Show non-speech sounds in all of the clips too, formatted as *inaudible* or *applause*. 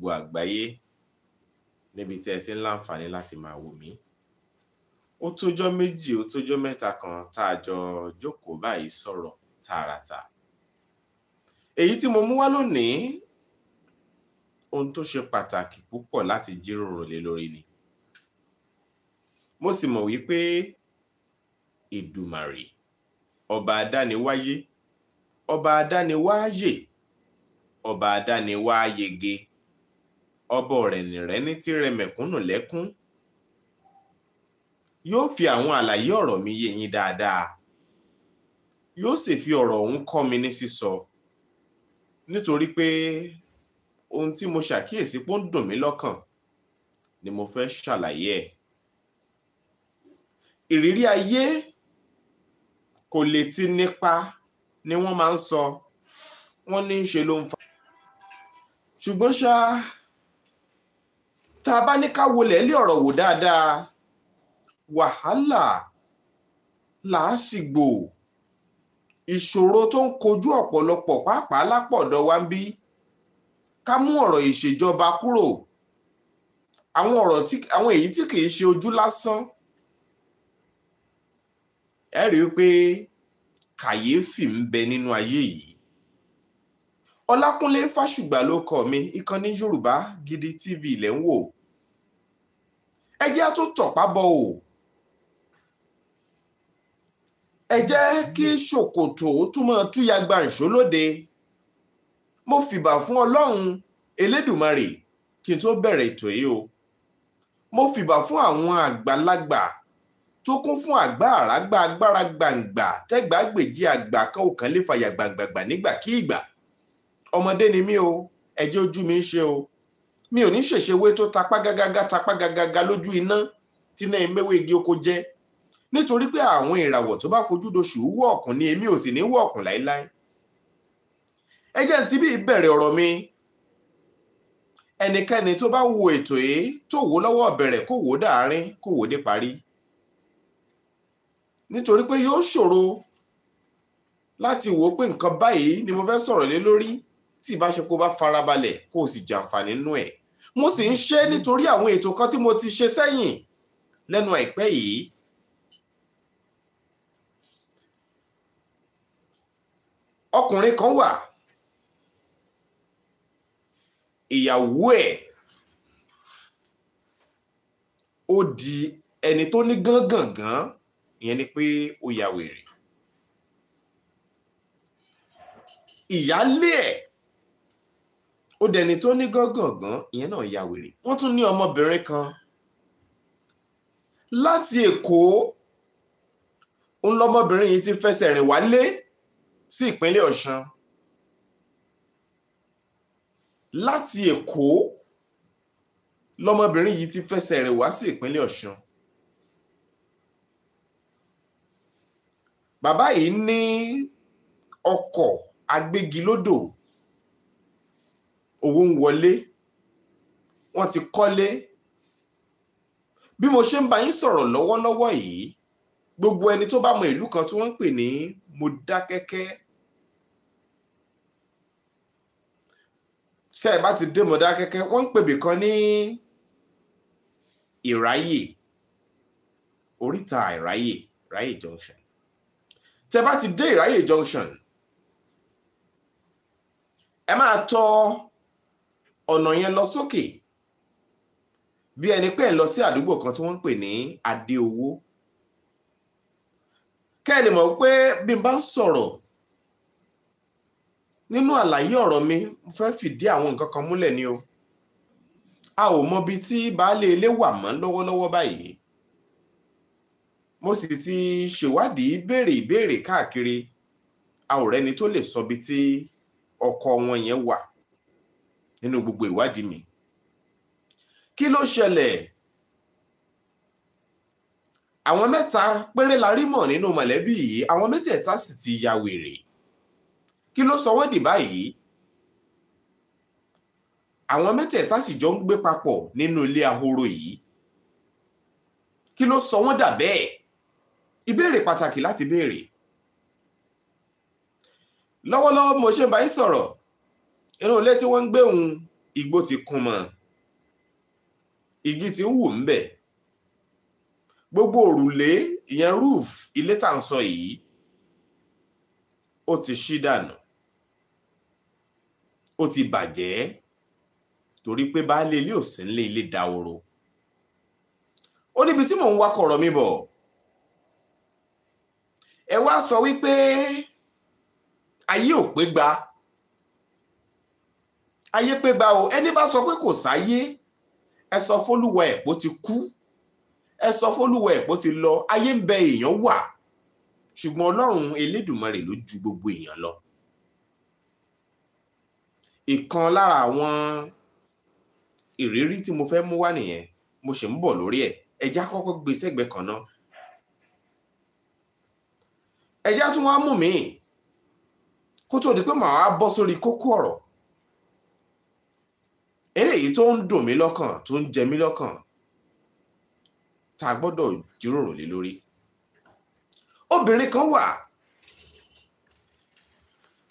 gbogbo àgbáyé níbi tí ẹ ti ń láǹfààní láti máa wò mí ó tójọ́ méjì ó tójọ́ mẹ́ta kan tá a jọ jókòó báyìí sọ̀rọ̀ tààràtà èyí tí mo mú wá lónìí ohun tó ṣe pàtàkì púpọ̀ láti jíròrò lé lórí ni mo sì mọ̀ wípé Èdùmàrè ọba adániwáyé ọba adániwáyè ọba adániwáyege ọba ọ̀rẹ̀nìrẹ́ni tí rẹ mẹ̀kúnnù lẹ́kún yóò fi àwọn àlàyé ọ̀rọ̀ mi yé yín dáadáa yóò sì fi ọ̀rọ̀ ọ̀hún kọ́ mi ní sísọ nítorí pé ohun tí mo ṣàkíyèsí pé ó ń dùn mí lọ́kàn ni mo fẹ́ ṣàlàyé ẹ̀ ìrírí ayé kò lè ti nípa ni wọ́n máa ń sọ wọ́n ní í ṣe ló ń fa ṣùgbọ́n ṣáá tá a bá ní ká wọlẹ̀ lé ọ̀rọ̀ wò dáadáa wàhálà làásìgbò ìṣòro tó ń kojú ọ̀pọ̀lọpọ̀ pàápàá lápọ̀dọ̀ wa ń bí ká mú ọ̀rọ̀ ìṣèjọba kúrò àwọn ọ̀rọ̀ tí àwọn èyí tí kìí ṣe ojú lásán ẹ rí i pé kàyéfì ń bẹ nínú ayé yìí ọlákúnlé fásùgbà ló kọ mi ìkànnì yorùbá gidi tv ilẹ̀ ń wò ẹ jẹ́ tó tọ̀pá bọ̀ o ẹ jẹ́ kí ṣòkòtò túmọ̀ túya gbanṣó lóde mo fìbà fún ọlọ́run elédùmarè kí n tó bẹ̀rẹ̀ ètò yìí o mo fìbà fún àwọn àgbàlagbà tó kún fún àgbà àràgbà agbára gbàǹgbà tẹ́gbàá àgbà kan ò kan lè fàyà gbàǹgbàǹgbà nígbàkigbà ọmọdé ni mí o ẹ̀jẹ̀ ojú mi ń ṣe o mi ò ní ṣèṣewé tó tapá gágágá tapá gágágá lójú iná tí náà mẹ́wé igi oko jẹ́ nítorí pé àwọn ìràwọ̀ tó bá fojú doṣù wọ̀ ọ̀kùn ni èmi ò sì ní wọ̀ ọ̀kùn láéláé ẹ jẹ́ n ti bí ìbẹ̀rẹ̀ ọ̀rọ̀ mi ẹnikẹ́ni tó bá wo ètò yìí tó wò lọ́wọ́ bẹ̀rẹ̀ kó wò dàárín kó wò dé parí nítorí pé yóò ṣòro láti wò ó pé nǹkan báyìí ni mo fẹ́ sọ̀rọ̀ lé lórí tí ìbá ṣe kó bá farabalẹ̀ kó o sì jàǹfààní nínú ẹ̀ mo sì ń ṣe nítorí àwọn ètò kan tí mo ti ṣe sẹ́yìn lẹ́nu àìpẹ́ yìí ọkùnrin kan wà ìyàwó ẹ̀ ó di ẹni tó ní gángangan ìyẹn ni pé ó ya wèrè ìyálé ẹ̀ ó dẹni tó ní gángangan ìyẹn náà ya wèrè wọ́n tún ní ọmọbìnrin kan láti èkó ń lọ́mọbìnrin yìí ti fẹsẹ̀ rìn wálé sí ìpínlẹ̀ ọ̀ṣun láti èkó lọ́mọbìnrin yìí ti fẹsẹ̀ rìn wá sí ìpínlẹ̀ ọ̀ṣun bàbá yìí ní ọkọ̀ agbégilódò owó ń wọlé wọ́n ti kọ́lé bí mo ṣe ń bá yín sọ̀rọ̀ lọ́wọ́lọ́wọ́ yìí gbogbo ẹni tó bá mọ ìlú kan tí wọ́n ń pè ní Modákẹ́kẹ́ ṣe é bá ti dé Modákẹ́kẹ́ wọ́n ń pèbè kan ní Ìráyè oríta Ìráyè Ìráyè junction tẹ́ bá ti dé Ìráyè junction ẹ máa tọ ọ̀nà yẹn lọ sókè bí ẹni pé ẹ̀ ń lọ sí àdúgbò kan tí wọ́n ń pè ní adéowó kẹ́ ẹ lè mọ̀ pé bí n bá ń sọ̀rọ̀ nínú àlàyé ọ̀rọ̀ mi mo fẹ́ fìdí àwọn nǹkan kan múlẹ̀ ni o a ò mọbi tí baálé ilé wà mọ́ lọ́wọ́lọ́wọ́ báyìí mo sì ti ṣèwádìí béèrè ìbéèrè káàkiri a ò rẹ́ni tó lè sọbi tí ọkọ wọn yẹn wà nínú gbogbo ìwádìí mi kí ló ṣẹlẹ̀ àwọn mẹ́ta péré la rí mọ̀ nínú mọ̀lẹ́bí yìí àwọn mẹ́tẹ̀ẹ̀ta sì ti ya wèrè kí ló sọ wọ́n dì báyìí àwọn mẹ́tẹ̀ẹ̀ta sì jọ ń gbé papọ̀ nínú ilé ahoro yìí kí ló sọ wọ́n dà bẹ́ẹ̀ ìbéèrè pàtàkì láti béèrè lọ́wọ́lọ́wọ́ mo ṣe ń sọ̀rọ̀ inú ilé tí wọ́n ń gbé òun igbó ti kún mọ́ igi ti wù ń bẹ̀ gbogbo òrùlé ìyẹn roof ilé tá à ń sọ yìí ó ti ṣí dànù ó ti bàjẹ́ torí pé baálé ilé ò sí nílé ilé dahoro ó níbi tí mò ń wakọ̀ ọ̀rọ̀ mi bọ̀ ẹ wá sọ wípé ayé ò pé gba ayé pé gba o ẹni bá sọ pé kò sáyé ẹ sọ fólúwa ẹ̀ pó ti kú ẹ sọ fólúwa ẹ̀ pó ti lọ ayé ń bẹ èèyàn wà ṣùgbọ́n ọlọ́run elédùnmarè ló ju gbogbo èèyàn lọ ìkan lára àwọn ìrírí tí mo fẹ́ mú wá nìyẹn mo sì ń bọ̀ lórí ẹ̀ ẹja kọ́kọ́ gbé sẹ́gbẹ̀ẹ́ kan náà ẹja tún wá mú mi kó tó di pé màá bọ́ sórí kókó ọ̀rọ̀ eléyìí tó ń dùn mí lọ́kàn tó ń jẹ mí lọ́kàn tá a gbọ́dọ̀ jíròrò lé lórí obìnrin kan wà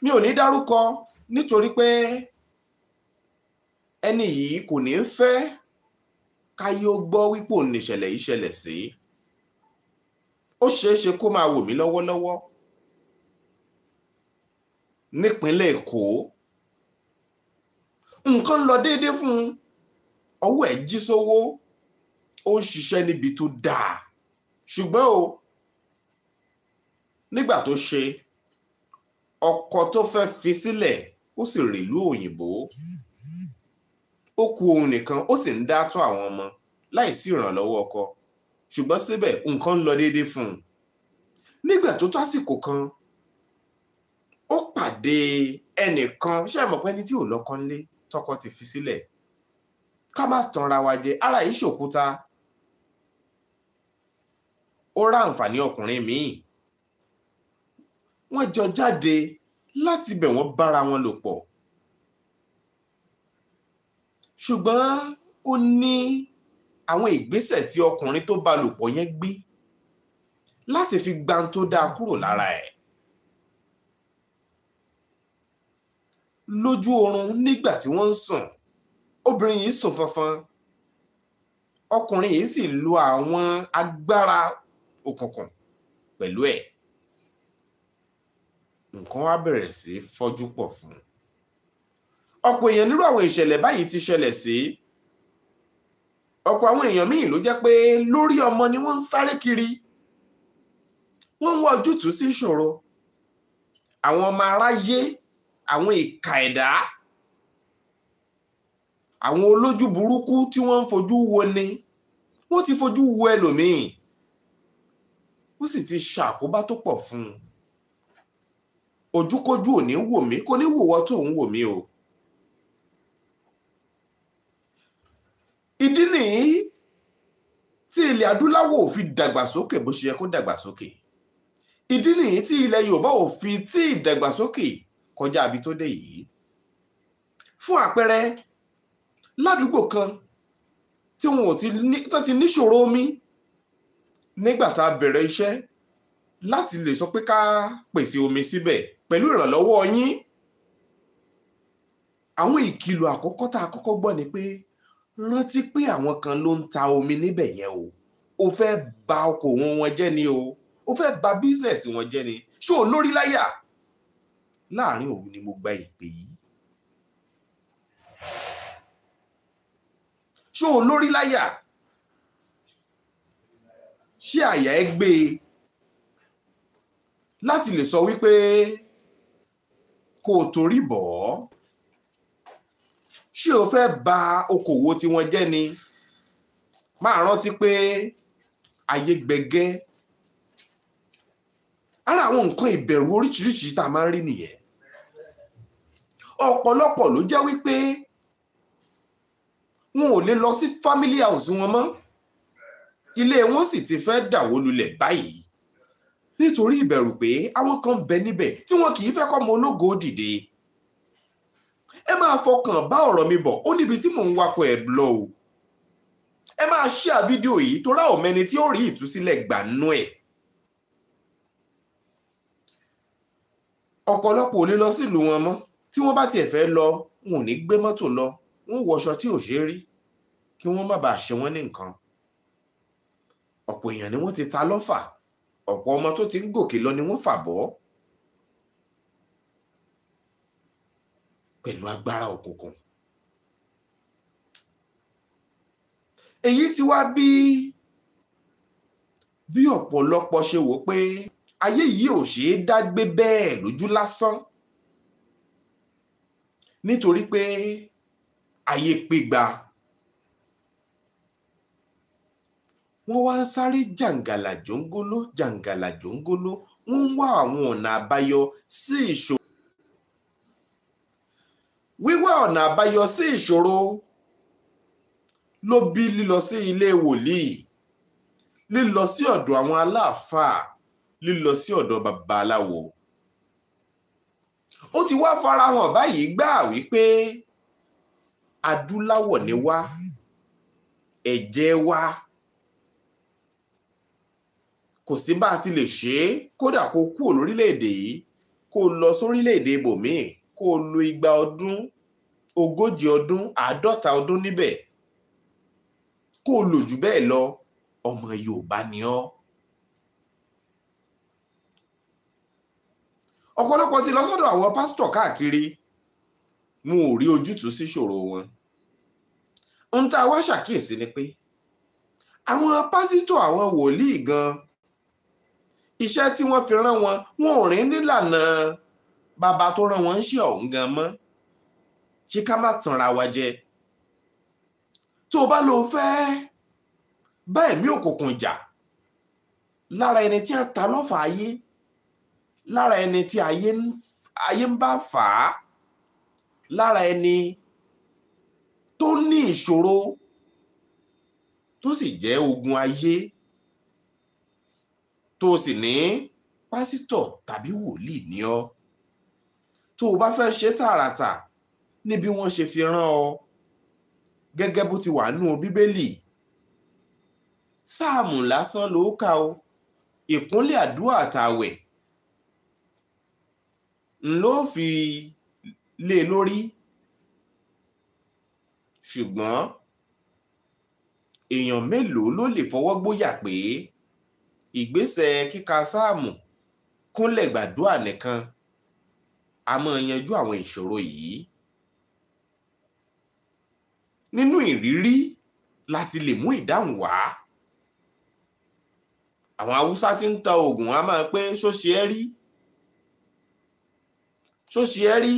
mi ò ní dárúkọ nítorí pé ẹni yìí kò ní fẹ́ káyé ó gbọ́ wípò níṣẹ̀lẹ̀ yìí sí ó ṣeéṣe kó máa wò mí lọ́wọ́lọ́wọ́ nípínlẹ̀ Èkó nǹkan ń lọ déédéé fún un ọwọ́ ẹ̀ jí sówó ó ń ṣiṣẹ́ níbi tó dáa ṣùgbọ́n o nígbà tó ṣe ọkọ tó fẹ́ fi sílẹ̀ ó sì rèlú òyìnbó ó kù òun nìkan ó sì ń dá tó àwọn ọmọ láì sí ìrànlọ́wọ́ ọkọ ṣùgbọ́n síbẹ̀ nǹkan ń lọ déédéé fún un nígbà tó tó kan ó pàdé ẹnìkan ṣé àmọ̀pẹ́ni tí ò lọ́kọ́ ńlé tọkọ ti fi sílẹ̀ ká má tanra wa jẹ ara yìí ṣòkúta ó rá àǹfààní ọkùnrin míì wọ́n jọ jáde láti bẹ̀ wọ́n bára wọn lò pọ̀ ṣùgbọ́n ó ní àwọn ìgbésẹ̀ tí ọkùnrin tó bá lò pọ̀ yẹn gbé láti fi gba dáa kúrò lára ẹ̀. E lójú oorun nígbà tí wọ́n ń sùn obìnrin yìí sùn fọnfọn ọkùnrin yìí sì lo àwọn agbára òkùnkùn pẹ̀lú ẹ̀ nǹkan wá bẹ̀rẹ̀ sí fọ́jú pọ̀ fún un ọ̀pọ̀ èèyàn nírú àwọn ìṣẹ̀lẹ̀ báyìí ti ṣẹlẹ̀ sí ọ̀pọ̀ àwọn èèyàn míì ló jẹ́ pé lórí ọmọ ni wọ́n ń sáré kiri wọ́n ń wá ojútùú sí ìṣòro àwọn ọmọ aráyé àwọn ìka ẹ̀dá àwọn olójú burúkú tí wọ́n ń fojú wo ni wọ́n ti fojú wo ẹlòmíì ó sì ti ṣàkóbá tó pọ̀ fún un ojúkójú ò ní wò mí kò ní wò wọ́ tó ń wò mí o. ìdí nìyí tí ilẹ̀ adúláwọ̀ ò fi dàgbàsókè bó ṣe yẹ kó dàgbàsókè ìdí nìyí tí ilẹ̀ yorùbá ò fi tí ì dàgbàsókè kọjá àbí tó dé yìí fún àpẹẹrẹ ládùúgbò kan tí wọn ò ti níṣòro omi nígbà tá a bẹ̀rẹ̀ iṣẹ́ láti lè sọ pé ká pèsè omi síbẹ̀ pẹ̀lú ìrànlọ́wọ́ yín àwọn ìkìlọ̀ àkọ́kọ́ tá a kọ́kọ́ gbọ́ ni pé rántí pé àwọn kan ló ń ta omi níbẹ̀ yẹn o ó fẹ́ ba okòwò wọn jẹ́ ni o ó fẹ́ ba bísínẹ̀sì wọn jẹ́ ni ṣó o lórí láyà láàrin òru ni mo gba ìpè yìí. ṣé o lórí láyà ṣé àyà ẹ gbé e láti lè sọ wípé kò torí bọ̀ ọ́ ṣé o fẹ́ bà okòwò tiwọn jẹ́ ni máa rántí pé ayé gbẹgẹ́ ara àwọn nǹkan ìbẹ̀rù oríṣiríṣi tá a máa ń rí nìyẹn ọ̀pọ̀lọpọ̀ ló jẹ́ wípé wọn ò lè lọ sí family house wọn mọ́ ilé wọn sì ti fẹ́ dàwó lulẹ̀ báyìí nítorí ìbẹ̀rù pé àwọn kan ń bẹ níbẹ̀ tí wọn kì í fẹ́ kọ́mọ ológo dìde ẹ máa fọkàn bá ọ̀rọ̀ mi bọ̀ ó níbi tí mò ń wakọ̀ ẹ̀ lọ o ẹ máa share fídíò yìí torá ọ̀mẹni tí ó rí ìtúsílẹ̀ gbà nú ẹ̀. ọ̀pọ̀lọpọ̀ ò lè lọ sílùú wọn mọ́ tí wọ́n bá tiẹ̀ fẹ́ lọ wọn ò ní gbé mọ́tò lọ wọn ò wọṣọ tí ò ṣe rí kí wọ́n má bàa ṣe wọ́n ní nǹkan ọ̀pọ̀ èèyàn ni wọ́n ti ta lọ́fà ọ̀pọ̀ ọmọ tó ti ń gòkè lọ ni wọ́n fà bọ́ pẹ̀lú agbára òkùnkùn èyí ti wá bí bí ọ̀pọ̀lọpọ̀ ṣe wò pé ayé yìí ò ṣeé dá gbé bẹ́ẹ̀ lójú lásán nítorí pé ayé pégbà wọ́n wá ń sáré jàǹgàlà jòǹgóló jàǹgàlà jòǹgóló wọ́n ń wá àwọn ọ̀nà àbáyọ sí ìṣòro. wíwá ọ̀nà àbáyọ sí ìṣòro ló bí lílọ sí ilé wòlíì lílọ sí ọ̀dọ̀ àwọn aláàfáà lílọ sí ọ̀dọ̀ babaláwo ó ti wá farahàn báyìí gbà wípé adúláwọ̀ ni wá ẹ̀jẹ̀ wa kò sí bá a ti lè ṣe é kódà kó kúrò lórílẹ̀ yìí kó lọ sórílẹ̀ ibòmíì kó lo igba ọdún ogójì ọdún àádọ́ta ọdún níbẹ̀ kó lò jù bẹ́ẹ̀ lọ ọmọ Yorùbá ni ọ́ ọ̀pọ̀lọpọ̀ ti lọ sọ́dọ̀ àwọn pásítọ̀ káàkiri wọn ò rí ojútùú sí ìṣòro wọn ohun tá a wá ṣàkíyèsí ni pé àwọn pásítọ̀ àwọn wòlíì gan iṣẹ́ tí wọ́n fi rán wọn wọn ò rìn nílànà bàbá tó rán wọn ń ṣe ọ̀hún gan mọ́ ṣé ká má tanra wa jẹ tó o bá lo fẹ́ bá ẹ̀mí òkùnkùn jà lára ẹni tí a ta lọ́fà ayé lára ẹni tí ayé ń bá fà á lára ẹni tó ní ìṣòro tó sì jẹ́ ogun ayé tó sì ní pásítọ̀ tàbí wòlíì ní ọ tó o bá fẹ́ ṣe tààràtà ní bí wọ́n ṣe fi rán ọ gẹ́gẹ́ bó ti wà nú bíbélì sáàmù lásán ló kà o ìkúnlẹ̀ àdúrà àtàwẹ̀ n ló fi lé e lórí ṣùgbọ́n èèyàn mélòó ló lè fọwọ́ gbóyà pé ìgbésẹ̀ kíka sáàmù kúnlẹ̀ gbàdúrà nìkan a máa yanjú àwọn ìṣòro yìí nínú ìrírí láti lè mú ìdáhùn wá àwọn haúsá tí ń ta oògùn a máa pé ṣó ṣe é rí tó ṣe ẹ́ rí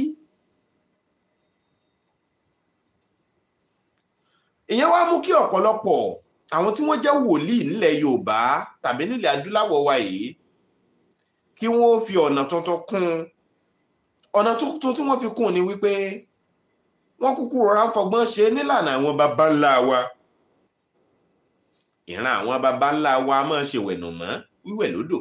ìyẹn wá mú kí ọ̀pọ̀lọpọ̀ àwọn tí wọ́n jẹ́ wòlíì nílẹ̀ Yorùbá tàbí nílẹ̀ adúláwọ̀ wa yìí kí wọ́n fi ọ̀nà tuntun kún ọ̀nà tuntun tí wọ́n fi kún ni wípé wọ́n kúkú rọra ń fọgbọ́n ṣe nílànà àwọn baba ńlá wa ìran àwọn baba ńlá wa máa ṣèwẹ̀nù mọ́ wíwẹ̀ lódò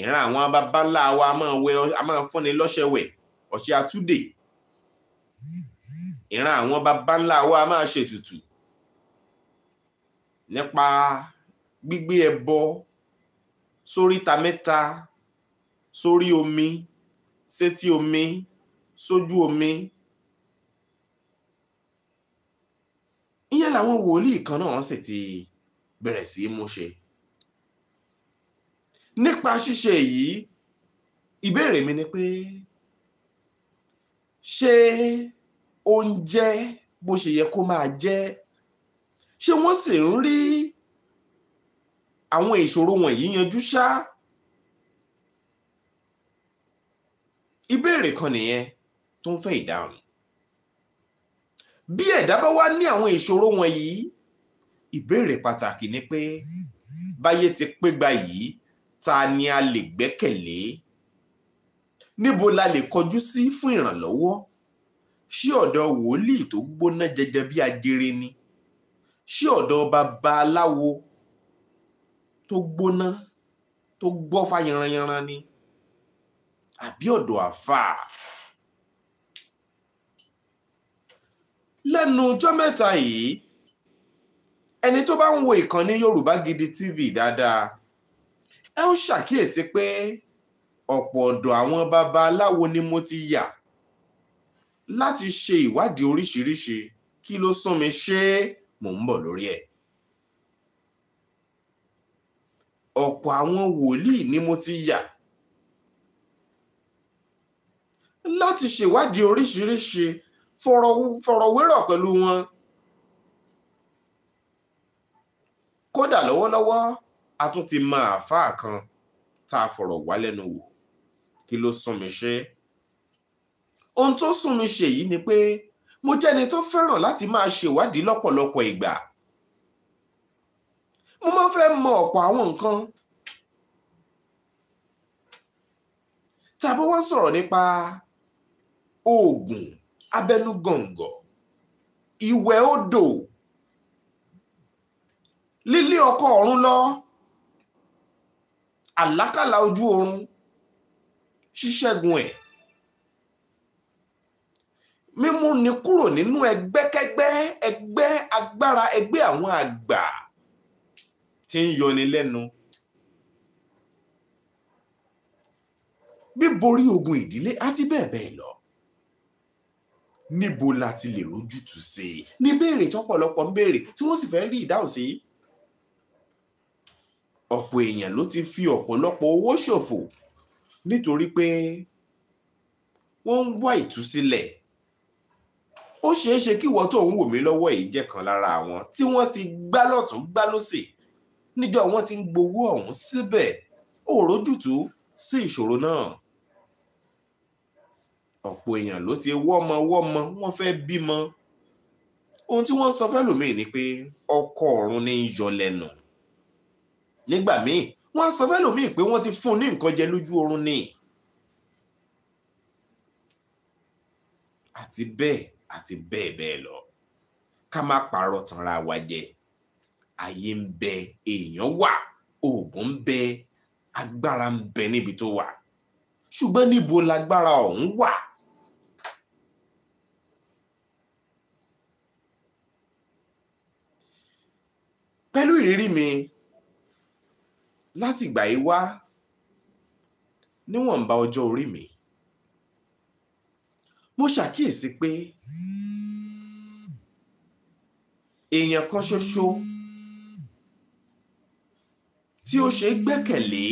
ìran àwọn bàbá ńlá wa a máa wẹ a máa fúnni lọ́ṣẹ wẹ̀ ọṣẹ àtúndè ìran àwọn bàbá ńlá wa a máa ṣètùtù nípa gbígbé ẹbọ sóríta mẹ́ta sórí omi sétí omi sójú omi ìyẹn làwọn wòlíì kan náà sì ti bẹ̀rẹ̀ sí í múṣe nípa ṣíṣe èyí ìbéèrè mi ni pé ṣé ó ń jẹ́ bó ṣe yẹ kó máa jẹ́ ṣé wọ́n sì ń rí àwọn ìṣòro wọ̀nyí yanjú ṣá ìbéèrè kan nìyẹn tó ń fẹ́ ìdáhùn bí ẹ̀dá bá wá ní àwọn ìṣòro wọ̀nyí ìbéèrè pàtàkì ni pé báyé ti pé gba yìí ta ni a lè gbẹ́kẹ̀lé níbo la lè kọjú sí fún ìrànlọ́wọ́ ṣé ọ̀dọ̀ wòlíì tó gbóná jẹjẹ bí ajere ni ṣé ọ̀dọ̀ babaláwo tó gbóná tó gbọ́fà yanranyanran ni àbí ọ̀dọ̀ àfáà. lẹ́nu ọjọ́ mẹ́ta yìí ẹni tó bá ń wo ìkànnì Yorùbá Gidi TV dáadáa ẹ ó ṣàkíyèsí pé ọ̀pọ̀ ọ̀dọ̀ àwọn babaláwo ni mo ti yà láti ṣe ìwádìí oríṣiríṣi kí ló sún mi ṣe mò ń bọ̀ lórí ẹ̀. ọ̀pọ̀ àwọn wòlíì ni mo ti yà láti ṣèwádìí oríṣiríṣi fọ̀rọ̀wérọ̀ pẹ̀lú wọn. kódà lọ́wọ́lọ́wọ́ a tún ti mọ àáfàá kan tá a fọ̀rọ̀ wá lẹ́nu wò kí ló sún mi ṣe ohun tó sún mi ṣe yìí ni pé mo jẹ́ni tó fẹ́ràn láti máa ṣèwádìí lọ́pọ̀lọpọ̀ ìgbà mo máa fẹ́ mọ ọ̀pọ̀ àwọn nǹkan tàbí wọ́n sọ̀rọ̀ nípa oògùn abẹnugọ̀ngọ̀ ìwẹ̀ odò lílé ọkọ ọ̀run lọ àlákàlà ojú oorun ṣíṣẹ́gun ẹ̀ mímú ni kúrò nínú ẹgbẹ́kẹ́gbẹ́ ẹgbẹ́ agbára ẹgbẹ́ àwọn àgbà tí ń yọni lẹ́nu. bíborí ogun ìdílé àti bẹ́ẹ̀ bẹ́ẹ̀ lọ níbo la ti lè rójútùú sí i ní béèrè tọ́pọ̀lọpọ̀ ń béèrè tí wọ́n sì fẹ́ rí ìdáhùn sí i ọ̀pọ̀ èèyàn ló ti fi ọ̀pọ̀lọpọ̀ owó ṣòfò nítorí pé wọ́n ń wá ìtúsílẹ̀ ó ṣeé ṣe kí ìwọ tó ń wò mí lọ́wọ́ yìí jẹ́ kan lára àwọn tí wọ́n ti gbá lọ́tún gbá lọ́sì níjọ wọ́n ti ń gbowó ọ̀hún síbẹ̀ ó rójútùú sí ìṣòro náà ọ̀pọ̀ èèyàn ló ti wọ́mọ wọ́mọ wọ́n fẹ́ bímọ ohun tí wọ́n sọ fẹ́ lòmíì ni pé ọkọ ọ̀run ní í yọ lẹ́nu nígbà míì wọ́n á sọ fẹ́lòmíì pé wọ́n ti fún un ní nǹkan jẹ lójú oorun ni. àti bẹ́ẹ̀ àti bẹ́ẹ̀ bẹ́ẹ̀ lọ ká má parọ́ tanra wa jẹ ayé ń bẹ èèyàn wà oògùn ń bẹ agbára ń bẹ níbi tó wà ṣùgbọ́n níbo lágbára ọ̀hún wà. pẹ̀lú ìrírí mi láti ìgbà yìí wá níwọ̀nba ọjọ́ orí mi mo ṣàkíyèsí pé èèyàn kan ṣoṣo tí ó ṣe gbẹ́kẹ̀lé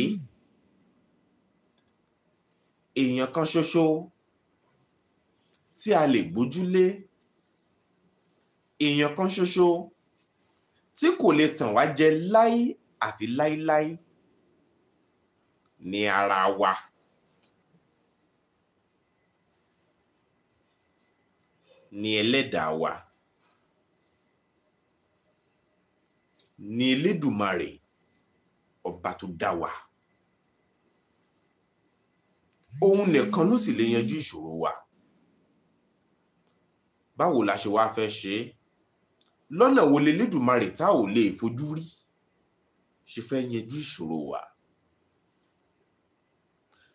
èèyàn kan ṣoṣo tí a lè gbójúlé èèyàn kan ṣoṣo tí kò lè tàn wá jẹ láí àti láíláí. Láí ní ara wa. ní ẹlẹ́dàá wa ní elédùmarè ọba tó dá wa òun nìkan ló sì lè yanjú ìṣòro wa báwo la ṣe wá fẹ́ ṣe é lọ́nà wo lelédùmarè tá ò lè fojú rí ṣe fẹ́ yanjú ìṣòro wa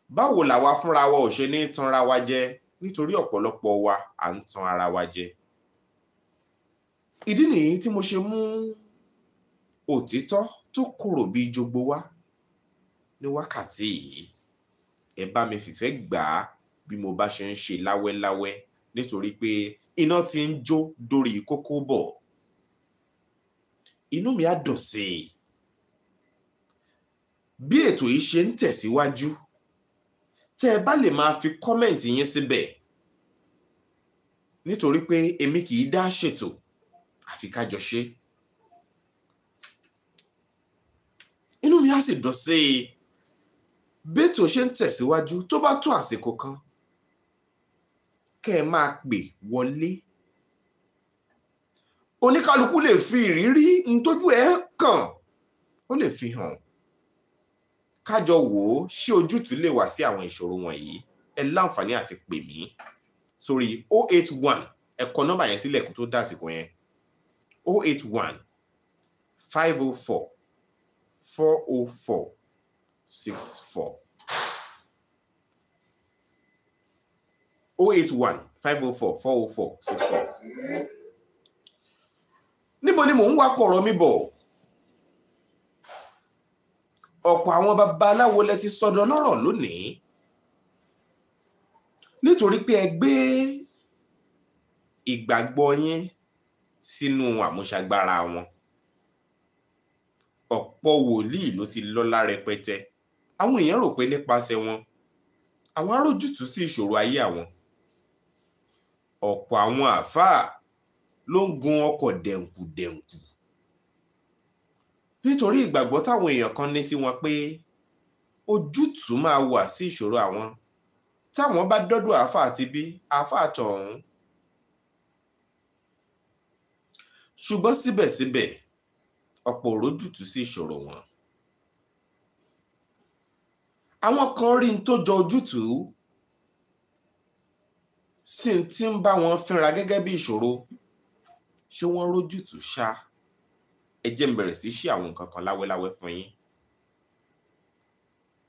báwo làwa fúnra wa ò ṣe ní tanra wa jẹ nítorí ọ̀pọ̀lọpọ̀ wa à ń tan ara wa jẹ ìdí nìyí tí mo ṣe mú òtítọ́ tó korò bí jogbo wá ní wákàtí yìí ẹ bá mi fìfẹ́ gbà á bí mo bá ṣe ń ṣe láwẹ́láwẹ́ nítorí pé iná ti ń jó dórí kókó bọ̀ inú mi á dùn sí i bí ètò yìí ṣe ń tẹ̀síwájú. Si tẹ́ ẹ bá lè máa fi kọ́mẹ̀ǹtì yín síbẹ̀ nítorí pé èmi kì í dá ṣètò àfi ká jọ ṣe. inú mi á sì dùn sí i bẹ́ẹ̀tò ṣe ń tẹ̀síwájú tó bá tó àsìkò kan kẹ́ ẹ máa pè wọlé oníkálukú lè fi ìrírí ntójú ẹ̀ kàn ó lè fi hàn kájọ wò ó ṣé ojútùú lè wá sí àwọn ìṣòro wọ̀nyí ẹ láǹfààní àti pè mí sórí 081 ẹ kọ nọ́mbà yẹn sílẹ̀ kó tó dásìkò yẹn 081 504 404 64 081 504 404 64 níbo ni mò ń wakọ̀ ọ̀rọ̀ mi bọ̀? ọ̀pọ̀ àwọn babaláwo lẹ ti sọdọ lọ́rọ̀ lónìí nítorí pé ẹ gbé ìgbàgbọ́ yín sínú àmúṣagbára wọn ọ̀pọ̀ wòlíì ló ti lọ́lá rẹpẹtẹ àwọn èèyàn rò pé nípasẹ̀ wọn àwọn arójútùú sí ìṣòro ayé àwọn ọ̀pọ̀ àwọn àáfàá ló ń gun ọkọ̀ dẹ̀ǹkù nítorí ìgbàgbọ́ táwọn èèyàn kan ní sí wọn pé ojútùú máa wà sí ìṣòro àwọn táwọn bá dọ́dọ̀ àáfà àti bí àáfà àtọ̀hún. ṣùgbọ́n síbẹ̀síbẹ̀ ọ̀pọ̀ rójútùú sí ìṣòro wọn. àwọn kan rí n tó jọ ojútùú sì ti ń bá wọn fínra gẹ́gẹ́ bí ìṣòro ṣé wọ́n rójútùú ṣáá ẹ jẹ́ n bẹ̀rẹ̀ sí ṣí àwọn nǹkan kan láwẹ́láwẹ́ fún yín.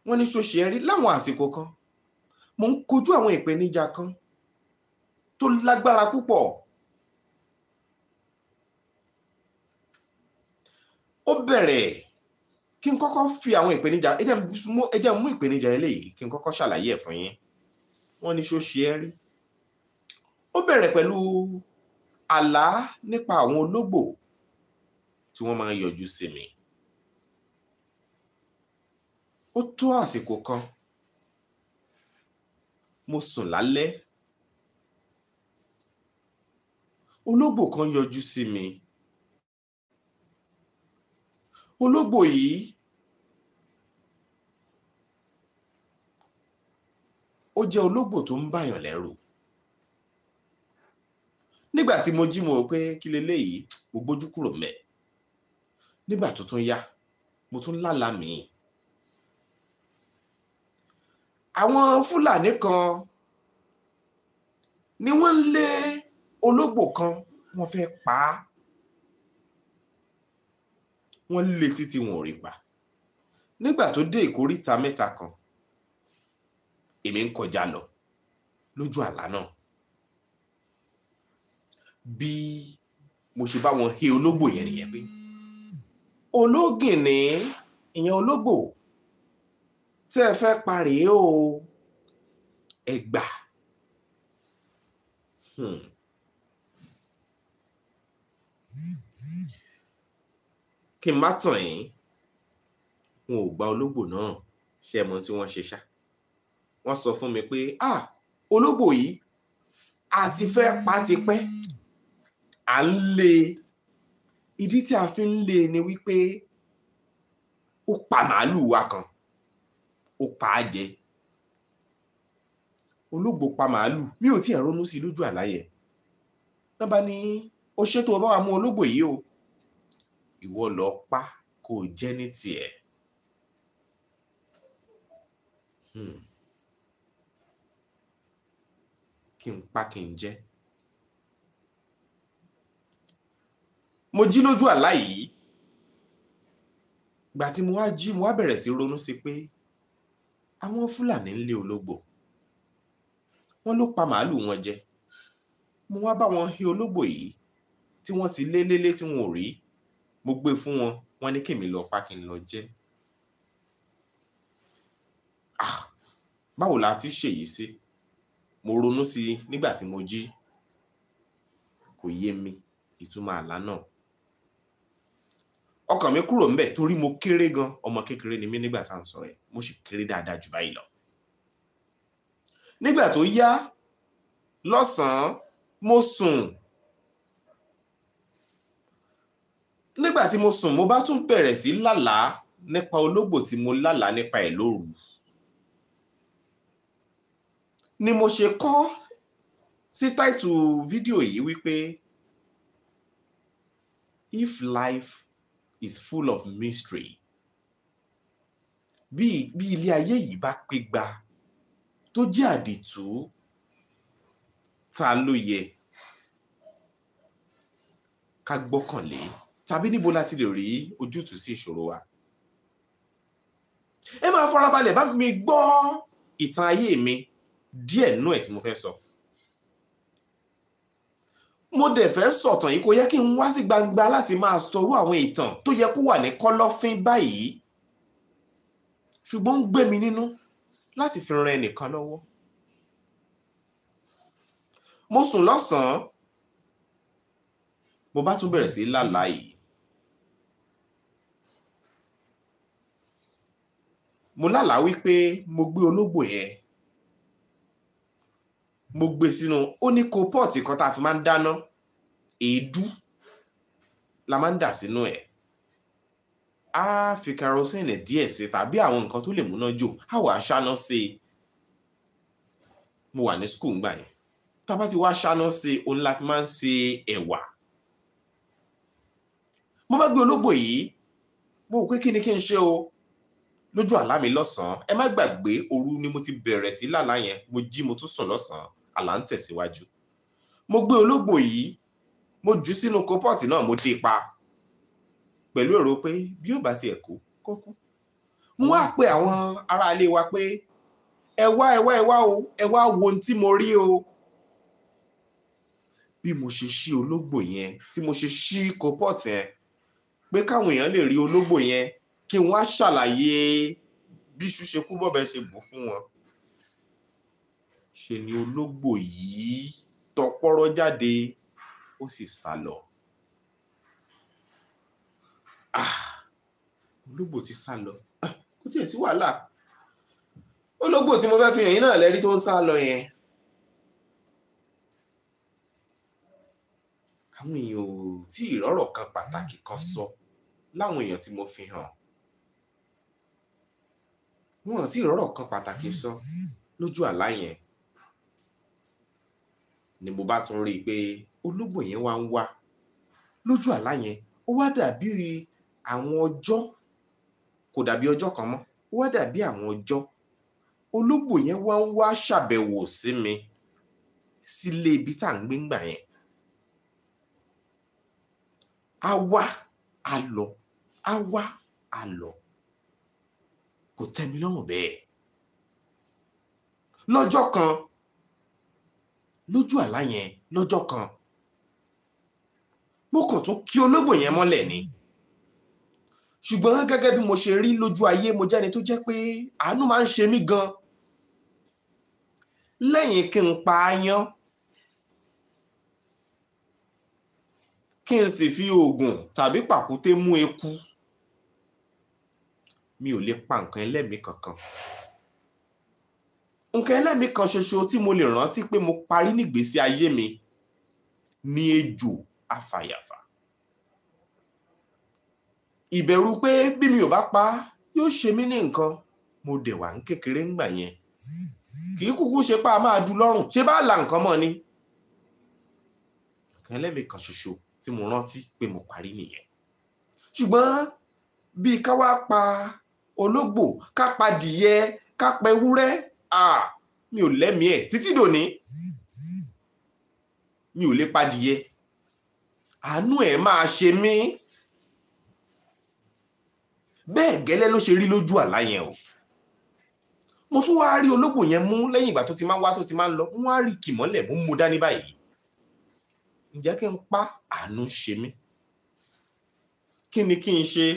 wọ́n ní ṣoṣe rí láwọn àsìkò kan mo ń kojú àwọn ìpèníjà kan tó lágbára púpọ̀. ó bẹ̀rẹ̀ kí n kọ́kọ́ fi àwọn ìpèníjà ẹ jẹ́ mú ìpèníjà eléyìí kí n kọ́kọ́ ṣàlàyé ẹ̀ fún yín wọ́n ní ṣoṣe rí ó bẹ̀rẹ̀ pẹ̀lú àlá nípa àwọn ológbò tí wọ́n máa ń yọjú sí mi. ó tó àsìkò kan mo sùn lálẹ́ ológbò kan yọjú sí mi ológbò yìí ó jẹ́ ológbò tó ń bàyàn lẹ́rù nígbà tí mo jí mo rò pé kí leléyìí mo gbójú kúrò mẹ́ẹ̀ nígbà tó tún yá mo tún lálàá míì àwọn fúlàní kan ni wọ́n ń lé ológbò kan wọ́n fẹ́ pa á wọ́n lé títí wọn ò rí pa nígbà tó dé ìkóríta mẹ́ta kan èmi ń kọjá lọ lójú àlá náà bí mo ṣe bá wọn he ológbò yẹn nìyẹn pé ológìnní ìyẹn ológbò tẹ́ ẹ fẹ́ parí o ẹgbà hmm. kí n má tàn yín wọn ò gba ológbò náà ṣe mọ tí wọ́n ṣe ṣá wọ́n sọ fún mi pé ah ológbò yìí àti fẹ́ pa ti pẹ́ à ń lé ìdí tí a fi ń lé e ni wípé ó pa màálùú wa kan ó pa á jẹ olóògbò pa màálùú mi ò tí ẹ̀ ronú sí lójú àlàyé náà bá ní ó ṣètò ọba wa mú olóògbò yìí o ìwọ lọ pa kó o jẹ ní tiẹ̀. Hmm. kí n pa kí n jẹ́ mo jí lójú àlá yìí gbà tí mo wá jí mo wá bẹ̀rẹ̀ sí ronú sí pé àwọn fúlàní ń lé ológbò wọn ló pa màálù wọn jẹ mo wá bá wọn hí ológbò yìí tí wọ́n ti lé lélé tí wọn ò rí mo gbé e fún wọn wọ́n ní kèmí lọ pa kí n lọ jẹ ah! báwo la ti ṣèyí sí mo ronú sí i nígbà tí mo jí kò yé mi ìtumọ̀ àlá náà ọkàn mi kúrò ńbẹ̀ torí mo kéré gan ọmọ kékeré ni mí nígbà tá à ń sọ̀rọ̀ yẹn mo sì kéré dáadáa jù báyìí lọ. nígbà tó yá lọ́sàn-án mo sùn nígbà tí mo sùn mo bá tún bẹ̀rẹ̀ sí lálàá nípa ológbò tí mo lálàá nípa ẹ̀ lóru ni mo ṣe kọ sí táìtù fídíò yìí wípé if life is full of mystery. Bí bí ilé ayé yìí bá pé gba tó jẹ́ àdìtú ta ló yẹ ká gbọ́kànlé tàbí níbo la ti lè rí ojútùú sí ìṣòro wa. Ẹ máa farabalẹ̀ bá mi gbọ́ ìtàn ayé mi díẹ̀ nú ẹ̀ tí mo fẹ́ sọ. So mo dẹ̀ fẹ́ sọ̀tàn yìí kò yẹ kí n wá sí gbangba láti máa sọrú àwọn ìtàn tó yẹ kó wà ní kọ́lọ́fín báyìí ṣùgbọ́n ń gbé mi nínú láti fi ran ẹnìkan lọ́wọ́ mo sùn lọ́sàn-án mo bá tún bẹ̀rẹ̀ sí lálàá yìí mo lálàá wípé mo gbé ológbò yẹn mo gbé e sínú ó ní kó pọ́ọ̀tì kan tá a fi máa ń dáná èédú la máa ń dà sínú ẹ̀ á fi kerosene díẹ̀ sí tàbí àwọn nǹkan tó lè múná jò á wà á ṣáná sí i mo wà ní skul ńgbà yẹn tá a bá ti wá ṣáná sí òun la fi máa ń ṣe ẹ̀wà mo bá gbé ológbò yìí mo pé kí ni kí n ṣe o lójú àlá mi lọ́sàn-án ẹ má gbàgbé òru ni mo ti bẹ̀rẹ̀ sí lálá mo jí mo tún sùn lọ́sàn-án àlá ń tẹ̀síwájú mo gbé ológbò yìí mo jù sínú kópọ́ọ̀tì náà mo dé pa pẹ̀lú èrò pé bí ó bá tiẹ̀ kú kó kú mo wá pe àwọn aráalé wa pé ẹ wá ẹ wá ẹ wá o ẹ wá wo ohun tí mo rí o bí mo ṣe ṣí ológbò yẹn tí mo ṣe ṣí kópọ́ọ̀tì yẹn pé káwọn èèyàn lè rí ológbò yẹn kí wọ́n á ṣàlàyé bí iṣu ṣe ṣe bù fún wọn ṣe ni ológbò yìí tọpọ́rọ́ jáde ó sì sá lọ. Ah! ológbò ti sá lọ kò tiẹ̀ sí wàhálà ológbò tí mo fẹ́ fi hàn yín náà lẹ́rí tó ń sá lọ yẹn. àwọn èèyàn ò tí ì rọ́rọ̀ kan pàtàkì kan sọ láwọn èèyàn tí mo fi hàn wọn ò tí ì kan pàtàkì sọ lójú àlá yẹn ni mo bá tún rí i pé ológbò yẹn wá ń wá lójú àlá yẹn ó wá dàbí àwọn ọjọ́ kò dàbí ọjọ́ kan mọ́ ó wá dàbí àwọn ọjọ́ ológbò yẹn wá ń wá ṣàbẹ̀wò sí mi sílé ibi tá à ń gbé yẹn a wá a lọ a wá a lọ kò tẹ́ lọ́rùn bẹ́ẹ̀ lọ́jọ́ kan lójú àlá yẹn lọ́jọ́ kan mo kàn tún kí ológbò yẹn mọ́lẹ̀ ni ṣùgbọ́n gẹ́gẹ́ bí mo ṣe rí lójú ayé mo jẹ́ni tó jẹ́ pé àánú máa ń ṣe mí gan lẹ́yìn kí n pa aáyán kí n sì fi oògùn tàbí pàkúté mú eku mi ò lè pa nǹkan ẹlẹ́mìí kankan nǹkan ẹlẹ́mìí kan ṣoṣo tí mo lè rántí pé mo parí nígbésí ayé mi ni ejò afàyàfà ìbẹ̀rù pé bí mi ò bá pa yóò ṣe mí ní nǹkan mo dẹ̀ wà ń kékeré ńgbà yẹn kì í kúkú ṣe pa máa du lọ́rùn ṣé bá la nǹkan mọ́ ni kan lẹ́mìí kan ṣoṣo tí mo rántí pé mo parí nìyẹn ṣùgbọ́n bíi ká wá pa ológbò ká pa dìyẹ ká pa ewúrẹ́ mi ò lẹ́mìí ẹ̀ títí dòní mi ò lè pa dìyẹ àánú ẹ̀ máa ṣe mí bẹ́ẹ̀ gẹ́lẹ́ ló ṣe rí lójú àlá yẹn o mo tún wáá rí ológbò yẹn mú lẹ́yìn ìgbà tó ti máa ń wá tó ti máa ń lọ wọ́n á rí kìmọ́lẹ̀ mú mú dání báyìí ǹjẹ́ kí n pa àánú ṣe mí kí ni kí n ṣe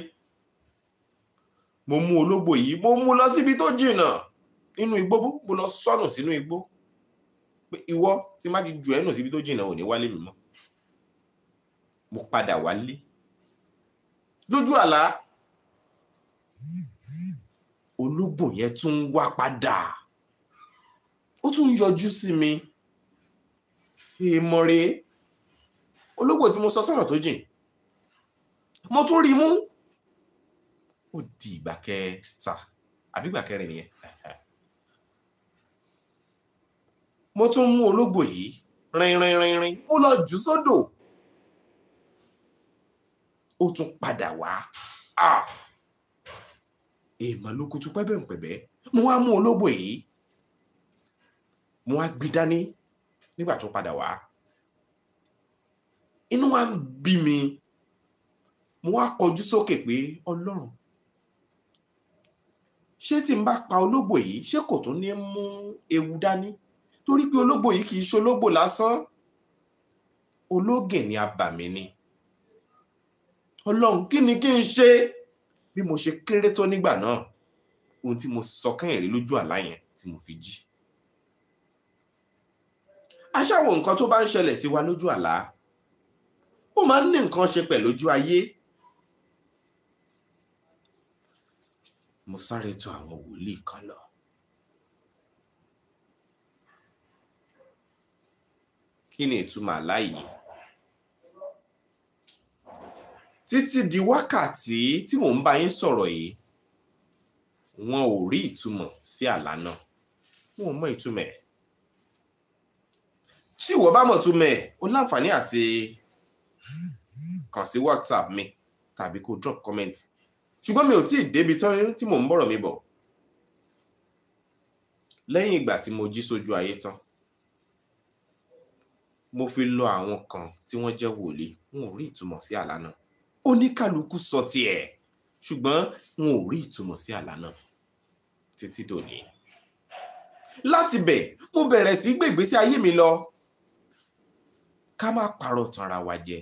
mo mú ológbò yìí mo mú lọ síbi tó jìnnà nínú igbó mo lọ sọnù sínú igbó pé ìwọ tí má ti jù ẹ́ síbi tó jìnnà ò ní wálé mi mọ́ mo padà wálé lójú àlá ológbò yẹn tún ń wá padà ó tún ń yọjú sí mi èèmọ̀ rèé ológbò tí mo sọ sọ́nà tó jìn mo tún rí i mú ó di ìgbà kẹta àbí ìgbà kẹrin nìyẹn mo tún mú ológbò yìí rin rin rin rin mo lọ jù sódò. So ó tún padà wá èèmọ̀ ló kutu pẹ́bẹ́ǹpẹ̀bẹ́ mo wá mú ológbò yìí mo wá gbi dání nígbà tó padà wá inú wa ń bí mi mo wá kọjú sókè pé ọlọ́run ṣé tí n bá pa ológbò yìí ṣé kò tún ní mú ewu dání torí pé ológbò yìí kì í ṣológbò lásán ológè ni abàmì ni ọlọ́run kí ni kí n ṣe bí mo ṣe kéré tó nígbà náà ohun tí mo sọ kẹ́yìn rí lójú àlá yẹn tí mo fi jí. aṣáwo nǹkan tó bá ń ṣẹlẹ̀ sí wa lójú àlá ó máa ń ní nǹkan ṣe pẹ̀lú ojú ayé. mo sáré tọ̀ àwọn wòlíì kan lọ. kí ni ìtumọ̀ àlá yìí? títí di wákàtí tí mò ń bá yín sọ̀rọ̀ yìí wọn ò rí ìtumọ̀ sí àlá náà wọn ò mọ ìtumọ̀ ẹ̀ tí ìwọ bá mọ̀ ìtumọ̀ ẹ̀ o láǹfààní àti kàn sí whatsapp mi tàbí kó drop comment ṣùgbọ́n mi ò tí ì débi tán tí mò ń bọ̀rọ̀ mi bọ̀ lẹ́yìn ìgbà tí mo jí sójú ayé tán mo fi lọ àwọn kan tí wọ́n jẹ́ wòlíì wọn ò rí ìtumọ̀ sí àlá náà oníkàlùkù sọ tiẹ̀ ṣùgbọ́n wọn ò rí ìtumọ̀ sí àlá náà títí dòní. láti bẹ̀ mo bẹ̀rẹ̀ sí gbègbè sí ayé mi lọ ká má parọ́ tanra wa jẹ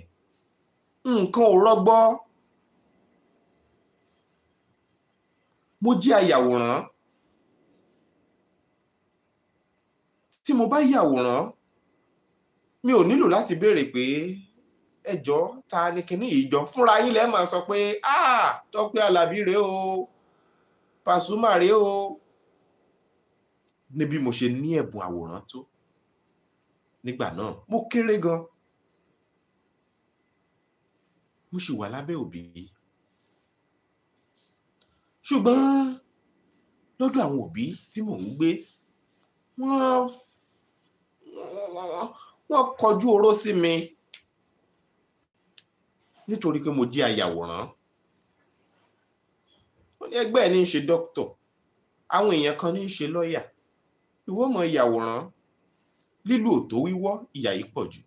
nǹkan ò rọgbọ. mo jẹ́ ayàwòrán tí mo bá yàwòrán mi ò nílò láti béèrè pé ẹjọ́ ta ni kíní ìjọ fúnra yín lẹ́ẹ̀ máa sọ pé ah, Tọ́pẹ́ Àlàbí rèé o Pasuma rèé o níbi mo ṣe ní ẹ̀bùn àwòrán tó nígbà náà mo kéré gan mo sì wà lábẹ́ òbí ṣùgbọ́n lọ́dọ̀ àwọn òbí tí mò ń gbé wọ́n wọ́n kọjú oró sí mi. Si nítorí pé mo jẹ́ ayàwòrán ó ní ẹgbẹ́ ẹ̀ ní í ṣe dókítọ̀ àwọn èèyàn kan ní í ṣe lọ́ọ̀yà ìwọ mọ ìyàwòrán lílù òtó wíwọ́ ìyà yìí pọ̀ jù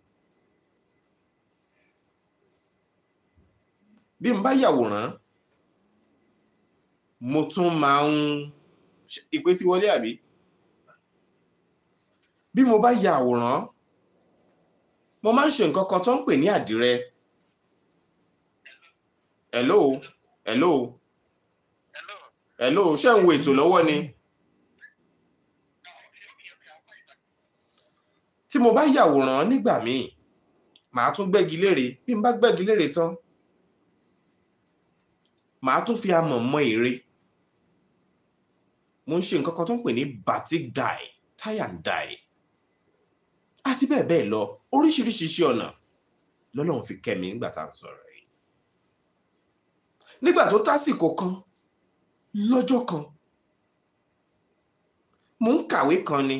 bí n bá yàwòrán mo tún máa ń ìpè tí wọlé àbí bí mo bá ya mo máa ń ṣe nǹkan kan tó ń pè ní àdìrẹ hello hello hello ṣé ń wo ètò lọ́wọ́ ni. tí mo bá yàwòrán nígbà míì màá tún gbẹ́gi lére bí n bá gbẹ́gi lére tán màá tún fi amọ̀ mọ ère mo ń ṣe nǹkan kan tó ń pè ní batik dye tie and die. àti bẹ́ẹ̀ bẹ́ẹ̀ lọ oríṣiríṣi iṣẹ́ ọnà lọ́lọ́run fi kẹ́ nígbà tá à ń sọ̀rọ̀ nígbà tó tásìkò kan lọ́jọ́ kan mo ń kàwé kan ni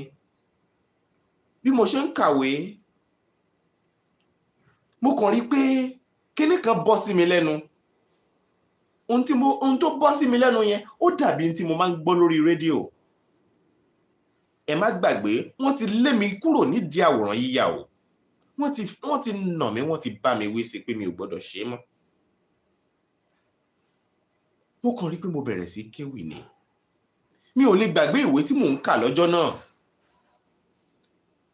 bí mo ṣe ń kàwé mo kàn rí i pé kíní kan bọ́ sí mi lẹ́nu ohun tó bọ́ sí mi lẹ́nu yẹn ó dàbí tí mo máa ń gbọ́ lórí rédíò ẹ má gbàgbé wọ́n ti lé mi kúrò nídìí àwòrán yíyà o wọ́n ti nà mí wọ́n ti bá mi wí sí pé mi ò gbọ́dọ̀ ṣe é mọ́ mo kàn rí pé mo bẹ̀rẹ̀ sí kéwì ni mi ò lè gbàgbé ìwé tí mò ń kà lọ́jọ́ náà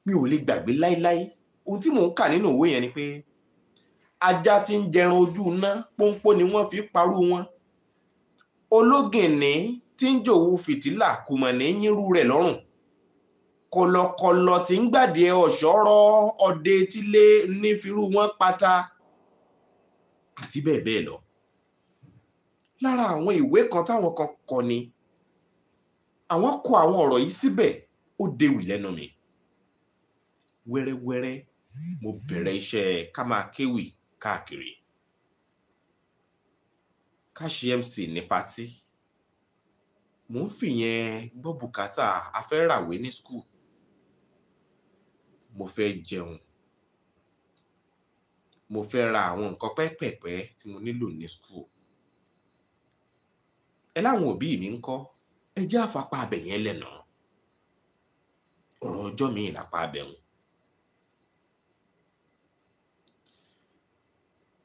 mi ò lè gbàgbé láíláí ohun tí mò ń kà nínú ìwé yẹn ni pé ajá tí ń jẹran ojú iná pọ́npọ́n ni wọ́n fi parú wọn ológìnní tí ń jòwó fìtílà kò mọ̀ ní yínrú rẹ̀ lọ́rùn kọlọkọlọ tí ń gbàdìẹ ọ̀ṣọ́rọ́ ọdẹ nífirú wọn pátá àti bẹ́ẹ̀ bẹ́ẹ̀ lọ lára àwọn ìwé kan táwọn kan kọ ni àwọn kọ àwọn ọ̀rọ̀ yìí síbẹ̀ ó dewì lẹ́nu mi wẹ́rẹ́wẹ́rẹ́ mo bẹ̀rẹ̀ iṣẹ́ ká máa kéwì káàkiri ká ṣe MC ní patí mò ń fìyẹn gbọ́ bùkátà afẹ́ràwé ní skul mo fẹ́ jẹun mo fẹ́ ra àwọn nǹkan pẹ́pẹ̀pẹ́ tí mo nílò ní skul ẹ láwọn òbí mi ń kọ́ ẹ jẹ́ àfapá abẹ yẹn lẹ́nà ọ̀rọ̀ ọjọ́ mi ìlàpá abẹ ń.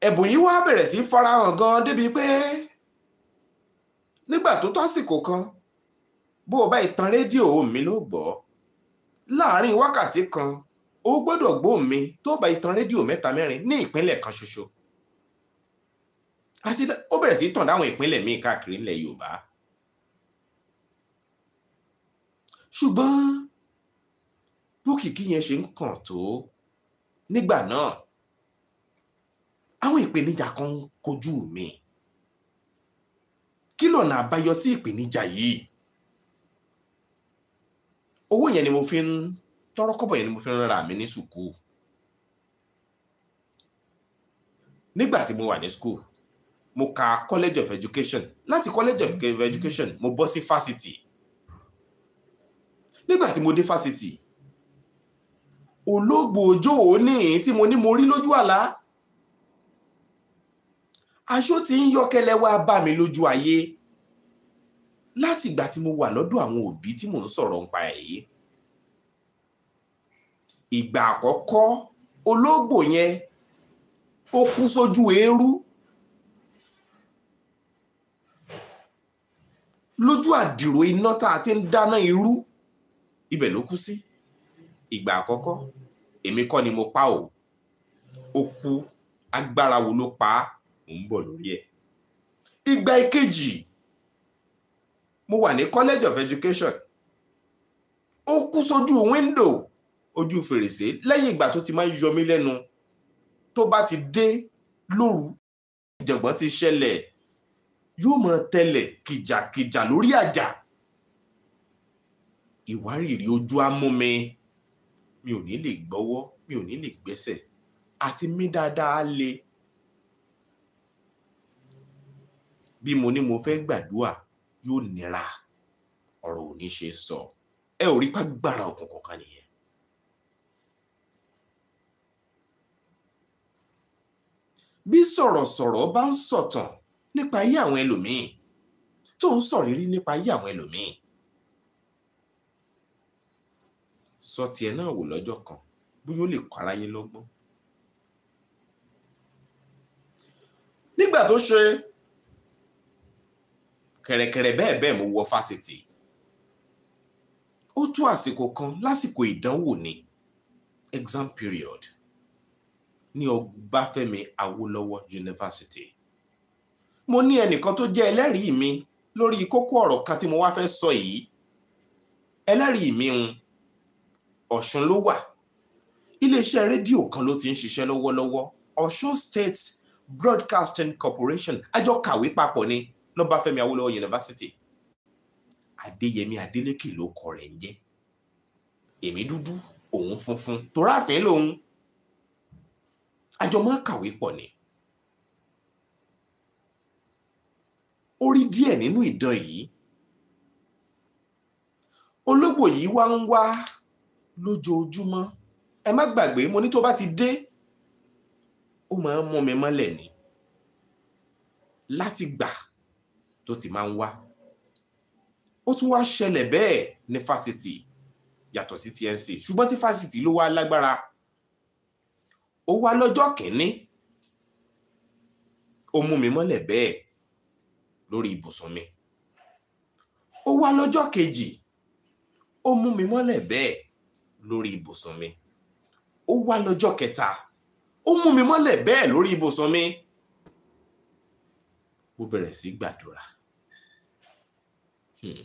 ẹ̀bùn yìí wá bẹ̀rẹ̀ sí farahàn gan débi pé nígbà tó tó àsìkò kan bó o bá ìtàn rédíò mi ló gbọ́ láàárín wákàtí kan o gbọ́dọ̀ gbóhùn mi tó bá ìtàn rédíò mẹ́ta mẹ́rin ní ìpínlẹ̀ kan ṣoṣo àti ó bẹ̀rẹ̀ sí tàn dáwọn ìpínlẹ̀ míì káàkiri ilẹ̀ Yorùbá ṣùgbọ́n bókìkí yẹn ṣe ń kàn tó nígbà náà àwọn ìpèníjà kan ń kojú mi kí lọ̀nà àbáyọ sí ìpèníjà yìí owó yẹn ni mo fi ń tọrọ kọ́bọ̀ yẹn ni mo fi ń ra mi ní sùkúù nígbà tí mo wà ní sùkúù mo ka college of education láti college of education mo bọ́ sí fásitì nígbà tí mo dé fásitì olóògbò ọjọ́ òní tí mo ní mo rí lójú àlá aṣọ tí ń yọ́kẹ́lẹ́ wá bá mi lójú ayé láti ìgbà tí mo wà lọ́dọ̀ àwọn òbí tí mò ń sọ̀rọ̀ nípa ẹ̀ yìí ìgbà àkọ́kọ́ olóògbò yẹn ó kú sójú eérú lójú àdìrò iná tá a ti ń dáná irú ibẹ̀ ló kú sí ìgbà àkọ́kọ́ èmi kọ́ ni mo pa ò ó kú agbára wo ló pa á mò ń bọ̀ lórí ẹ̀ ìgbà ìkejì mo wà ní college of education ó kú sójú wíńdò ojú fèrèsé lẹ́yìn ìgbà tó ti máa ń yọ mí lẹ́nu tó bá ti dé lóru ìjàngbọ̀n ti ṣẹlẹ̀ yóò máa tẹlẹ̀ kìjàkìjà lórí àjà ìwárìrì ojú amúmi mi ò ní lè gbọ́wọ́ mi ò ní lè gbẹ́sẹ̀ àti mí dáadáa le bí mo ní mo fẹ́ gbàdúrà yóò nira ọ̀rọ̀ ò ní ṣe sọ ẹ ò rí pàgbára òkùnkùn kan nìyẹn. bí sọ̀rọ̀sọ̀rọ̀ bá ń sọ̀tàn. So nípa ayé àwọn ẹlòmíì tó ń sọ̀rírí nípa ayé àwọn ẹlòmíì sọ tiẹ̀ náà wò lọ́jọ́ kan bóyá ó lè kọ́ aráyé lọ́gbọ́n. nígbà tó ṣe kẹ̀rẹ̀kẹ̀rẹ̀ bẹ́ẹ̀ bẹ́ẹ̀ mo wọ fásitì ó tó àsìkò kan lásìkò ìdánwò ni exam period ní Ọbáfẹ́mi Awólọ́wọ̀ University mo ní ẹnìkan tó jẹ́ ẹlẹ́rìí mi lórí kókó ọ̀rọ̀ kan tí mo wá fẹ́ sọ yìí ẹlẹ́rìí mi ń ọ̀ṣun ló wà iléeṣẹ́ rédíò kan ló ti ń ṣiṣẹ́ lọ́wọ́lọ́wọ́ ọ̀ṣun state broadcasting corporation àjọ kàwé papọ̀ ni lọ́báfẹ́mi awólọ́wọ̀ university adéyẹmí adélékè ló kọ rẹ̀ ń jẹ́ èmi dúdú òun funfun toráàfin lòun àjọ kàwé pọ̀ ni ó rí díẹ̀ nínú ìdán yìí ológbò yìí wá ń wá lójoojúmọ́ ẹ má gbàgbé mo ní tó bá ti dé ó máa ń mú mi mọ́lẹ̀ ni láti gbà tó ti máa ń wá ó tún wá ṣẹlẹ̀ bẹ́ẹ̀ ní fásitì yàtọ̀ sí TNC ṣùgbọ́n tí fásitì ló wá lágbára ó wá lọ́jọ́ kìíní ó mú mi mọ́lẹ̀ bẹ́ẹ̀ lórí ibùsùn mi ó wá lọ́jọ́ kejì ó mú mi mọ́lẹ̀ bẹ́ẹ̀ lórí ibùsùn mi ó wá lọ́jọ́ kẹta ó mú mi mọ́lẹ̀ bẹ́ẹ̀ lórí ibùsùn mi mo bẹ̀rẹ̀ sí gbàdúrà mo hmm.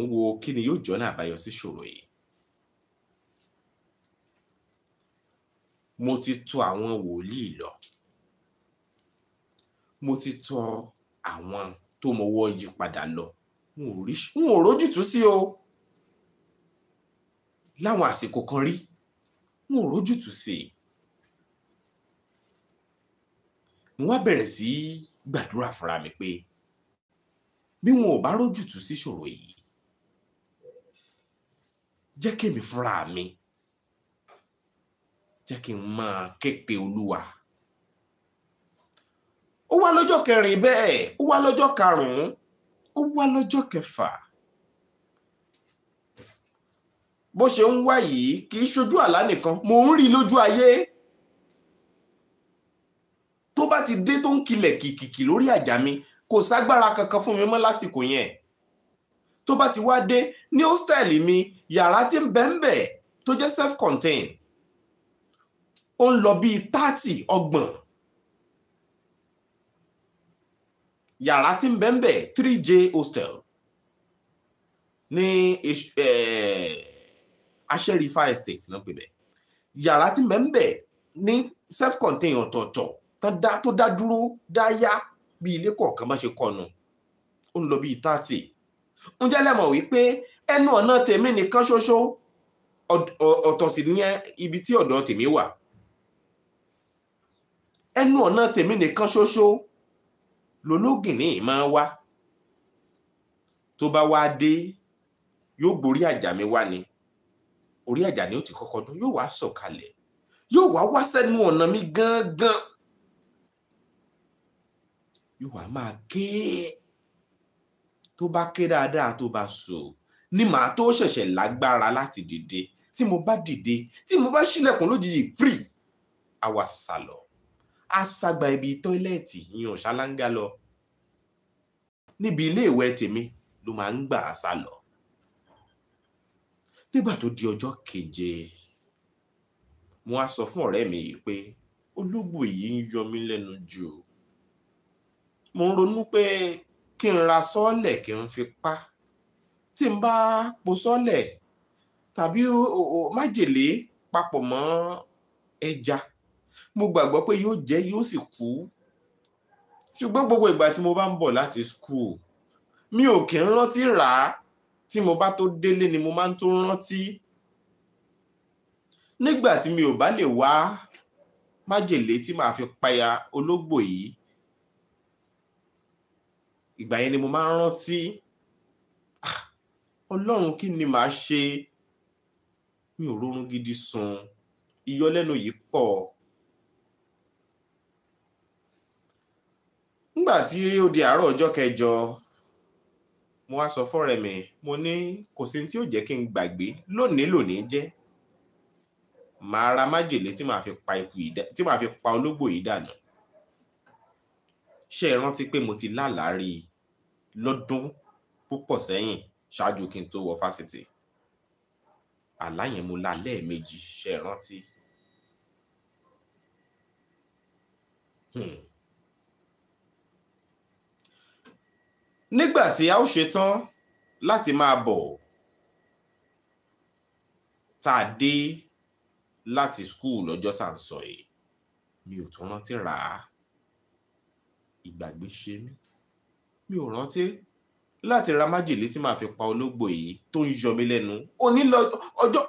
ń wo kí ni yóò jọ́nà àbáyọ sí ṣòro yìí mo ti tọ̀ àwọn wòlíì lọ mo ti tọ̀ àwọn tó mọwọ́ yí padà lọ n ò rójútùú sí o láwọn àsìkò kan rí n ò rójútùú sí i mo wá bẹ̀rẹ̀ sí í gbàdúrà fúnra mi pé bí wọn ò bá rójútùú sí ìṣòro yìí jẹ́ kémi fúnra mi jẹ́ kí n máa képe olúwa ó wá lọ́jọ́ kẹrin bẹ́ẹ̀ ó wá lọ́jọ́ karùn-ún ó wá lọ́jọ́ kẹfà bó ṣe ń wá yìí kì í ṣojú àlá nìkan mò ń rí lójú ayé tó bá ti dé tó ń kilẹ̀ kìkìkì lórí àjà mi kò ságbára kankan fún mi mọ́ lásìkò yẹn tó bá ti wá dé ní hostel mi yàrá tí ń bẹ́ńbẹ́ tó jẹ́ self-contained ó ń lọ bíi thirty ọgbọ̀n yàrá tí ń bẹ́ ń bẹ̀ three j hostel ní eh, aṣẹ́rifá estate náà pè bẹ́ẹ̀ yàrá tí ń bẹ́ ń bẹ̀ ní self-contained ọ̀tọ̀ọ̀tọ̀ tó dá dúró dá yá bí ilé kọ̀ọ̀kan bá ṣe kọnu ó ń lọ bíi thirty ń jẹ́ lẹ́mọ̀ wípé ẹnu ọ̀nà tèmi nìkan ṣoṣo ọ̀tọ̀ sì ní ibi tí ọ̀dọ̀ tèmi wà ẹnu ọ̀nà tèmi nìkan ṣoṣo lológìnní máa wá tó bá wá dé yóò gborí àjà mi wá ni orí àjà ni ó ti kọ́kọ́ dún yóò wá sọ̀kalẹ̀ yóò wá wá sẹ́nu ọ̀nà mi gángan yóò wá máa ké tó bá ké dáadáa tó bá so ni màá tó ṣẹ̀ṣẹ̀ lágbára láti dìde tí mo bá dìde tí mo bá ṣílẹ̀kùn lójijì free àwa sálọ á ságbà ibi tọ́ílẹ̀tì ìyàn ṣáláńgá lọ níbi ilé tèmi ló máa ń gbà á sá lọ nígbà tó di ọjọ́ keje mo á sọ fún ọ̀rẹ́ mi yìí pé ológbò yìí ń yọ mí lẹ́nu jù mo ń ronú pé kí n ra sọ́ọ̀lẹ̀ kí n fi pa tí n bá po sọ́ọ̀lẹ̀ tàbí májèlé papọ̀ mọ́ ẹja. E mo gbàgbọ́ pé yóò jẹ́ yóò sì kú ṣùgbọ́n gbogbo ìgbà tí mo bá ń bọ̀ láti school mi ò kí ń rántí rà á tí mo bá tó délé ni mo máa ń tó rántí nígbà tí mi ò bá lè wá májèlé tí màá fi paya ológbò yìí ìgbà yẹn ni mo máa ń rántí ah, ọlọ́run kí ni màá ṣe mi ò rórun gidi sùn ìyọlẹ́nu yìí pọ̀ nígbà tí ó di àárọ̀ ọjọ́ kẹjọ mo wá sọ fọ́rẹ́ mi mo ní kò sí tí ó jẹ́ kí n gbàgbé lónìí lónìí jẹ́ màá ra májèlé tí màá fi pa ikú ìdá tí màá fi pa ológbò yìí dànù ṣé ẹ rántí pé mo ti lálàá rí i lọ́dún púpọ̀ sẹ́yìn ṣáájú kí n tó wọ fásitì àlá yẹn mo lá lẹ́ẹ̀mejì ṣé ẹ Hmm. nígbà tí a ó ṣetán láti máa bọ̀ tá a dé láti skul lọ́jọ́ tá à sọ yìí mi ò tún rántí rà á ìgbàgbé ṣe mí mi ò rántí láti ra májèlé tí màá fi pa ológbò yìí tó ń yọ mí lẹ́nu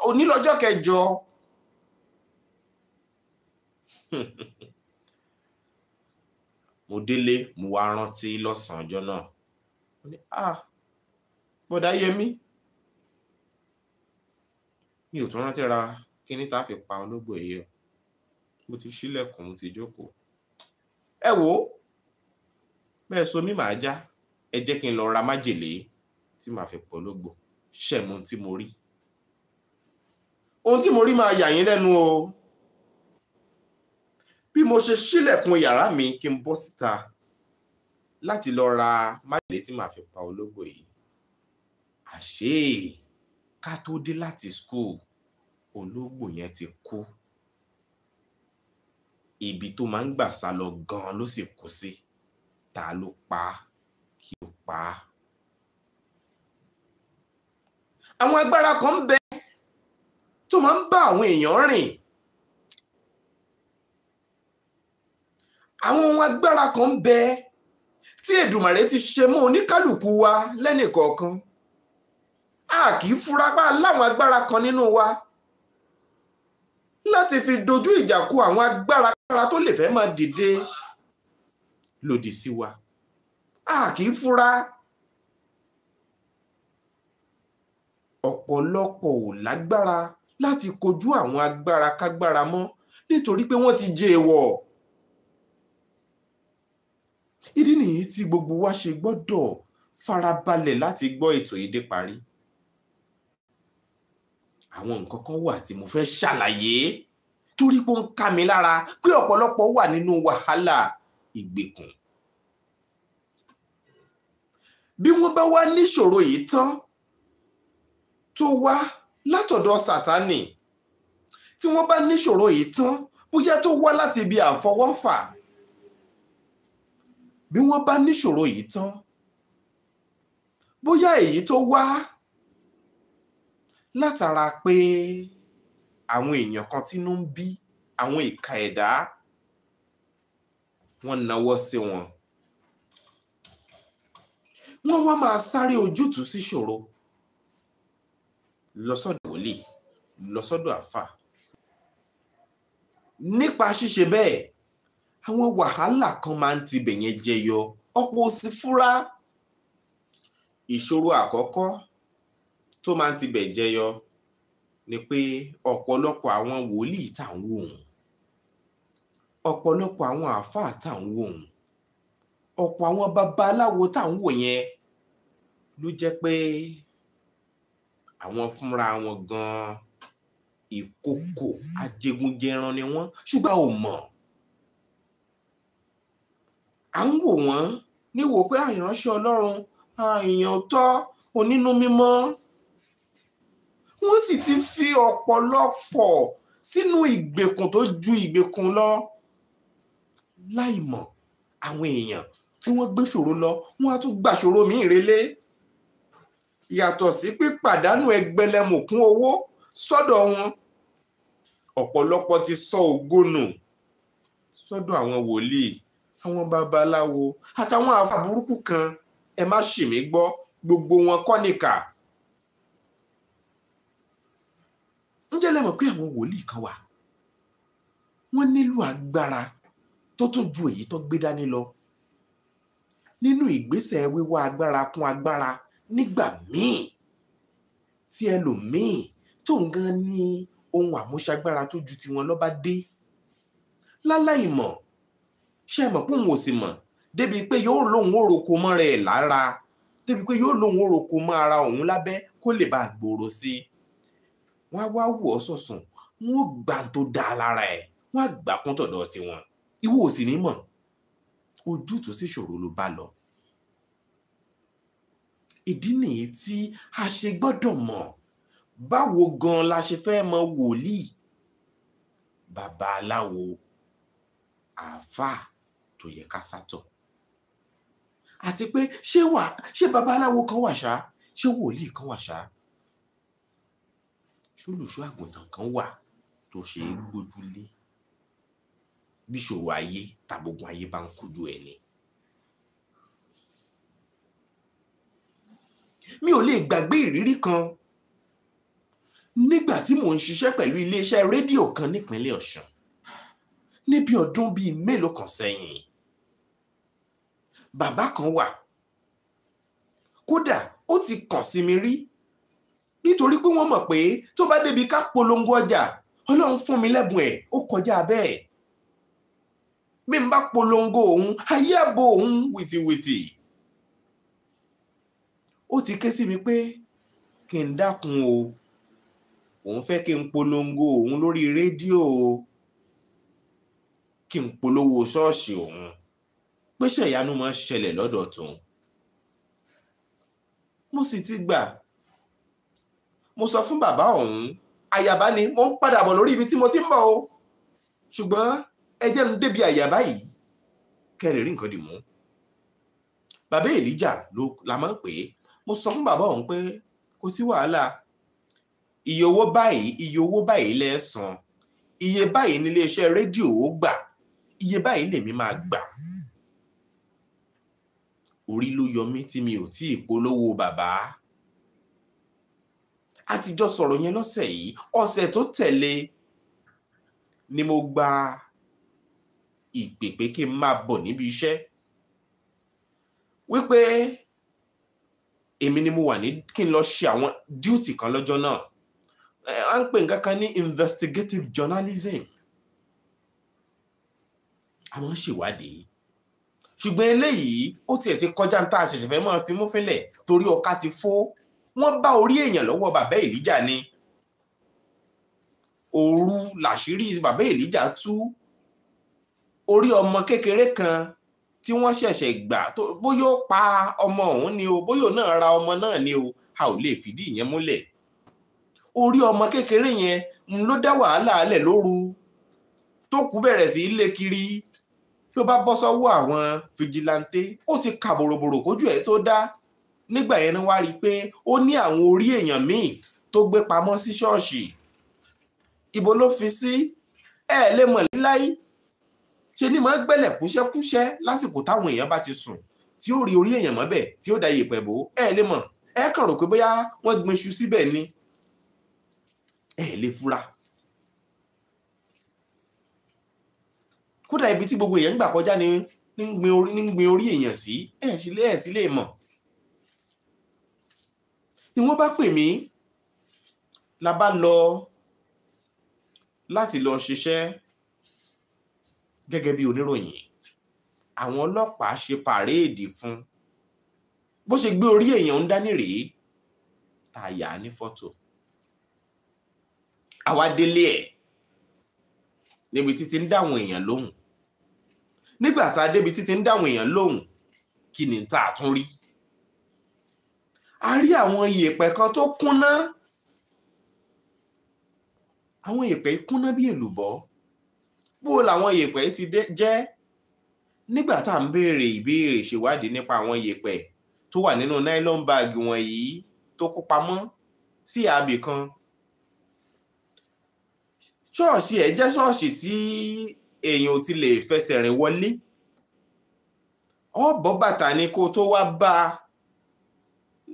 onílọ́jọ́ kẹjọ. *laughs* mo délé mo wá rántí lọ́sàn-án ọjọ́ náà mo ní ah bọ̀dá yẹmí mi ò tún rántí ra kíní tá a fi pa ológbò èyí o mo ti ṣílẹ̀kùn mo ti jókòó ẹ wò ó bẹ́ẹ̀ so mi màá já ẹ jẹ́ kí n lọ ra májèlé tí màá fi pọ̀ ológbò ṣẹ̀mú tí mo rí ohun tí mo rí máa yà yín lẹ́nu o bí mo ṣe ṣílẹ̀kùn yàrá mi kí n bọ́ síta láti lọ ra májèlé tí màá fi pa ológbò yìí àṣé ká tó dé láti school ológbò yẹn ti kú ibi tó máa ń gbà sá lọ gan ló sì kú sí ta ló pa kí ó pa á. àwọn agbára kan ń bẹ tó máa ń bá àwọn èèyàn rìn àwọn ohun agbára kan ń bẹ tí Èdùmàrè ti ṣe mọ́ oníkálùkù wa lẹ́nìkọ̀ọ̀kan a kì í fura pa láwọn agbára kan nínú wa láti fi dojú ìjà kọ àwọn agbára kára tó lè fẹ́ máa dìde lòdì sí wa a kì í fura ọ̀pọ̀lọpọ̀ ò lágbára láti kojú àwọn agbára kágbára mọ́ nítorí pé wọ́n ti jẹ́ èèwọ̀ ìdí nìyí tí gbogbo wa ṣe gbọ́dọ̀ farabalẹ̀ láti gbọ́ ètò yìí dé parí àwọn nǹkan kan wà tí mo fẹ́ ṣàlàyé torí pé ó ń ká mi lára pé ọ̀pọ̀lọpọ̀ wà nínú wàhálà ìgbèkùn bí wọ́n bá wá níṣòro yìí tán tó wá látọ̀dọ̀ sátánì tí wọ́n bá níṣòro yìí tán bóyá tó wá láti ibi àfọwọ́fà bí wọ́n bá níṣòro yìí tán bóyá èyí tó wá látara pé àwọn èèyàn kan tínú ń bí àwọn ìka ẹ̀dá wọ́n náwó sí wọn wọ́n wá máa sáré ojútùú sí ṣòro wòlíì lọ́sọ̀dọ̀ àfà nípa ṣíṣe bẹ́ẹ̀ àwọn wàhálà kan máa ń tibẹ̀ yẹn jẹyọ ọ̀pọ̀ ò sì fura ìṣòro àkọ́kọ́ tó máa ń tibẹ̀ jẹyọ ni pé ọ̀pọ̀lọpọ̀ àwọn wòlíì tá à ń wò òun ọ̀pọ̀lọpọ̀ àwọn àáfàá tá òun ọ̀pọ̀ àwọn babaláwo tá à yẹn ló jẹ́ pé àwọn fúnra wọn gan-an ìkòkò ni wọ́n ṣùgbọ́n ò mọ̀ à ń wò wọ́n níwò pé àìránṣẹ́ ọlọ́run èèyàn tọ́ onínú mímọ́ wọ́n sì ti fi ọ̀pọ̀lọpọ̀ sínú ìgbèkùn tó ju ìgbèkùn lọ láìmọ̀ àwọn èèyàn tí wọ́n gbé ṣòro lọ wọ́n á tún gbà ṣòro míì relé yàtọ̀ sí pípàdánù ẹgbẹ̀lẹ̀mùkún owó sọ́dọ̀ wọn ọ̀pọ̀lọpọ̀ ti sọ ògo nù sọ́dọ̀ àwọn wòlíì àwọn babaláwo àtàwọn àfa burúkú kan ẹ má ṣì mí gbọ́ gbogbo wọn kọ́ nìkà. ǹjẹ́ lẹ́mọ̀ pé àwọn wòlíì kan wà wọ́n nílò agbára tó tún ju èyí tó gbé dání lọ nínú ìgbésẹ̀ wíwá agbára kún agbára nígbà míì tí ẹlòmíì tó ń gan ní ohun àmúṣagbára tó ju tiwọn lọ dé láláìmọ̀ ṣé ẹ mọ̀ pé òun ò sì mọ̀ débi pé yóò lóun ó roko mọ́ rẹ̀ lára débi pé yóò lóun ó roko mọ́ ara òun lábẹ́ kó lè bá gbòòrò sí i wọ́n á wá wù ọ́ sọ̀sùn wọ́n ó gbà tó dáa lára ẹ̀ wọ́n á gbà kún tọ̀dọ̀ tiwọn ìwọ ò sì ní mọ̀ ojútùú sí ìṣòro ló bá lọ ìdí nìyí tí a ṣe gbọ́dọ̀ mọ̀ báwo gan la ṣe fẹ́ mọ wòlíì babaláwo àáfàá tó yẹ ká sátọ̀ àti pé ṣé wà ṣé babaláwo kan wà ṣá ṣé wòlíì kan wà ṣá ṣolùṣọ́ àgùntàn kan wà tó ṣe é gbójúlé bíṣòwò ayé tàbógun ayé bá ń kojú ẹ ni. mi ò lè gbàgbé ìrírí kan nígbà tí mò ń ṣiṣẹ́ pẹ̀lú iléeṣẹ́ rédíò kan nípínlẹ̀ Ọ̀ṣun níbi ọdún bíi mélòó kan sẹ́yìn bàbá kan wà kódà ó ti kàn sí mi rí nítorí pé wọ́n mọ̀ pé tó bá débi ká polongo ọjà ọlọ́run fún mi lẹ́bùn ẹ̀ ó kọjá bẹ́ẹ̀ bí n bá polongo òun ayé àbò òun wìtìwìtì ó ti ké sí mi pé kí n dákun o òun fẹ́ kí n polongo òun lórí rédíò kí n polówó ṣọ́ọ̀ṣì òun pẹ́sẹ̀ ìyanu máa ń ṣẹlẹ̀ lọ́dọ̀ tòun mo sì ti gbà mo sọ fún bàbá ọ̀hún àyàbá ni mo ń padà bọ̀ lórí ibi tí mo ti ń bọ̀ o ṣùgbọ́n ẹ jẹ́ nu débi àyàbá yìí kẹrin rí nǹkan dì mú bàbá èlíjà ló la máa ń pè é mo sọ fún bàbá ọ̀hún pé kò sí wàhálà iye owó báyìí iye owó báyìí lẹ san iye báyìí níléeṣẹ́ rédíò ó gbà iye báyìí lèmi máa gbà orí ló yọ mí tí mi ò tí ì polówó bàbá a ti jọ sọ̀rọ̀ yẹn lọ́sẹ̀ yìí ọ̀sẹ̀ tó tẹ̀lé ni mo gba ìpè pé kí n máa bọ̀ níbi iṣẹ́ wípé èmi ni mo wà ní kí n lọ ṣe àwọn díútì kan lọ́jọ́ náà à ń pè nǹkan kan ní investigative journalism àwọn ṣèwádìí ṣùgbọ́n eléyìí ó tiẹ̀ ti kọjá tá a ṣẹ̀ṣẹ̀ fẹ́ máa fi mú fínlẹ̀ torí ọ̀ka ti fó wọ́n bá orí èèyàn lọ́wọ́ bàbá èlíjà ni òru làṣírí bàbá èlíjà tú orí ọmọ kékeré kan tí wọ́n ṣẹ̀ṣẹ̀ gbà bóyá ó pa ọmọ ọ̀hún ni o bóyá ó náà ra ọmọ náà ni o a ò lè fìdí ìyẹn múlẹ̀ orí ọmọ kékeré yẹn ló dá wàhálà alẹ̀ lóru tó kú bẹ̀rẹ̀ sí í lé kiri ló bá bọ́ sọ́wọ́ àwọn fìjìláńtẹ́ ó ti kà bòròbòrò kójú ẹ̀ tó dá nígbà yẹn ni wá rí i pé ó ní àwọn orí èèyàn míì tó gbé pamọ́ sí ṣọ́ọ̀ṣì ibo ló fi sí ẹ lè mọ̀ níláyé ṣe ni mọ̀ gbẹ́lẹ̀ kúṣẹ́kúṣẹ́ lásìkò táwọn èèyàn bá ti sùn tí ó rí orí èèyàn mọ́bẹ̀ tí ó da yèpẹ̀ bò ẹ lè mọ̀ ẹ kàn rò pé bóyá wọ́n gbin iṣu síbẹ̀ ni ẹ lè fura kódà ibi tí gbogbo èèyàn ń gbà kọjá ni ní ń gbin orí èèyàn sí ẹ̀ sì lé ẹ̀ sí lè mọ̀ ni wọ́n bá pè mí la bá lọ láti lọ ṣiṣẹ́ gẹ́gẹ́ bí oníròyìn àwọn ọlọ́pàá ṣe pàréèdì fún bó ṣe gbé orí èèyàn ń dání rèé tá yà á ní fọ́tò àwa délé ẹ̀ níbi títí ń dáwọn èèyàn lóhùn nígbà tá a débi títí ń dáwọn èèyàn lóhùn kí ni tá a tún rí a rí àwọn ìyẹ̀pẹ̀ kan tó kúnná àwọn ìyẹ̀pẹ̀ kúnná bí èlùbọ́ bó làwọn ìyẹ̀pẹ̀ ti jẹ́ nígbà tá à ń béèrè ìbéèrè ìṣèwádìí nípa àwọn ìyẹ̀pẹ̀ tó wà nínú nylon bag wọ̀nyí tó kó pamọ́ sí àbì kan ṣọ́ọ̀ṣì ẹ̀ jẹ́ ṣọ́ọ̀ṣì tí èèyàn ò ti lè fẹsẹ̀ rìn wọlé ọ bọ́ bàtà ni kó tó wá bá a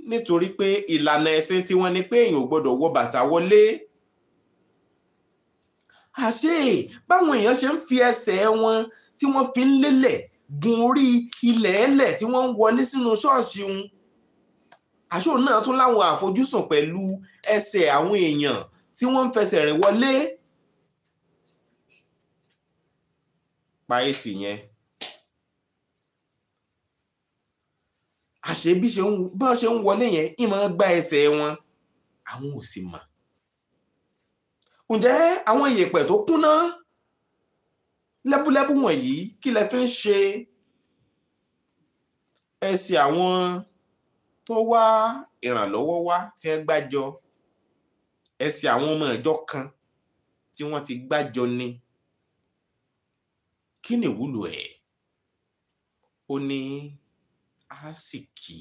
nítorí pé ìlànà ẹ̀sìn tí wọ́n ní pé èèyàn ò gbọ́dọ̀ wọ bàtà wọlé àṣé báwọn èèyàn ṣe ń fi ẹsẹ̀ wọn tí wọ́n fi ń lélẹ̀ gun orí ilẹ̀ ẹlẹ̀ tí wọ́n ń wọlé sínú ṣọ́ọ̀ṣì wọn àṣọ náà tún láwọn àfojúsùn pẹ̀lú ẹsẹ̀ àwọn èèyàn tí wọ́n ń fẹsẹ̀ rìn wọlé. pa èsì yẹn àṣé bí wọ́n ṣe ń wọlé yẹn ìmọ̀ gba ẹsẹ̀ wọn àwọn ò sì mọ̀ ǹjẹ́ àwọn ìyèpẹ̀ tó kúnná lẹ́búlẹ́bú wọ̀nyí kí lẹ fi ń ṣe ẹsẹ̀ àwọn tó wá ìrànlọ́wọ́ wá tí wọ́n gbájọ ẹsẹ̀ àwọn ọmọ ìjọ kan tí wọ́n ti gbájọ ni kí ni ìwúlò ẹ̀ ó ní ásìkì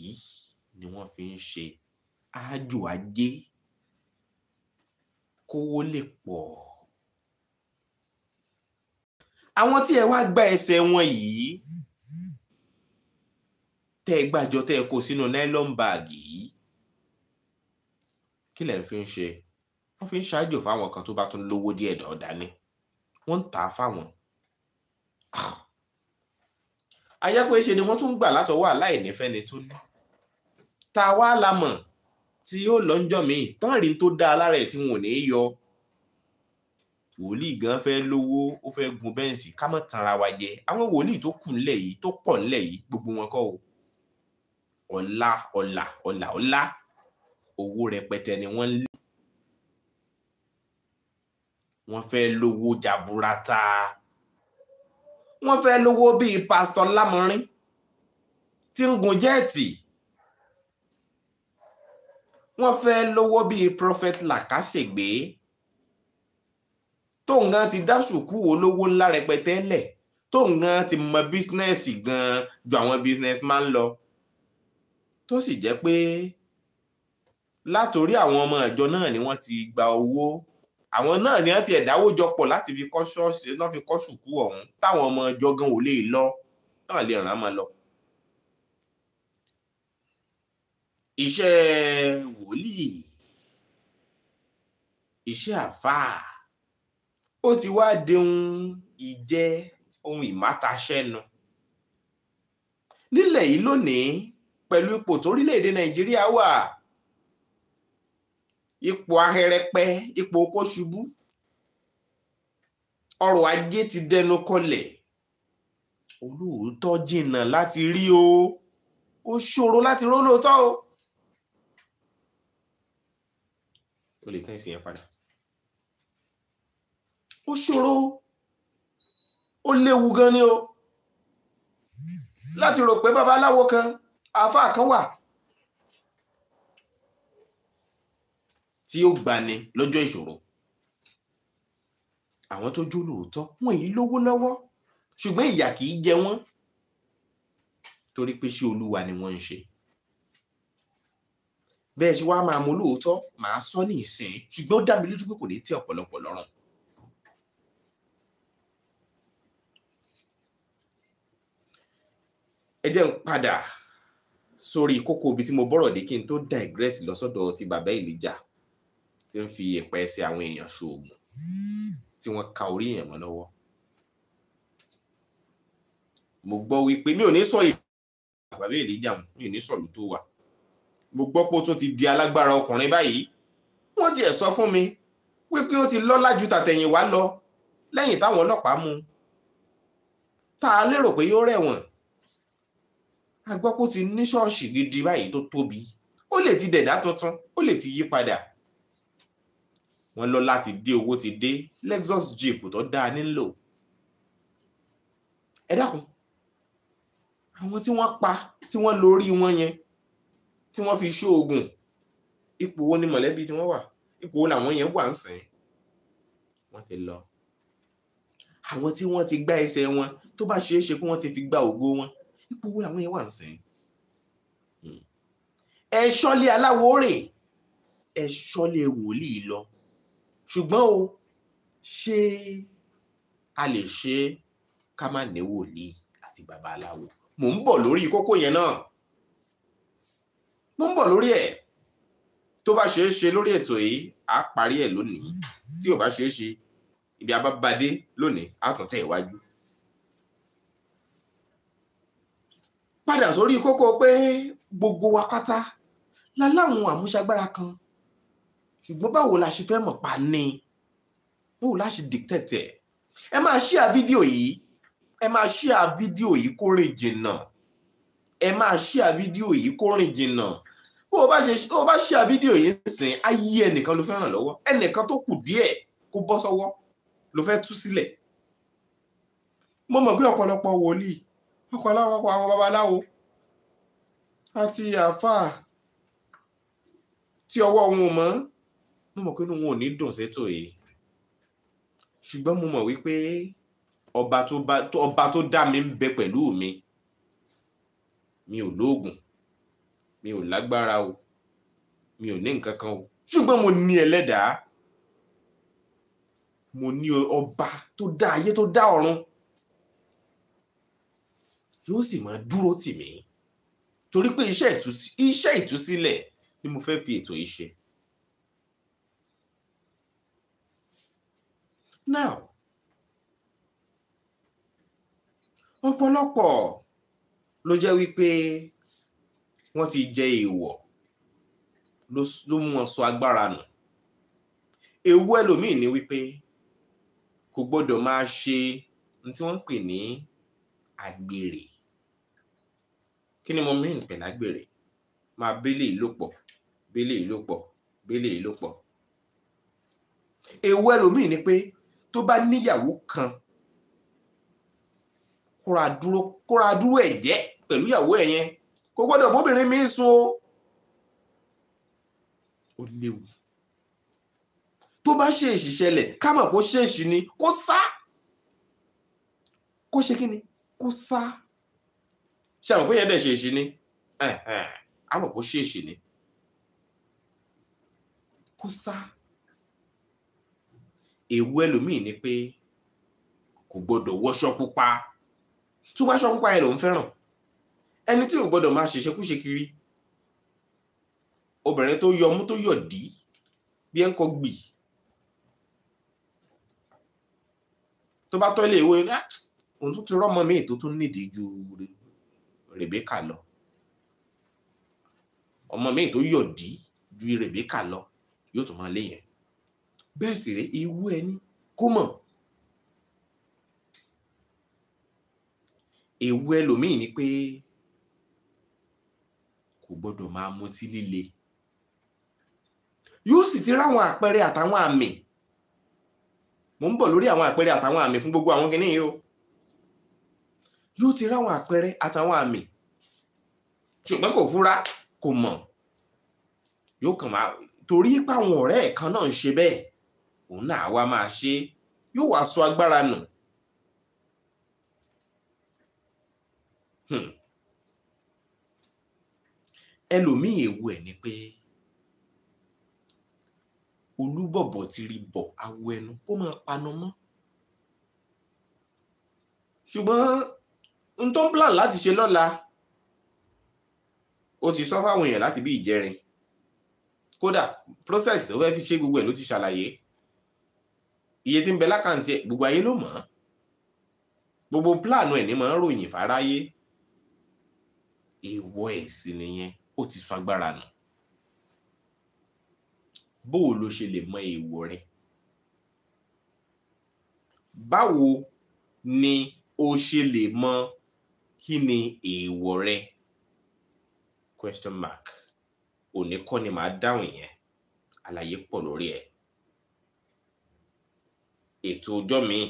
ni wọ́n fi ń ṣe áájò ajé kówó lè pọ̀ àwọn tí ẹ wá gba ẹsẹ̀ wọn yìí tẹ́ ẹ gbàjọ tẹ́ ẹ kó sínú nylon bag yìí kí lẹ fi ń ṣe wọ́n fi ń ṣáájò fáwọn kan tó bá tún lówó díẹ̀ dọ̀ dání wọ́n ń tà á fáwọn ayẹ́pẹ́ ṣe ni wọ́n tún gbà látọwọ́ aláìnífẹ́ni tó ní ta wá la mọ̀ tí yóò lọ́njọ́ mi tán rí tó dáa lára ẹ̀ tí wọn ò ní í yọ wòlíì gan fẹ́ lówó ó fẹ́ gun bẹ́ǹsì ká mọ̀ tanra wa jẹ àwọn wòlíì tó kù ńlẹ̀ yìí tó pọ̀ ńlẹ̀ yìí gbogbo wọn kọ́ o ọ̀la ọ̀la ọ̀la ọ̀la owó rẹpẹtẹ ni wọ́n lé wọ́n fẹ́ lówó jaburata wọ́n fẹ́ lówó bíi pásítọ̀ lámọrin tí ń gun jẹ́ẹ̀tì wọ́n fẹ́ lówó bíi prophet làkàṣègbè tó nǹkan ti dá sùkú olówó ńlá rẹpẹtẹ lẹ̀ tó nǹkan ti mọ bísínẹ́sì gan-an ju àwọn bísínẹ́sìmán lọ tó sì jẹ́ pé látòrí àwọn ọmọ ìjọ náà ni wọ́n ti gba owó àwọn náà ni wọ́n ti ẹ̀dáwó jọpọ̀ láti fi kọ́ ṣọ́ọ̀ṣì náà fi kọ́ ṣùkú ọ̀hún táwọn ọmọ jọgán ò lè lọ náà lè ràn án máa lọ. iṣẹ́ wòlíì iṣẹ́ àfáà ó ti wá dehun ìjẹ́ ohun ìmátaṣẹ́nu nílẹ̀ yìí lónìí pẹ̀lú ipò torílẹ̀-èdè Nàìjíríà wà ipò ahẹrẹpẹ ipò okó ṣubú ọrọ̀ ajé ti dẹnu kọlẹ̀ olóòótọ́ jìnnà láti rí o ó ṣòro láti ró lóòótọ́ o o lè tán ìsìn yẹn padà ó ṣòro ó léwu gan ni o láti rò pé babaláwo kan àáfàá kan wà tí ó gbani lọ́jọ́ ìṣòro àwọn tó jó lóòótọ́ wọn èyí lówó lọ́wọ́ ṣùgbọ́n ìyà kì í jẹ wọ́n torí pé ṣé olúwa ni wọ́n ń ṣe bẹ́ẹ̀ ṣe wá máa mú lóòótọ́ màá sọ ní ìsìn ṣùgbọ́n ó dá lójú pé kò ní tẹ́ ọ̀pọ̀lọpọ̀ lọ́rùn ẹ jẹ́ ń padà sórí kókó ibi tí mo bọ́rọ̀ dé kí n tó digress lọ sọ́dọ̀ ti bàbá Èlíjà tí ń fi ìyẹ̀pẹ̀ ṣe àwọn èèyàn ṣoògùn tí wọ́n ka orí èèyàn mọ́ lọ́wọ́ mo gbọ́ wípé mi ò ní sọ ìlú àbábẹ́ ìlíjà mi ò ní sọ̀lú tó wà mo gbọ́ pé ó tún ti di alágbára ọkùnrin báyìí wọ́n tiẹ̀ sọ fún mi wípé ó ti lọ́lá ju tàtẹ̀yìnwá lọ lẹ́yìn táwọn ọlọ́pàá mú tá a lérò pé yóò rẹ̀wọ̀n a gbọ́ pé ó ti ní ṣọ́ọ̀ṣì gidi báyìí tó tóbi ó lè ti dẹ̀dá tuntun ó lè ti yí padà wọ́n lọ láti dé owó ti dé Lexus jeep tó dáa nílò ẹ dákun àwọn tí wọ́n pa tí wọ́n lórí wọn yẹn tí wọ́n fi ṣóògùn ipò wo ni mọ̀lẹ́bí tí wọ́n wà ipò wo làwọn yẹn wà ń sìn wọ́n ti lọ àwọn tí wọ́n ti gbá ẹsẹ̀ wọn tó bá ṣeé ṣe pé wọ́n ti fi gba ògo wọn ipò wo làwọn yẹn wà ń sìn hmm. ẹ ṣọ́lé aláwo rè ẹ ṣọ́lé wòlíì lọ ṣùgbọ́n o ṣé a lè ṣe é ká má ní wòlíì àti bàbá aláwo mò ń bọ̀ lórí kókó yẹn náà mò ń bọ̀ lórí ẹ̀ tó bá ṣeé ṣe lórí ètò yìí á parí ẹ̀ lónìí tí ò bá ṣeé ṣe ibi abábadé lónìí á tún tẹ̀ iwájú. padà sórí kókó pé gbogbo wa pátá la láwọn àmúṣagbára kan ṣùgbọ́n báwo la ṣe fẹ́ mọ̀ pa ni báwo la ṣe dictate ẹ̀ ẹ máa share fídíò yìí ẹ máa share fídíò yìí kó rìn jìnnà ẹ máa share fídíò yìí kó rìn jìnnà bó o bá ṣe tó o bá share fídíò yìí sìn ayé ẹnìkan ló fẹ́ ràn lọ́wọ́ ẹnìkan tó kù díẹ̀ kó bọ́ sọ́wọ́ ló fẹ́ tú sílẹ̀ mo mọ̀ pé ọ̀pọ̀lọpọ̀ wòlíì ọkọ̀ aláwọ̀ àwọn babaláwo àti àáfàá tí ọwọ́ wọn ò mọ́ mo mọ̀ pé inú wọn ò ní dùn sétò yìí ṣùgbọ́n mo mọ̀ wípé ọba tó bá ọba tó dá mi ń bẹ pẹ̀lú mi mi ò lóògùn mi ò lágbára o mi ò ní nǹkan kan o ṣùgbọ́n mo ní ẹlẹ́dàá mo ní ọba tó dá ayé tó dá ọ̀run yóò sì máa dúró tì mí torí pé iṣẹ́ ìtúsílẹ̀ ni mo fẹ́ fi ètò yìí ṣe. now ọ̀pọ̀lọpọ̀ ló jẹ́ wípé wọ́n ti jẹ èèwọ̀ ló mú wọn sọ agbára nù ewu ẹlòmíì ni wípé kò gbọ́dọ̀ máa ṣe ní tí wọ́n ń pè ní àgbèrè kí ni mo mean pẹ̀lú àgbèrè máa bélé ìlòpọ̀ bélé ìlòpọ̀ bélé ìlòpọ̀ ewu ẹlòmíì ni pé tó bá níyàwó kan kóra dúró kóra dúró ẹ̀ jẹ́ pẹ̀lú ìyàwó ẹ̀ yẹn kò gbọ́dọ̀ bóbìnrin mi so ó léwu tó bá ṣèèṣì ṣẹlẹ̀ ká mọ̀ kó ṣèèṣì ni kó sá kó ṣe kí ni kó sá ṣe àwọn pé yẹn dẹ̀ ṣèèṣì ni á mọ̀ kó ṣèèṣì ni kó sá ewu ẹlòmíì ni pé kò gbọdọ̀ wọṣọ pupa tó bá ṣọ pupa yẹn lòún fẹ́ràn ẹni tí ò gbọdọ̀ máa ṣèṣekúṣe kiri obìnrin tó yọmú tó yọ̀dí bí ẹ ń kọ gbì tó bá tọ́ ilé ìwé ni ah, òun tún ti rọ́mọ míì tó tún nídìí ju rèbékà lọ ọmọ míì tó yọ̀dí ju rèbékà lọ yóò tún máa lé yẹn bẹ́ẹ̀ sì rèé ìwú ẹni kó mọ̀ èwu ẹlòmíì ni pé kò gbọ́dọ̀ máa mutí líle yóò sì ti ráwọn àpẹẹrẹ àtàwọn àmì mo ń bọ̀ lórí àwọn àpẹẹrẹ àtàwọn àmì fún gbogbo àwọn kìnìún o yóò ti ráwọn àpẹẹrẹ àtàwọn àmì ṣùgbọ́n kò fura kò mọ̀ yóò kàn máa torí pé àwọn ọ̀rẹ́ ẹ̀ kan náà ń ṣe bẹ́ẹ̀ òun náà wá máa ṣe yóò wá sọ agbára nù. Hmm. ẹlòmíì èwu ẹ̀ ni pé olúbọ̀bọ̀ ti rí bọ̀ awo ẹnu kó máa panu mọ́ ṣùgbọ́n n tó ń plan láti ṣe lọ́la ó ti sọ fáwọn èèyàn láti bí ìjẹrin kódà process tó fẹ́ fi ṣe gbogbo ẹ̀ ló ti ṣàlàyé iye tí ń bẹ lákàntì ẹ̀ gbogbo ayé ló mọ̀ ọ́ gbogbo pílànù ẹ̀ ní máa ń ròyìn fáráyé ìwọ ẹ̀ sì nìyẹn ó ti sọ agbára nù bóò ló ṣe lè mọ èèwọ̀ rẹ báwo ni o ṣe lè mọ kí ni èèwọ̀ rẹ question mark òní kọ́ ni màá dáhùn yẹn àlàyé pọ̀ lórí ẹ̀ ètò ọjọ́ míì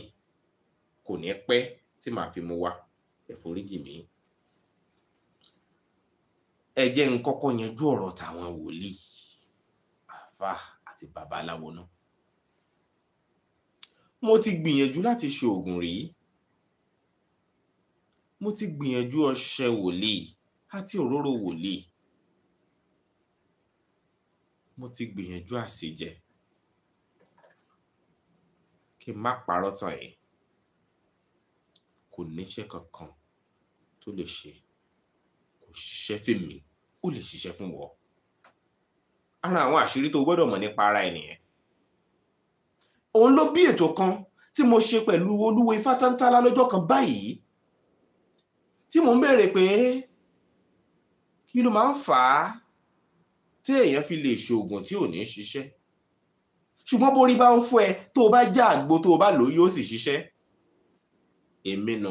kò ní pẹ́ tí màá fi mu wá ẹ̀foríjì mi. ẹ jẹ́ n kọ́kọ́ yanjú ọ̀rọ̀ tàwọn wòlíì àáfàá àti babaláwo náà. mo ti gbìyànjú láti ṣe oògùn rí mo ti gbìyànjú ọṣẹ wòlíì àti òróró wòlíì mo ti gbìyànjú àṣejẹ kí n má parọ́ tàn yín kò níṣẹ́ kankan tó lè ṣe kò ṣiṣẹ́ fèmí ó lè ṣiṣẹ́ fún wọ́ ara àwọn àṣírí tó gbọ́dọ̀ mọ̀ nípa ara ènìyàn òun ló bí ètò kan tí mo ṣe pẹ̀lú olúwo Ifátàntálá lọ́jọ́ kan báyìí tí mò ń béèrè pé kí ló máa ń fà á tí èèyàn fi lè ṣoògùn tí ò ní ṣiṣẹ́ ṣùgbọ́n borí bá ń fọ́ ẹ tó o bá já àgbo tó o bá lò yóò sì ṣiṣẹ́ èmi nà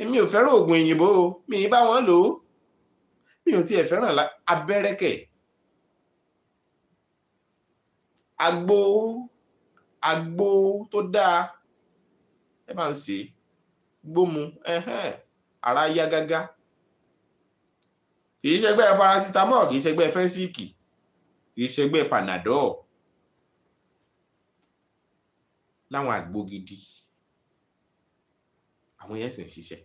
èmi ò fẹ́ràn oògùn òyìnbó o mi ì bá wọn lò ó mi ò tiẹ̀ fẹ́ràn abẹ́rẹ́kẹ̀ àgbo àgbo tó dáa ẹ máa ń ṣe gbómu ara yá gágá kì í ṣẹgbẹ́ parasitamọ́ọ̀ kì í ṣẹgbẹ́ fẹ́ńsíìkì ìṣègbè panadol láwọn àgbo gidi àwọn yẹn sì ń ṣiṣẹ́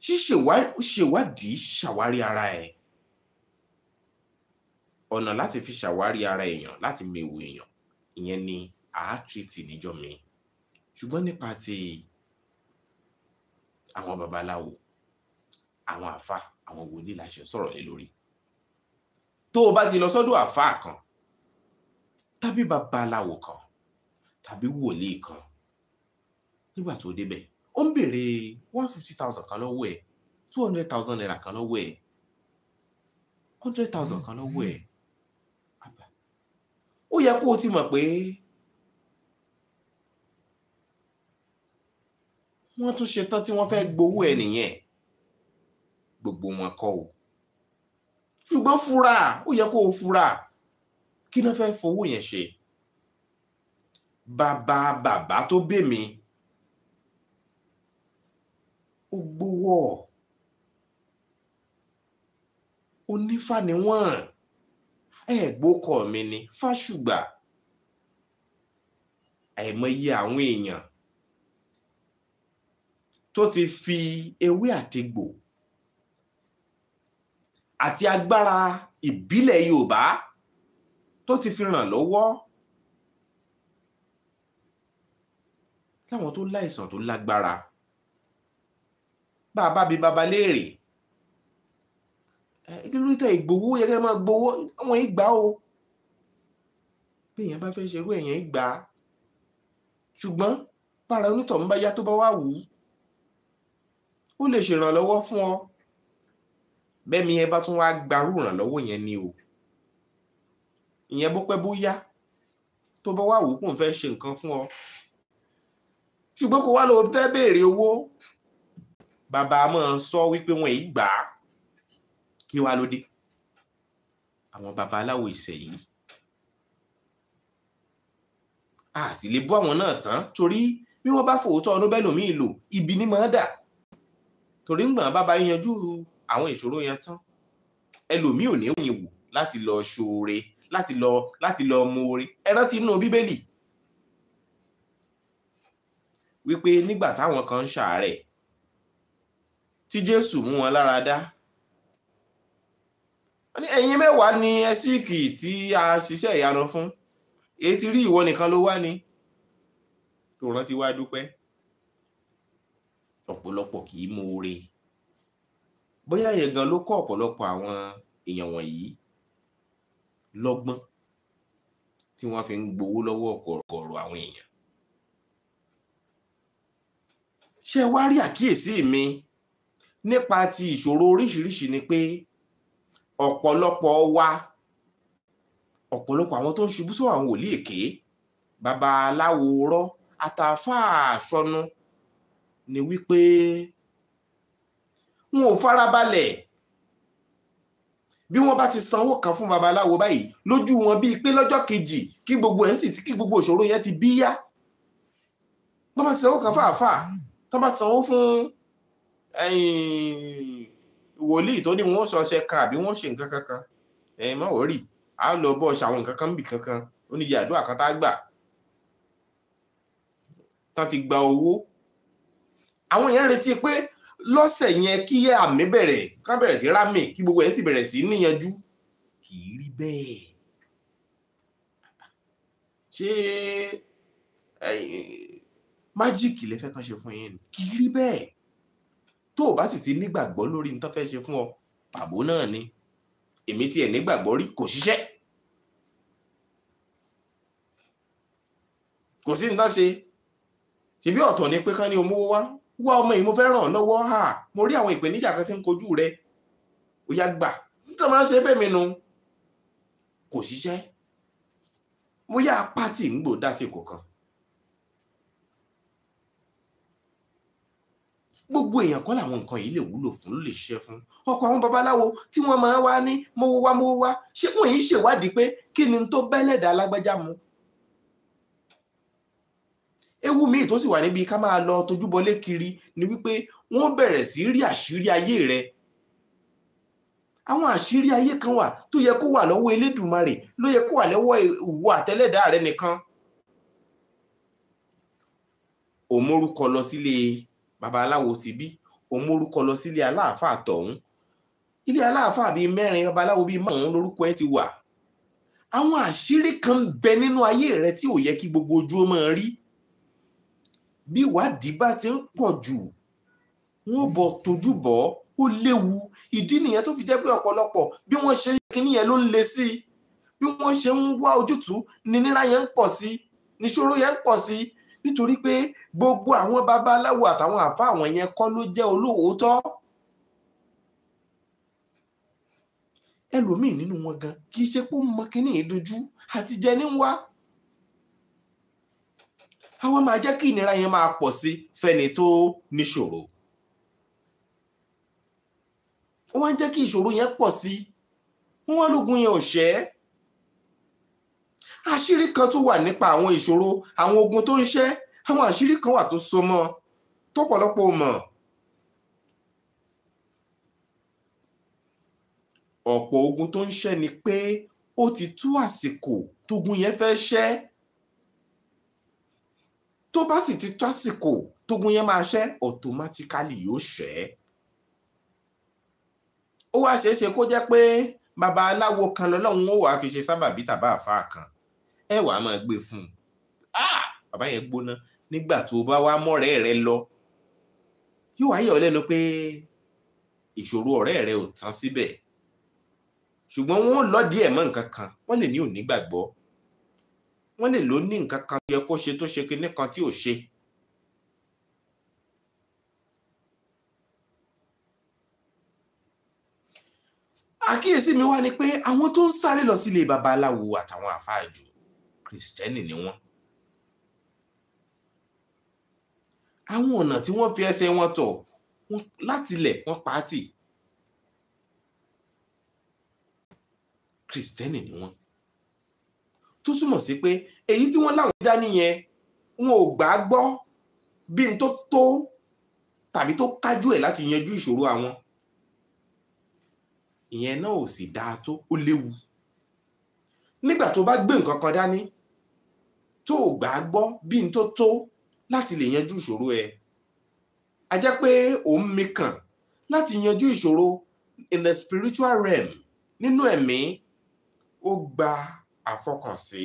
ṣíṣèwádìí ṣàwárí ara ẹ̀ ọ̀nà láti fi ṣàwárí ara èèyàn láti mewu èèyàn ìyẹn ni àátìrìtì níjọ́ mi ṣùgbọ́n nípa ti àwọn babaláwo àwọn àfa àwọn wòlíì la ṣe sọ̀rọ̀ lé lórí tó o bá ti lọ sọ́dọ̀ àfáà kan tàbí babaláwo kan tàbí wòlíì kan nígbà tó débẹ̀ ó ń béèrè one fifty thousand kan lọ́wọ́ ẹ̀ two hundred thousand naira kan lọ́wọ́ ẹ̀ hundred thousand kan lọ́wọ́ ẹ̀ ó yẹ kó o ti mọ̀ pé wọ́n tún ṣetán tí wọ́n fẹ́ gbowó ẹ̀ nìyẹn gbogbo wọn kọ́ o ṣùgbọ́n fura ó yẹ kó o fura kí ló fẹ́ fowó yẹn ṣe bàbá bàbá tó bèmí ó gbowó onífà ni wọ́n ẹ̀gbọ́kọ̀ mi ni fáṣùgbà àìmọye àwọn èèyàn tó ti fi ewé àtegbò àti agbára ìbílẹ̀ Yorùbá tó ti fi ràn lọ́wọ́ láwọn tó láìsàn tó lágbára bá a bá bi baba léèrè lóríta ìgbowó yẹrẹ máa gbowó wọn ìgbà o bí èèyàn bá fẹ́ ṣerú èèyàn ìgbà ṣùgbọ́n bára onítọ̀hún bá yá tó bá wà wù ú ó lè ṣèrànlọ́wọ́ fún ọ bẹ́ẹ̀mi ẹ bá tún wá gbarú ìrànlọ́wọ́ yẹn ni o ìyẹn bó pẹ́ bóyá tó bá wà wò kó n fẹ́ ṣe nǹkan fún ọ ṣùgbọ́n kó wá lọ fẹ́ béèrè owó bàbá máa sọ wípé wọn ì gbà á kí wá ló àwọn baba aláwo ìṣẹ̀yìn a sì lè bọ́ àwọn náà tán torí bí wọ́n bá fòótọ́ ọdún bẹ́ẹ̀ lòmíì lò ibi ni máa dà torí ń gbọ̀n bàbá yanjú àwọn ìṣòro yẹn tán ẹlòmíì ò ní òyìn wò láti lọ ṣoore láti lọ láti lọ mú oore ẹ rántí inú bíbélì wípé nígbà táwọn kan ń ṣàárẹ̀ tí jésù mú wọn lára dá ẹ̀yin mẹ́wàá ni ẹsíkì tí a ṣiṣẹ́ ìyanu fún èyí ti rí ìwọ nìkan ló wá ni tó rántí wá dúpẹ́ ọ̀pọ̀lọpọ̀ kì í mú oore bóyá ìyẹn gan ló kọ́ ọ̀pọ̀lọpọ̀ àwọn èèyàn wọ̀nyí lọ́gbọ́n tí wọ́n fi ń gbowó lọ́wọ́ ọ̀gọ̀ọ̀rọ̀ àwọn èèyàn. ṣé wá rí àkíyèsí mi nípa ti ìṣòro oríṣiríṣi ni pé ọ̀pọ̀lọpọ̀ wa ọ̀pọ̀lọpọ̀ àwọn tó ń ṣubú sọ́wọ́ àwọn wòlíì èké babaláwo rọ́ àtàfà àṣọnu ni wípé wọn ò farabalẹ̀ bí wọ́n bá ti sanwó kan fún babaláwo báyìí lójú wọn bíi pé lọ́jọ́ kejì kí gbogbo ẹ̀ ń sì tí kí gbogbo ìṣòro yẹn ti bí yá wọ́n bá ti sanwó kan fáàfáà tó bá ti sanwó fún wòlíì tó ní wọ́n sọ ọṣẹ kan àbí wọ́n ṣe nǹkan kankan ẹ̀yin mọ́ òórì á lọ bọ́ ọṣẹ àwọn nǹkan kan ń bì kankan ó ní iye kan tá a gbà tán ti gba owó àwọn èèyàn retí pé lọ́sẹ̀ yẹn kí àmì bẹ̀rẹ̀ ká bẹ̀rẹ̀ sí rámì kí gbogbo ẹ̀ sì bẹ̀rẹ̀ sí níyanjú kì í rí bẹ́ẹ̀ ṣé májíìkì lè fẹ́ kàn ṣe fún yín ni kì í rí bẹ́ẹ̀ tó o bá sì ti nígbàgbọ́ lórí ní tán fẹ́ ṣe fún ọ pàbó náà ni èmi tiẹ̀ nígbàgbọ́ rí kò ṣiṣẹ́ kò sí ní tán ṣe ṣebí ọ̀tọ̀ ni pé ká ní o mówó wá wá ọmọ yìí mo fẹ́ ràn ọ́ lọ́wọ́ hà mo rí àwọn ìpèníjà kan tí ń kojú rẹ ó yá gbà nítorí máa ń ṣe fẹ́mi nu kò ṣiṣẹ́ mo yá apá tí ń gbò dásìkò kan gbogbo èèyàn kọ́ làwọn nǹkan yìí lè wúlò fún ló lè ṣiṣẹ́ fún ọkọ̀ àwọn babaláwo tí wọ́n máa wá ní mowó wá mowó wá ṣé wọ́n yìí ṣèwádìí pé kí ni tó bẹ́lẹ̀dà alágbájá mu ewu míì tó sì wà níbi ká máa lọ tojúbọlé kiri ni wípé wọ́n bẹ̀rẹ̀ sí rí àṣírí ayé rẹ àwọn àṣírí ayé kan wà tó yẹ kó wà lọ́wọ́ elédùnmarè ló yẹ kó wà lọ́wọ́ ìwọ àtẹlẹ́dàá rẹ nìkan ò mórúkọ lọ sílé babaláwo ti bí ò mórúkọ lọ sílé aláàfáà tọ̀hún ilé aláàfáà bíi mẹ́rin babaláwo bíi márùn lórúkọ ẹ ti wà àwọn àṣírí kan bẹ nínú ayé rẹ tí ò yẹ kí gbogbo ojú ó rí bí ìwádìí bá ti ń pọ̀ jù wọ́n bọ̀ tójú bọ̀ ó léwu ìdí nìyẹn tó fi jẹ́ pé ọ̀pọ̀lọpọ̀ bí wọ́n ṣe kíní yẹn ló ń le sí bí wọ́n ṣe ń wá ojútùú ni nira yẹn ń pọ̀ sí níṣòro yẹn ń pọ̀ sí nítorí pé gbogbo àwọn babaláwo àtàwọn àfa àwọn yẹn kọ́ ló jẹ́ olóòótọ́ ẹlòmíì nínú wọn gan kì í ṣe pé ó mọ kíní ìdojú àtijẹ́ ní wá àwa máa jẹ́ kí ìnira yẹn máa pọ̀ sí fẹ́ni tó níṣòro wọ́n á jẹ́ kí ìṣòro yẹn pọ̀ sí wọ́n wá lógun yẹn ò ṣẹ́ àṣírí kan tó wà nípa àwọn ìṣòro àwọn ogun tó ń ṣẹ́ àwọn àṣírí kan wà tó so mọ́ tọ́pọ̀lọpọ̀ mọ̀ ọ̀pọ̀ ogun tó ń ṣẹ́ ni pé ó ti tó àsìkò tógun yẹn fẹ́ ṣẹ́ tó bá sì ti tásìkò tógun yẹn máa ṣẹ́ automatically yóò ṣẹ́ ó wá ṣeé ṣe kó jẹ́ pé bàbá aláwo kan lọ́lọ́run ó wàá fi ṣe sábàbí tàbá àfáà kan ẹ wàá máa gbé fún un bàbá yẹn gbóná nígbà tó bá wá mọ́rẹ́ rẹ lọ yóò wáyé ọ lẹ́nu pé ìṣòro ọ̀rẹ́ rẹ ò tán síbẹ̀ ṣùgbọ́n wọ́n lọ́dí ẹ̀ mọ́ nǹkan kan wọ́n lè ní òní gbàgbọ́ wọ́n lè ló ní nǹkan kan yẹ kó ṣe tó ṣe kinní kan tí ò ṣe. àkíyèsí mi wá ni pé àwọn tó ń sáré lọ sílé babaláwo àtàwọn àfáàjù kìrìsìtẹ́nì ni wọ́n. àwọn ọ̀nà tí wọ́n fi ẹsẹ̀ wọn tọ̀ látilẹ̀ wọ́n pa á ni wọ́n tó túmọ̀ sí pé èyí tí wọ́n láwọn dá nìyẹn wọn ò gbà á gbọ́ bí n tó tó tàbí tó kájú ẹ̀ láti yanjú ìṣòro àwọn ìyẹn náà ò sì dáa tó ó léwu nígbà tó bá gbé nǹkan kan dání tó ò gbà á gbọ́ bí n tó tó láti lè yanjú ìṣòro ẹ̀ a jẹ́ pé òun mi kàn láti yanjú ìṣòro in the spiritual realm nínú ẹ̀mí ó gba àfọkànsí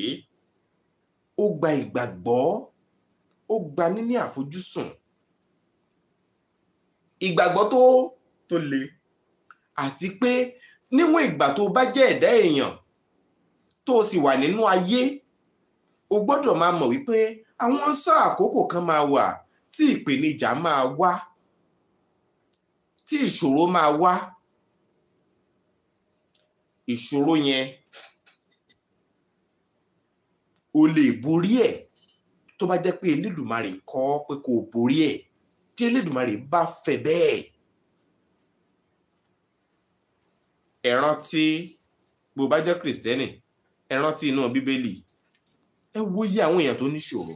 ó gba ìgbàgbọ́ ó gba níní àfojúsùn ìgbàgbọ́ tó tó le àti pé níwọ̀n ìgbà tó bá jẹ́ ẹ̀dá èèyàn tó o sì wà nínú ayé o gbọ́dọ̀ máa mọ̀ wípé àwọn sáà àkókò kan máa wà tí ìpèníjà máa wá tí ìṣòro máa wá ìṣòro yẹn o lè borí ẹ̀ tó bá jẹ́ pé elédùnmarè kọ́ pé kò borí ẹ̀ tí elédùnmarè bá fẹ́ bẹ́ẹ̀. ẹ rántí bó bá jẹ́ kìrìsìtẹ́nì ẹ rántí inú bíbélì ẹ wòye àwọn èèyàn tó níṣòro.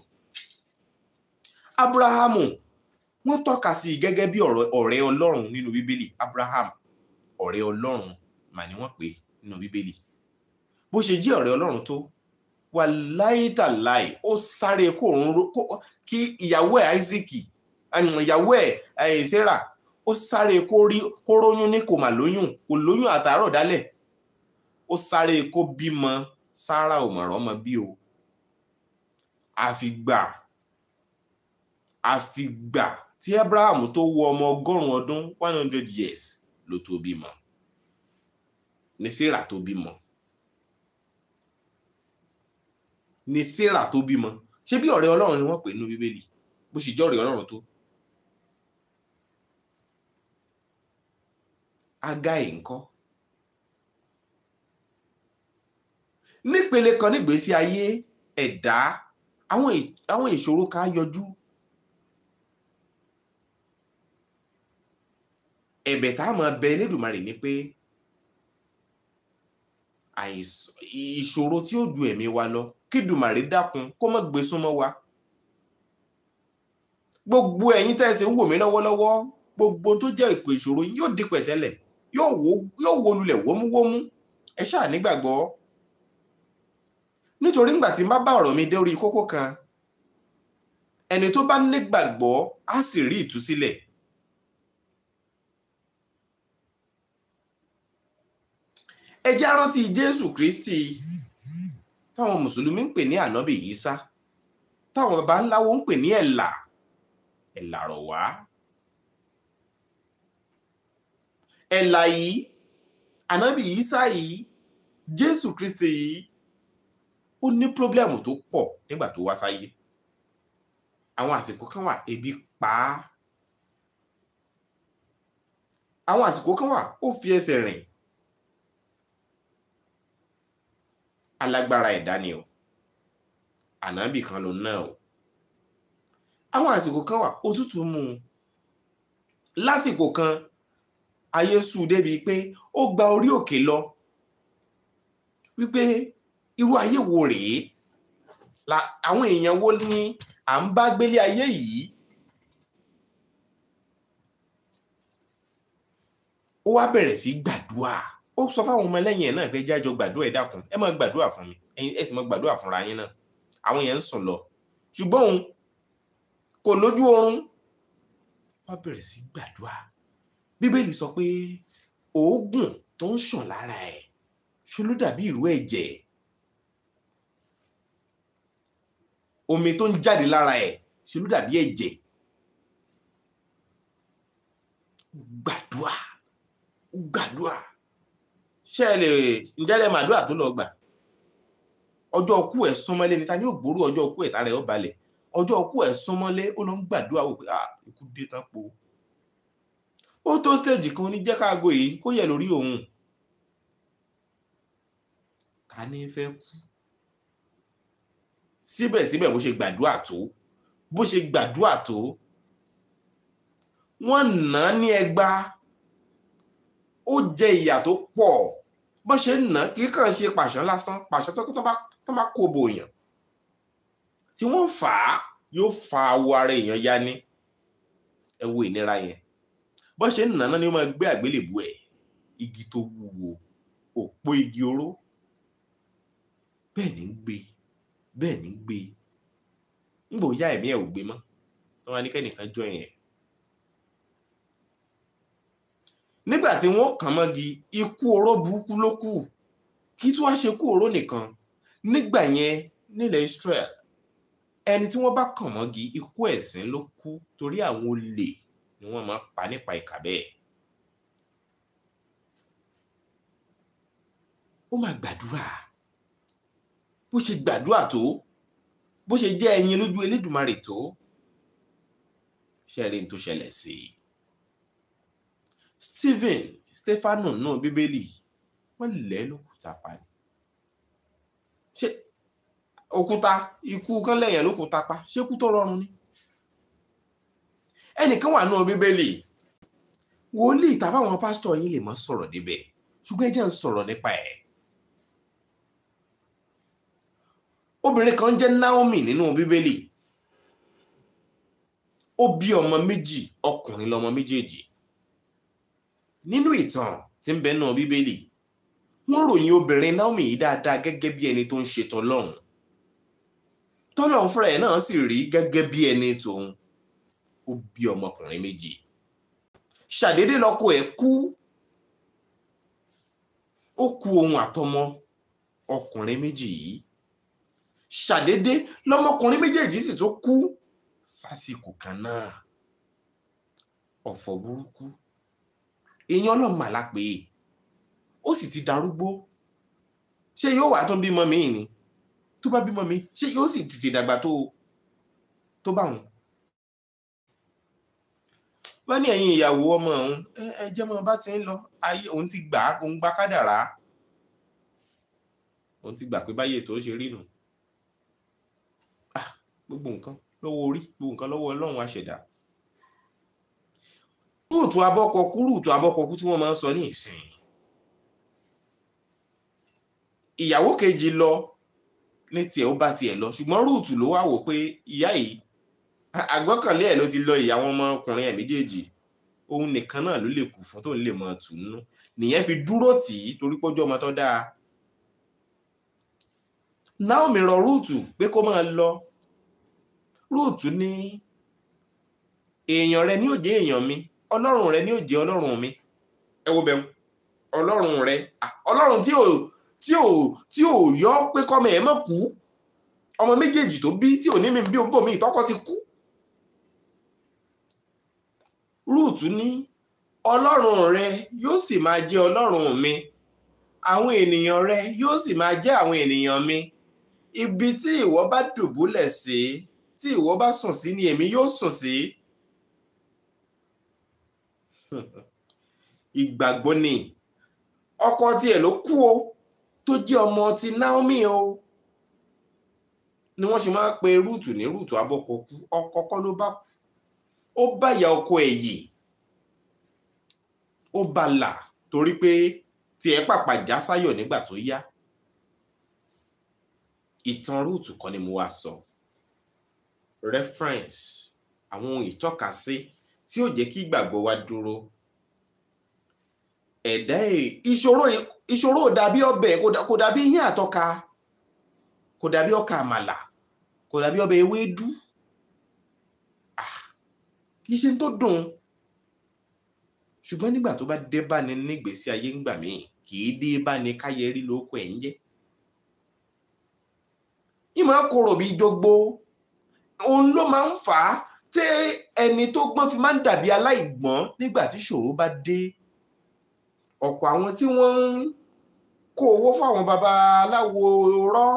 abrahamu wọ́n tọ́ka sí i gẹ́gẹ́ bí ọ̀rẹ́ ọlọ́run nínú bíbélì abraham ọ̀rẹ́ ọlọ́run mà ni wọ́n pè nínú bíbélì bó ṣe jẹ́ ọ̀rẹ́ ọlọ́run tó wà láìtàláì ó sáré kó òun kí ìyàwó ẹ̀ Isaac ìyàwó ẹ̀ Sarah ó sáré kó róyún ní kò mà lóyún kò lóyún àtàárọ̀ dálẹ̀ ó sáré kó bímọ Sarah ò mọ̀rọ̀ ọmọ bí o àfìgbà àfìgbà tí Abraham tó wọ ọmọ ọgọ́rùn-ún ọdún one hundred years ló tó bímọ ní Sarah tó bímọ ni sarah tó bímọ ṣé bí ọ̀rẹ́ ọlọ́run ni wọ́n pè nínú bíbélì bó ṣe jẹ́ ọ̀rẹ́ ọlọ́run tó. agai ńkọ́ nípele kan nígbésí ayé ẹ̀dá àwọn ìṣòro ká yọjú ẹ̀bẹ̀ tá a máa bẹ Elédùmarè ni pé ìṣòro tí ó ju ẹ̀mí wa lọ kídùmàrí dákun kó má gbé súnmọ́ wa gbogbo ẹ̀yin tẹ́ ẹ sì ń wò mí lọ́wọ́lọ́wọ́ gbogbo tó jẹ́ ìpè ìṣòro yóò di pẹ̀tẹ́lẹ̀ yóò wó lulẹ̀ wómúwómú ẹ ṣáà nígbàgbọ́ nítorí ngbà tí n bá bá ọ̀rọ̀ mi dé orí kókó kan ẹni tó bá nígbàgbọ́ á sì rí ìtúsílẹ̀ ẹ jẹ́ á rántí Jésù Kristi. Mm -hmm táwọn mùsùlùmí ń pè ní ànábì Ìsá táwọn baba ńláwo ń pè ní ẹ̀là ẹ̀là rọ̀ wá. ẹ̀là yìí ànábì Ìsá yìí Jésù Kristi yìí ó ní pírọ́blẹ́mù tó pọ̀ nígbà tó wá sáyé àwọn àsìkò kan wà ebi pa àwọn àsìkò kan wà ó fi ẹsẹ̀ rìn alágbára ẹ̀dá ni o ànábì kan ló náà o àwọn àsìkò kan wà òtútù mú un lásìkò kan ayé sú débi pé ó gba orí òkè lọ wípé irú ayé wo rèé àwọn èèyàn wo ni à ń bá gbélé ayé yìí ó wá bẹ̀rẹ̀ sí gbàdúrà ó sọ fáwọn ọmọ lẹ́yìn ẹ̀ náà pé jájọ gbàdúrà ẹ̀ dákun ẹ máa gbàdúrà fún mi ẹ̀yin ẹ sì máa gbàdúrà fúnra yín náà àwọn yẹn ń sùn lọ ṣùgbọ́n òun kò lójú oorun wọ́n bẹ̀rẹ̀ sí gbàdúrà bíbélì sọ pé òógùn tó ń ṣàn lára ẹ̀ ṣó ló dàbí ìró ẹ̀jẹ̀ omi tó ń jáde lára ẹ̀ ṣó dàbí ẹ̀jẹ̀ gbàdúrà gbàdúrà ṣé ẹ lè ǹjẹ́ lẹ́mọ̀ àdúrà tó lọ gbà ọjọ́ ọkú ẹ̀ súnmọ́lé ni ta ni yóò gbòòrò ọjọ́ ọkú ẹ̀ tara ẹ̀ ó balẹ̀ ọjọ́ ọkú ẹ̀ súnmọ́lé ó lọ ń gbàdúrà wò pé à ah, ikú dé tán po ó tó stage kan ní jẹ́ káago yìí kó yẹ lórí òun ta ni fẹ́ kú síbẹ̀síbẹ̀ bó ṣe gbàdúrà tó bó ṣe gbàdúrà tó wọ́n nà á ní ẹgbàá ó jẹ ìyà tó pọ̀ bó ṣe ń nà kì í kàn ṣe pàṣọ lásán pàṣọ tó kí tó bá kó bo èèyàn tí wọ́n fà á yóò fa awọ ara èèyàn ya ní ẹ ìnira yẹn bó ṣe ń nà náà ni wọ́n máa gbé àgbélébù ẹ̀ igi tó wúwo òpó igi oró bẹ́ẹ̀ ni ń gbé bẹ́ẹ̀ ni ń gbé níbo ya ẹ̀mí ẹ̀ ò gbé mọ́ wọn á ní kẹ́nìkan jọ yẹn nígbà tí wọ́n kàn mọ́gi ikú oró burúkú ló kù kí tí wọ́n ṣe kú oró nìkan nígbà yẹn nílẹ̀ Israel ẹni tí wọ́n bá kàn mọ́gi ikú ẹ̀sìn ló kú torí àwọn olè ni wọ́n máa pa nípa ìkà bẹ́ẹ̀. ó máa gbàdúrà bó ṣe gbàdúrà tó bó ṣe jẹ́ ẹyin lójú Elédùmarè tó ṣẹ́rin tó ṣẹlẹ̀ sí i. Stephen Stefano náà bíbélì wọ́n lẹ̀ lókùúta pa ni ṣé òkúta ikú kan lẹ́yìn lókùúta pa ṣé kú tó rọrùn ni ẹnìkan wà náà bíbélì wòlíì tàbáwọn pásítọ̀ yìí lè má sọ̀rọ̀ débẹ̀ ṣùgbọ́n ẹ jẹ́ ń sọ̀rọ̀ nípa ẹ̀. obìnrin kan jẹ́ Naomi nínú bíbélì ó bí ọmọ méjì ọkùnrin lọmọ méjèèjì nínú ìtàn tí ń bẹ nù bíbélì wọ́n ròyìn obìnrin Naomi yìí dáadáa gẹ́gẹ́ bí ẹni tó ń ṣe tọlọ́run tọlọ́run fúnra ẹ̀ náà sì rí gẹ́gẹ́ bí ẹni tòun ó bí ọmọkùnrin méjì ṣàdédé lọ́kọ ẹ̀ kú ó kú ohun àtọmọ ọkùnrin méjì yìí ṣàdédé lọ́mọkùnrin méjèèjì sì tó kú sásìkò kan náà ọ̀fọ̀ burúkú èèyàn ọlọ́mà la pè é ó sì ti darúgbó ṣé yóò wá tó bímọ mi ni tó bá bímọ mi ṣé yóò sì tètè dàgbà tó tó bá wọn. wọ́n ní ẹ̀yin ìyàwó ọmọ òun ẹ jẹ́ mọ́ bá ti ń lọ ayé òun ti gbà á òun gba kádàrá òun ti gbà pé báyé tó ṣe rí nù ah, gbogbo nǹkan lọ́wọ́ orí gbogbo nǹkan lọ́wọ́ ọlọ́run aṣẹ̀dá rúùtù abọ́kọkú rúùtù abọ́kọkú tí wọ́n máa ń sọ ní ìsìn ìyàwó kejì lọ ní tiẹ̀ ó bá tiẹ̀ lọ ṣùgbọ́n rúùtù ló wá wò pé ìyá yìí àgbọ́kànlé ẹ̀ ló ti lọ ìyá wọn ọmọkùnrin ẹ̀ méjèèjì òun nìkan náà ló lè kù fún tóun lè mọ tùnú nìyẹn fi dúró tì í torí pọ́jọ́ ọmọ tó dáa Naomi rọ rúùtù pé kó máa lọ rúùtù ní èèyàn rẹ ní òjé èèyàn mi ọlọ́run rẹ ni yóò jẹ́ ọlọ́run mi ẹ wo bẹ́ẹ̀ ọlọ́run rẹ ọlọ́run tí ò tí ò tí ò yọ pé kọ́mọ ẹ̀ mọ̀ kú ọmọ méjèèjì tó bí tí ò ní mi bí òbó mi ìtọ́kọ ti kú rúùtù ní ọlọ́run rẹ yóò sì máa jẹ́ ọlọ́run mi àwọn ènìyàn rẹ yóò sì máa jẹ́ àwọn ènìyàn mi ibi tí ìwọ bá dùbúlẹ̀ sí tí ìwọ bá sùn sí ni èmi yóò sùn sí. Si ìgbàgbọ́ ni ọkọ tiẹ̀ ló kú o tó jẹ́ ọmọ ti Naomi o ni wọ́n ṣe máa ń pe rúùtù ní rúùtù abọ́kọ kú ọkọ kọ́ ló bá kú ó bá ìyá ọkọ ẹ̀ yìí ó bá torí pé tiẹ̀ pàpà já sáyọ̀ nígbà tó yá ìtàn rúùtù kan ni mo wá sọ reference àwọn ohun ìtọ́kasí. Si tí ó jẹ́ kí ìgbàgbọ́ wa dúró ẹ̀dá ìṣòro ìṣòro dàbí ọbẹ̀ kò dàbí yín àtọ́ka kò dàbí ọkà àmàlà kò dàbí ọbẹ̀ ewédú ah, kì í ṣe tó dùn ṣùgbọ́n nígbà tó bá dé bá ní nígbèésí ayé ńgbà míì kì í dé bá ní káyẹ lóko ẹ̀ ń jẹ́ ìmọ̀ kòrò bíi jogbo òun ló máa ń fà á tẹ ẹni tó gbọ́n fi máa ń dàbí aláìgbọ́n nígbà tí ṣòro bá dé ọ̀pọ̀ àwọn tí wọ́n ń kó owó fáwọn babaláwo rọ́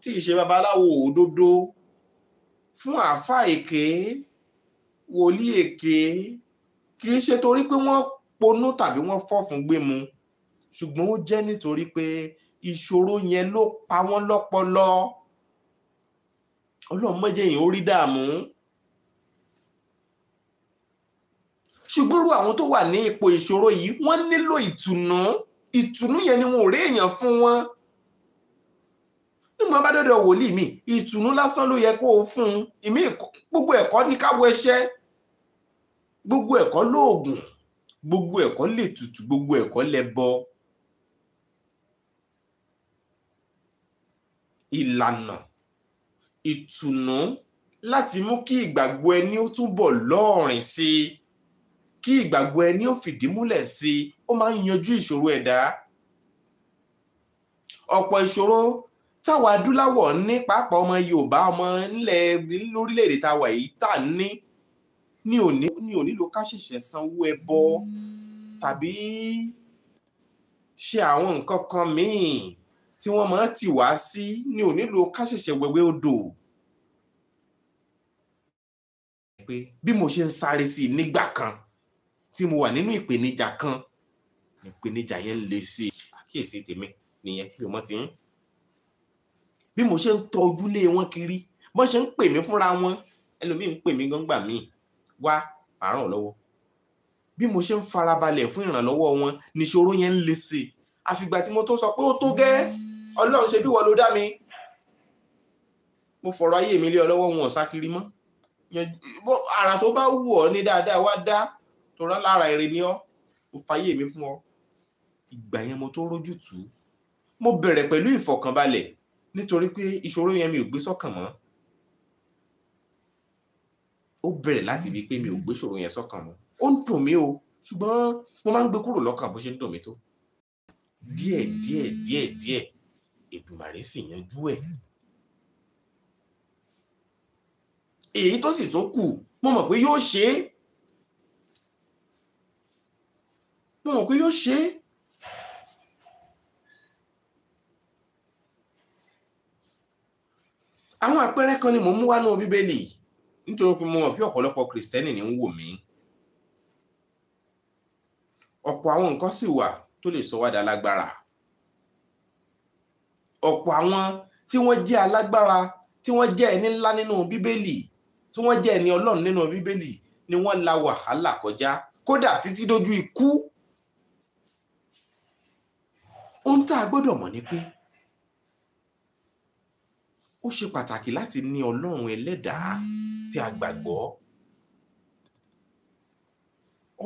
tí ì ṣe babaláwo òdodo fún àáfàá èké wòlíì èké kì í ṣe torí pé wọ́n ponú tàbí wọ́n fọ́fun gbé mu ṣùgbọ́n ó jẹ́ nítorí pé ìṣòro yẹn ló pa wọ́n lọ́pọlọ ọlọ́mọdé yìí ó rí dààmú ṣùgbọ́n irú àwọn tó wà ní ipò ìṣòro yìí wọ́n nílò ìtùnú ìtùnú yẹn ni wọn ò rí èèyàn fún wọn nígbà bá dọ̀dọ̀ wòlíì mi ìtùnú lásán ló yẹ kó o fún un ìmí gbogbo ẹ̀kọ́ ní káwọ ẹṣẹ́ gbogbo ẹ̀kọ́ lóògùn gbogbo ẹ̀kọ́ lè tutù gbogbo ẹ̀kọ́ lẹ bọ ìlànà ìtùnú láti mú kí ìgbàgbọ́ ẹni ó túbọ̀ lọ́ọ̀rìn sí i kí ìgbàgbọ́ ẹni ó fìdí múlẹ̀ sí i ó máa ń yanjú ìṣòro ẹ̀dá ọ̀pọ̀ ìṣòro táwa adúláwọ̀ ní pàápàá ọmọ Yorùbá ọmọ nílẹ̀ lórílẹ̀‐èdè táwa yìí tà ní ní òní ní òní ló ká ṣẹ̀ṣẹ̀ sanwó ẹbọ tàbí ṣe àwọn nǹkan kan míì tí wọ́n máa tì wá sí ní òní ló ká ṣẹ̀ṣẹ̀ wẹ̀wẹ̀ odò bí mo ṣe ń sáré sí i nígbà kan tí mo wà nínú ìpèníjà kan ìpèníjà yẹn lè ṣe àkíyèsí tèmi nìyẹn kí ọmọ ti ń bí mo ṣe ń tọ ojúlé wọn kiri bó ṣe ń pè mí fúnra wọn ẹlòmíì ń pè mí gángbà míì wá àárọ̀ lọ́wọ́ bí mo ṣe ń farabalẹ̀ fún ìrànlọ́wọ́ wọn níṣòro yẹn ń le sí i àfìgbà tí mo tó sọ pé ó tó gẹ́ ọlọ́run ṣe bí wọ́n ló dá mi mo fọ̀rọ̀ ayé mi lé ọ lọ́wọ́ wọn ò sá kiri mọ́ ara tó bá wù ọ́ ní dáadáa wá dá tó rán lára èrè ni ọ mo fàyè mi fún ọ ìgbà yẹn mo tó rójú tù ú mo bẹ̀rẹ̀ pẹ̀lú ìfọ̀kànbalẹ̀ nítorí pé ìṣòro yẹn mi ò gbé sọ́kàn mọ́ ó bẹ̀rẹ̀ láti bíi pé mi ò gbé ìṣòro yẹn sọ́kàn mọ́ ó ń dùn mí o ṣùgbọ́n mo máa ń gbé kúrò lọ́kàn bó ṣe ń dùn mí tó díẹ̀ díẹ̀ díẹ̀ díẹ̀ Èdùmàrè sì yanjú ẹ̀ èyí tó sì tó kù mo mọ̀ pé yóò ṣe é mo mọ̀ pé yóò ṣe é. àwọn àpẹẹrẹ kan ni mò ń mú wá nínú bíbélì nítorí pé mo mọ̀ pé ọ̀pọ̀lọpọ̀ kìrìsìtẹ́nì ni ń wò mí ọ̀pọ̀ àwọn nǹkan sì wà tó lè sọ wá lágbára ọ̀pọ̀ àwọn tí wọ́n jẹ́ alágbára tí wọ́n jẹ́ ẹni ńlá nínú bíbélì tí wọ́n jẹ́ ẹni ọlọ́run nínú bíbélì ni wọ́n la wàhálà kọjá kódà títí dojú ikú ohun tá a gbọ́dọ̀ mọ̀ ni pé ó ṣe pàtàkì láti ní ọlọ́run ẹlẹ́dàá tí a gbàgbọ́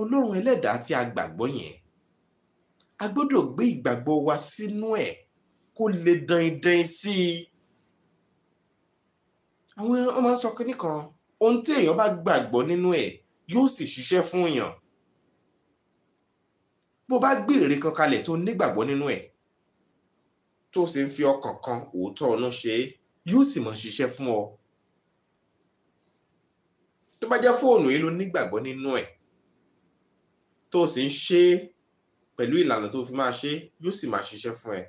ọlọ́run ẹlẹ́dàá tí a gbàgbọ́ yẹn a gbọ́dọ̀ gbé ìgbàgbọ́ wa sínú ẹ̀ kó lè dandan sí i àwọn ọmọ sọ kínní kan ohun tí èèyàn bá gbàgbọ́ nínú ẹ̀ yóò sì ṣiṣẹ́ fún èèyàn bó bá gbé èrè kan kalẹ̀ tó nígbàgbọ́ nínú ẹ̀ tó sì ń fi ọkàn kan òótọ́ ọ̀nà ṣe é yóò sì mọ̀ ṣiṣẹ́ fún ọ. tó bá jẹ́ fóònù yìí ló nígbàgbọ́ nínú ẹ̀ tó sì ń ṣe é pẹ̀lú ìlànà tó fi máa ṣe é yóò sì máa ṣiṣẹ́ fún ẹ.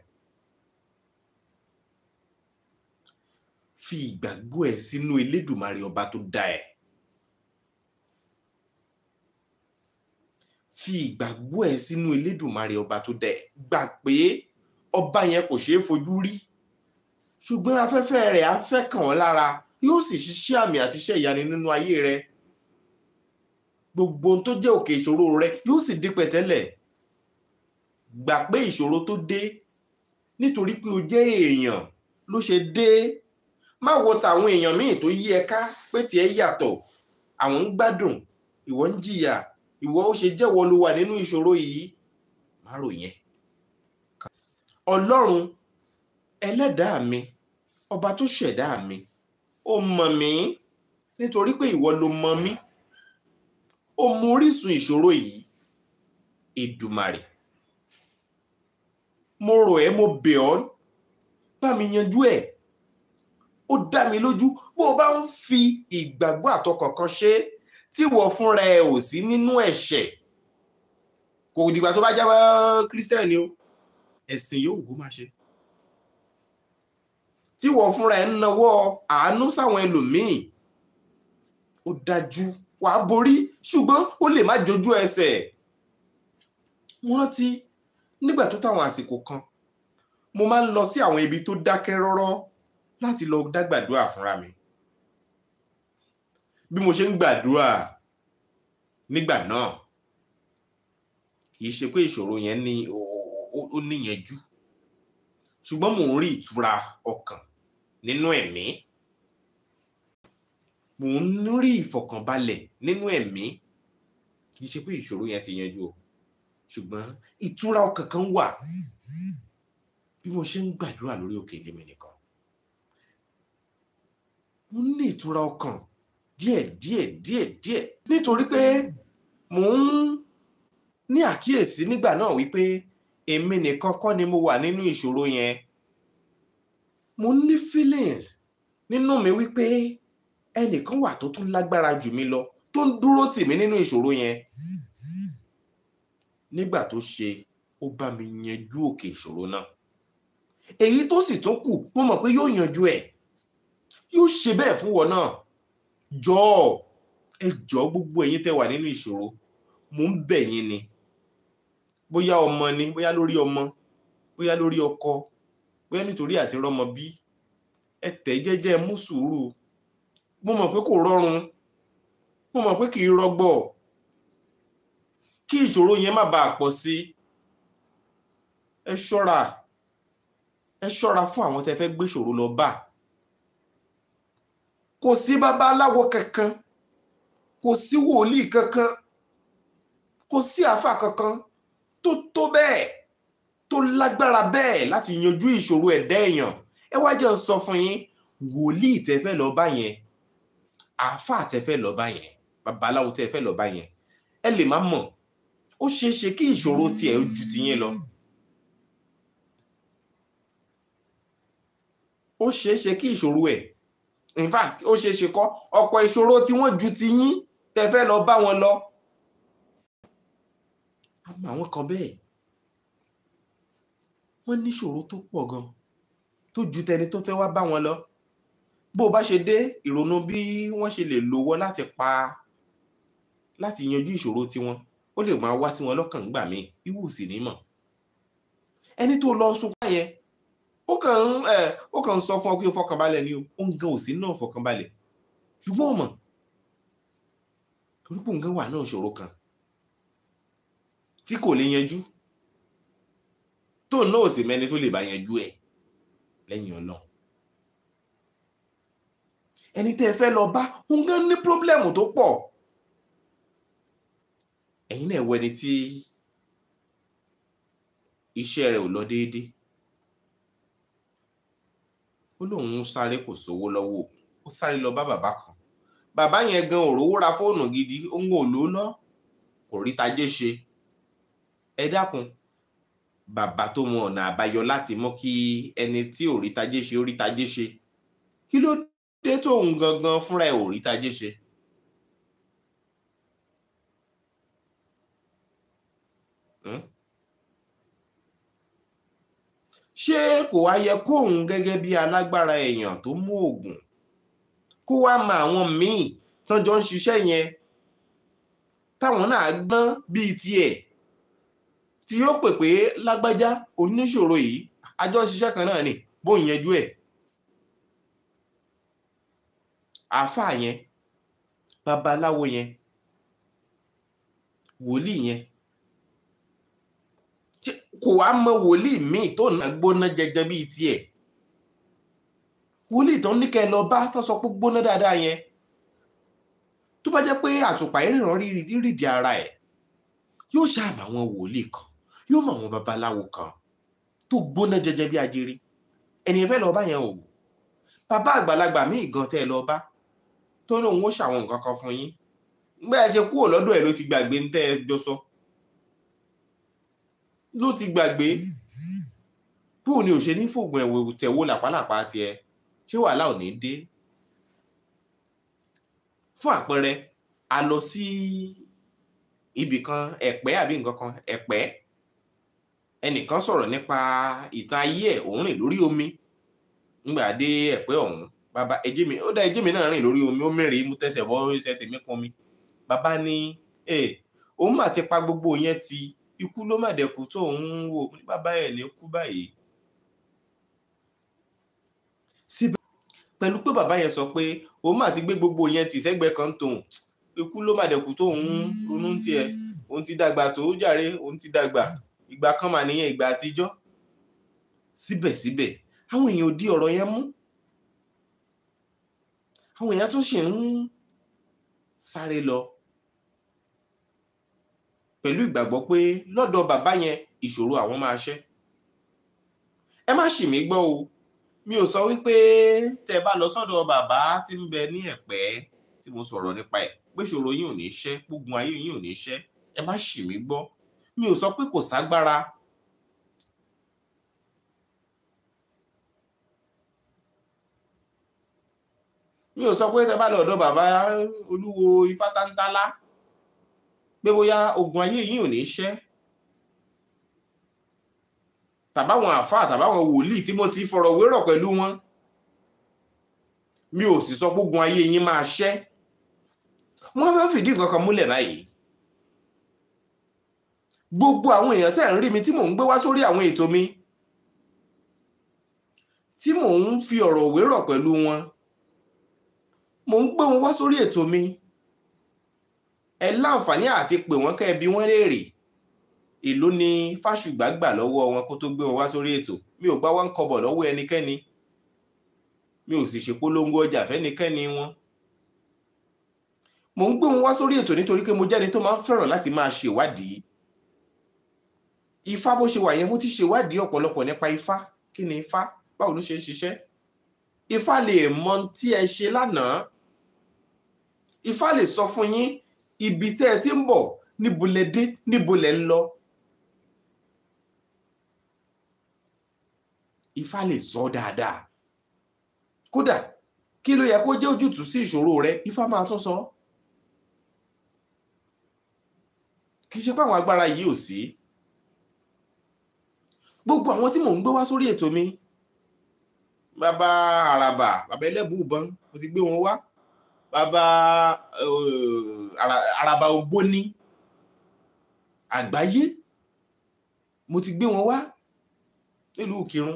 fi ìgbàgbọ́ ẹ sínú elédùmarè ọba tó dá ẹ. fi ìgbàgbọ́ ẹ sínú elédùmarè ọba tó dá ẹ gbà pé ọba yẹn kò ṣeé fojú rí ṣùgbọ́n afẹ́fẹ́ rẹ̀ á fẹ́ kàn ọ́ lára yóò sì ṣiṣẹ́ àmì àti iṣẹ́ ìyanu nínú ayé rẹ gbogbo ohun tó jẹ́ òkè ìṣòro rẹ yóò sì di pẹ̀tẹ́lẹ̀ gbà pé ìṣòro tó dé nítorí pé o jẹ́ èèyàn ló ṣe dé má wo tàwọn èèyàn míì tó yí ẹ ká pé tiẹ̀ yàtọ̀ àwọn ń gbádùn ìwọ ń jìyà ìwọ ó ṣe jẹ́wọ́ ló wà nínú ìṣòro yìí má rò yẹn ọlọ́run ẹlẹ́dàá mi ọba tó ṣẹ̀dá mi ó mọ̀ mí nítorí pé ìwọ ló mọ̀ mí ó mú orísun ìṣòro yìí Èdùmàrè mo rọ̀ ẹ́ mo bẹ̀ ọ́ bá mi yanjú ẹ̀ ó dá mi lójú bó o bá ń fi ìgbàgbọ́ àtọkànkan ṣe tí wọ́n fúnra ẹ ò sí nínú ẹ̀ṣẹ̀ kò dìgbà tó bá jábọ́ ah, kírísítẹ́nì o ẹ̀sìn yóò wò má ṣe tí wọ́n fúnra ẹ̀ ń nawọ́ àánú sáwọn ẹlòmíì ó dájú wàá borí ṣùgbọ́n ó lè má jojú ẹsẹ̀ mo rántí nígbà tó táwọn àsìkò kan mo máa ń lọ sí àwọn ibi tó dákẹ́ rọ́rọ́ láti lọ dágbàdúrà fúnra mi bí mo ṣe ń gbàdúrà nígbà náà kì í ṣe pé ìṣòro yẹn ní o ó níyànjú ṣùgbọ́n mò ń rí ìtura ọkàn nínú ẹ̀mí mò ń rí ìfọ̀kànbalẹ̀ nínú ẹ̀mí kì í ṣe pé ìṣòro yẹn ti yanjú o ṣùgbọ́n ìtura ọkàn kan wà bí mo ṣe ń gbàdúrà lórí òkè lémi nìkan mo ní ìtura ọkàn díẹ̀ díẹ̀ díẹ̀ díẹ̀ nítorí pé mò ń ní àkíyèsí nígbà náà wípé èmi nìkan kọ́ ni mo wà nínú ìṣòro yẹn mo ní feelings nínú mi wípé ẹnìkan wà tó tún lágbára jù mí lọ tó ń dúró tì mí nínú ìṣòro yẹn nígbà tó ṣe ó bá mi yanjú òkè ìṣòro náà èyí tó sì tó kù mo mọ̀ pé yóò yanjú ẹ̀ yóò ṣe bẹ́ẹ̀ fún wọn náà jọ̀ọ́ ẹ jọ̀ọ́ gbogbo ẹ̀yin tẹ́ wà nínú ìṣòro mò ń bẹ̀ ni bóyá ọmọ ni bóyá lórí ọmọ bóyá lórí ọkọ bóyá nítorí àti rọmọ bí ẹ tẹ̀ jẹ́jẹ́ mú sùúrù mo mọ̀ pé kò rọrùn mo mọ̀ pé kì í rọgbọ kí ìṣòro yẹn má bàa pọ̀ sí ẹ ṣọ́ra ẹ ṣọ́ra fún àwọn tẹ́ fẹ́ gbé ìṣòro lọ bá kò sí babaláwo kankan kò sí wòlíì kankan kò sí àáfà kankan tó tó bẹ́ẹ̀ tó lágbára bẹ́ẹ̀ láti yanjú ìṣòro ẹ̀dá èèyàn ẹ wá jẹ́ ń sọ fún yín wòlíì tẹ́ fẹ́ lọ bá yẹn àáfàá tẹ́ fẹ́ lọ bá yẹn babaláwo tẹ́ fẹ́ lọ bá yẹn ẹ lè má mọ̀ ó ṣeé ṣe kí ìṣòro tiẹ̀ ju tiyín lọ. ó ṣeé ṣe kí ìṣòro ẹ̀ in fact ó ṣeé ṣe kọ́ ọ̀pọ̀ ìṣòro tí wọ́n ju tiyín tẹ́ fẹ́ lọ bá wọn lọ àmọ́ àwọn kan bẹ́ẹ̀ wọ́n níṣòro tó pọ̀ gan tó ju tẹni tó fẹ́ wá bá wọn lọ bó o bá ṣe dé ìrònú bí wọ́n ṣe lè lówó láti pa láti yanjú ìṣòro tiwọn ó lè máa wá sí wọn lọ́kàn gbà mí ìwù sì ní mọ̀ ẹni tó lọ sunkún yẹn ó kàn ń ó kàn ń sọ fún ọ pé fọkànbalẹ̀ ni o ó ń gan òsín náà fọkànbalẹ̀ ṣùgbọ́n ọmọ torí pé gan wà náà ṣòro kan tí kò lè yanjú tóun náà ò sì mẹ́ni tó lè bá yanjú ẹ̀ lẹ́yìn ọlọ́run ẹni tẹ́ ẹ fẹ́ lọ bá òun gan ní pírọ́blẹ́mù tó pọ̀ ẹ̀yin náà wọ ẹni tí iṣẹ́ rẹ̀ ò lọ déédéé ó lóun sáré kò sówó lọ́wọ́ ó sáré lọ bá bàbá kan bàbá yẹn gan òróró ra fóònù gidi ó ń gò lọ kò rí tajé ṣe ẹ dákun bàbá tó mọ ọ̀nà àbáyọ láti mú kí ẹni tí ò rí tajé ṣe ó rí tajé ṣe kí ló dé tóun gangan fúnra ẹ̀ ò rí tajé ṣe. Hmm? ṣé kò wá yẹ kóun gẹ́gẹ́ bí alágbára èèyàn tó mú oògùn kó wá mọ àwọn míì tọ́jọ́ ń ṣiṣẹ́ yẹn táwọn náà gbọ́n bíi tiẹ̀. E tí yóò pè pé lágbájá oníṣòro yìí àjọ ń ṣiṣẹ́ kan náà ni bó ń yanjú ẹ̀ àáfàá yẹn babaláwo yẹn wòlíì yẹn kò wá mọ wòlíì míì tó nà gbóná jẹjẹ bíi tiẹ̀ wòlíì tó ń ní kẹ́ ẹ lọ bá tó sọ pé gbóná dáadáa yẹn tó bá jẹ́ pé àtùpà ìrìnrìn rírì ara ẹ̀ yóò ṣàmà wòlíì kan yóò mọ àwọn babaláwo kan tó gbóná jẹjẹ bí ajere ẹnìyẹn fẹ́ lọ́ọ́ bá yẹn o bàbá àgbàlagbà míì gan tẹ́ ẹ lọ́ọ́ bá tó lóun ó ṣàwọn nǹkan kan fún yín nígbà ẹ ṣe kúrò lọ́dọ̀ ẹ̀ ló ti gbàgbé ń tẹ́ ẹ jọ sọ ló ti gbàgbé bó ni ò ṣe ní fòògùn ẹ̀wẹ̀ tẹ̀wó làpálàpá tiẹ̀ ṣé wàhálà ò ní dé fún àpẹẹrẹ a lọ sí ibì kan ẹ̀pẹ́ àbí nǹkan kan ẹ̀pẹ́ ẹnìkan sọ̀rọ̀ nípa ìtàn ayé ẹ̀ òun rìn lórí omi nígbà dé ẹ̀pẹ́ ọ̀hún bàbá ẹjẹ́ mi ó dá ẹjẹ́ mi náà rìn lórí omi ó mẹ́rin mú tẹ̀sẹ̀ bọ́ ẹsẹ̀ tèmi kan mi bàbá ní ẹ òun mà ti pa gbogbo yẹn ti ikú ló má dẹkù tó òun ń wò ní bàbá ẹ̀ ní kú báyìí. síbẹ̀ pẹ̀lú pé bàbá yẹn sọ pé òun mà ti gbé gbogbo yẹn ti sẹ́gbẹ̀ẹ́ kan tòun ikú ló má dẹkù tó òun ronú tiẹ̀ òun ti dàgbà tó jàre òun ti dàgbà ìgbà kan mà níyẹn ìgbà àtijọ́ síbẹ̀síbẹ̀ àwọn èèyàn ò di ọ̀rọ̀ yẹn mú àwọn èèyàn tún ṣì ń sáré lọ pẹ̀lú ìgbàgbọ́ pé lọ́dọ̀ bàbá yẹn ìṣòro àwọn máa ṣẹ́ ẹ má ṣì mí gbọ́ o mi ò sọ wípé tẹ́ bá lọ sọ́dọ̀ bàbá tí ń bẹ ní ẹ̀pẹ́ tí mo sọ̀rọ̀ nípa ẹ̀ pé ìṣòro yín ò ní ṣẹ́ gbógun ayé yín ò ní ṣẹ́ ẹ má ṣì mí gbọ́ mi ò sọ pé kò ságbára mi ò sọ pé tẹ bá lọ ọ̀dọ̀ bàbá olúwo ifá tántálá pé bóyá ogun ayé yìí ò ní ṣẹ tàbáwọn àfáà tàbáwọn wòlíì tí mo ti fọ̀rọ̀ wérọ̀ pẹ̀lú wọn mi ò sì sọ pé ogun ayé yín máa ṣẹ wọ́n fẹ́ẹ́ fìdí nǹkan kan báyìí gbogbo àwọn èèyàn tẹ́ ń rí mi tí mò ń gbé wá sórí àwọn ètò mi tí mò ń fi ọ̀rọ̀ wérọ̀ pẹ̀lú wọn mò ń gbé wọn wá sórí ètò mi ẹ láǹfààní àti pè wọ́n kẹ́ ẹ bí wọ́n léèrè èló ni fáṣùgbà gbà lọ́wọ́ wọn kó tó gbé wọn wá sórí ètò mi ò gbà wá ń kọ́bọ̀ lọ́wọ́ ẹnikẹ́ni mi ò sì ṣe polongo ọjà fẹ́nikẹ́ni wọn mò ń gbé wọn wá sórí ètò nítorí pé mo jẹ́ni tó máa ń fẹ́ràn láti máa ṣèwádìí ifá bó ṣe wà yẹn mo ti ṣèwádìí ọ̀pọ̀lọpọ̀ nípa ifá kí ni ifá báwo ló ṣe ń ṣiṣẹ́ ifá lè mọ tí ẹ ṣe lánàá ifá lè sọ fún yín ibi tẹ́ ẹ ti ń bọ̀ níbo lẹ dé níbo lẹ ń lọ ifá lè sọ dáadáa kódà kí ló yẹ kó jẹ́ ojútùú sí ìṣòro rẹ ifá máa tún sọ kì í ṣe pé àwọn agbára yìí ò sí. Si gbogbo àwọn tí mò ń gbé wá sórí ètò mi bàbá àràbà bàbá ẹlẹ́bùúbọn mo ti gbé wọn wá bàbá eh, àràbà ògbóni àgbáyé mo ti gbé wọn wá nílùú Ìkìrun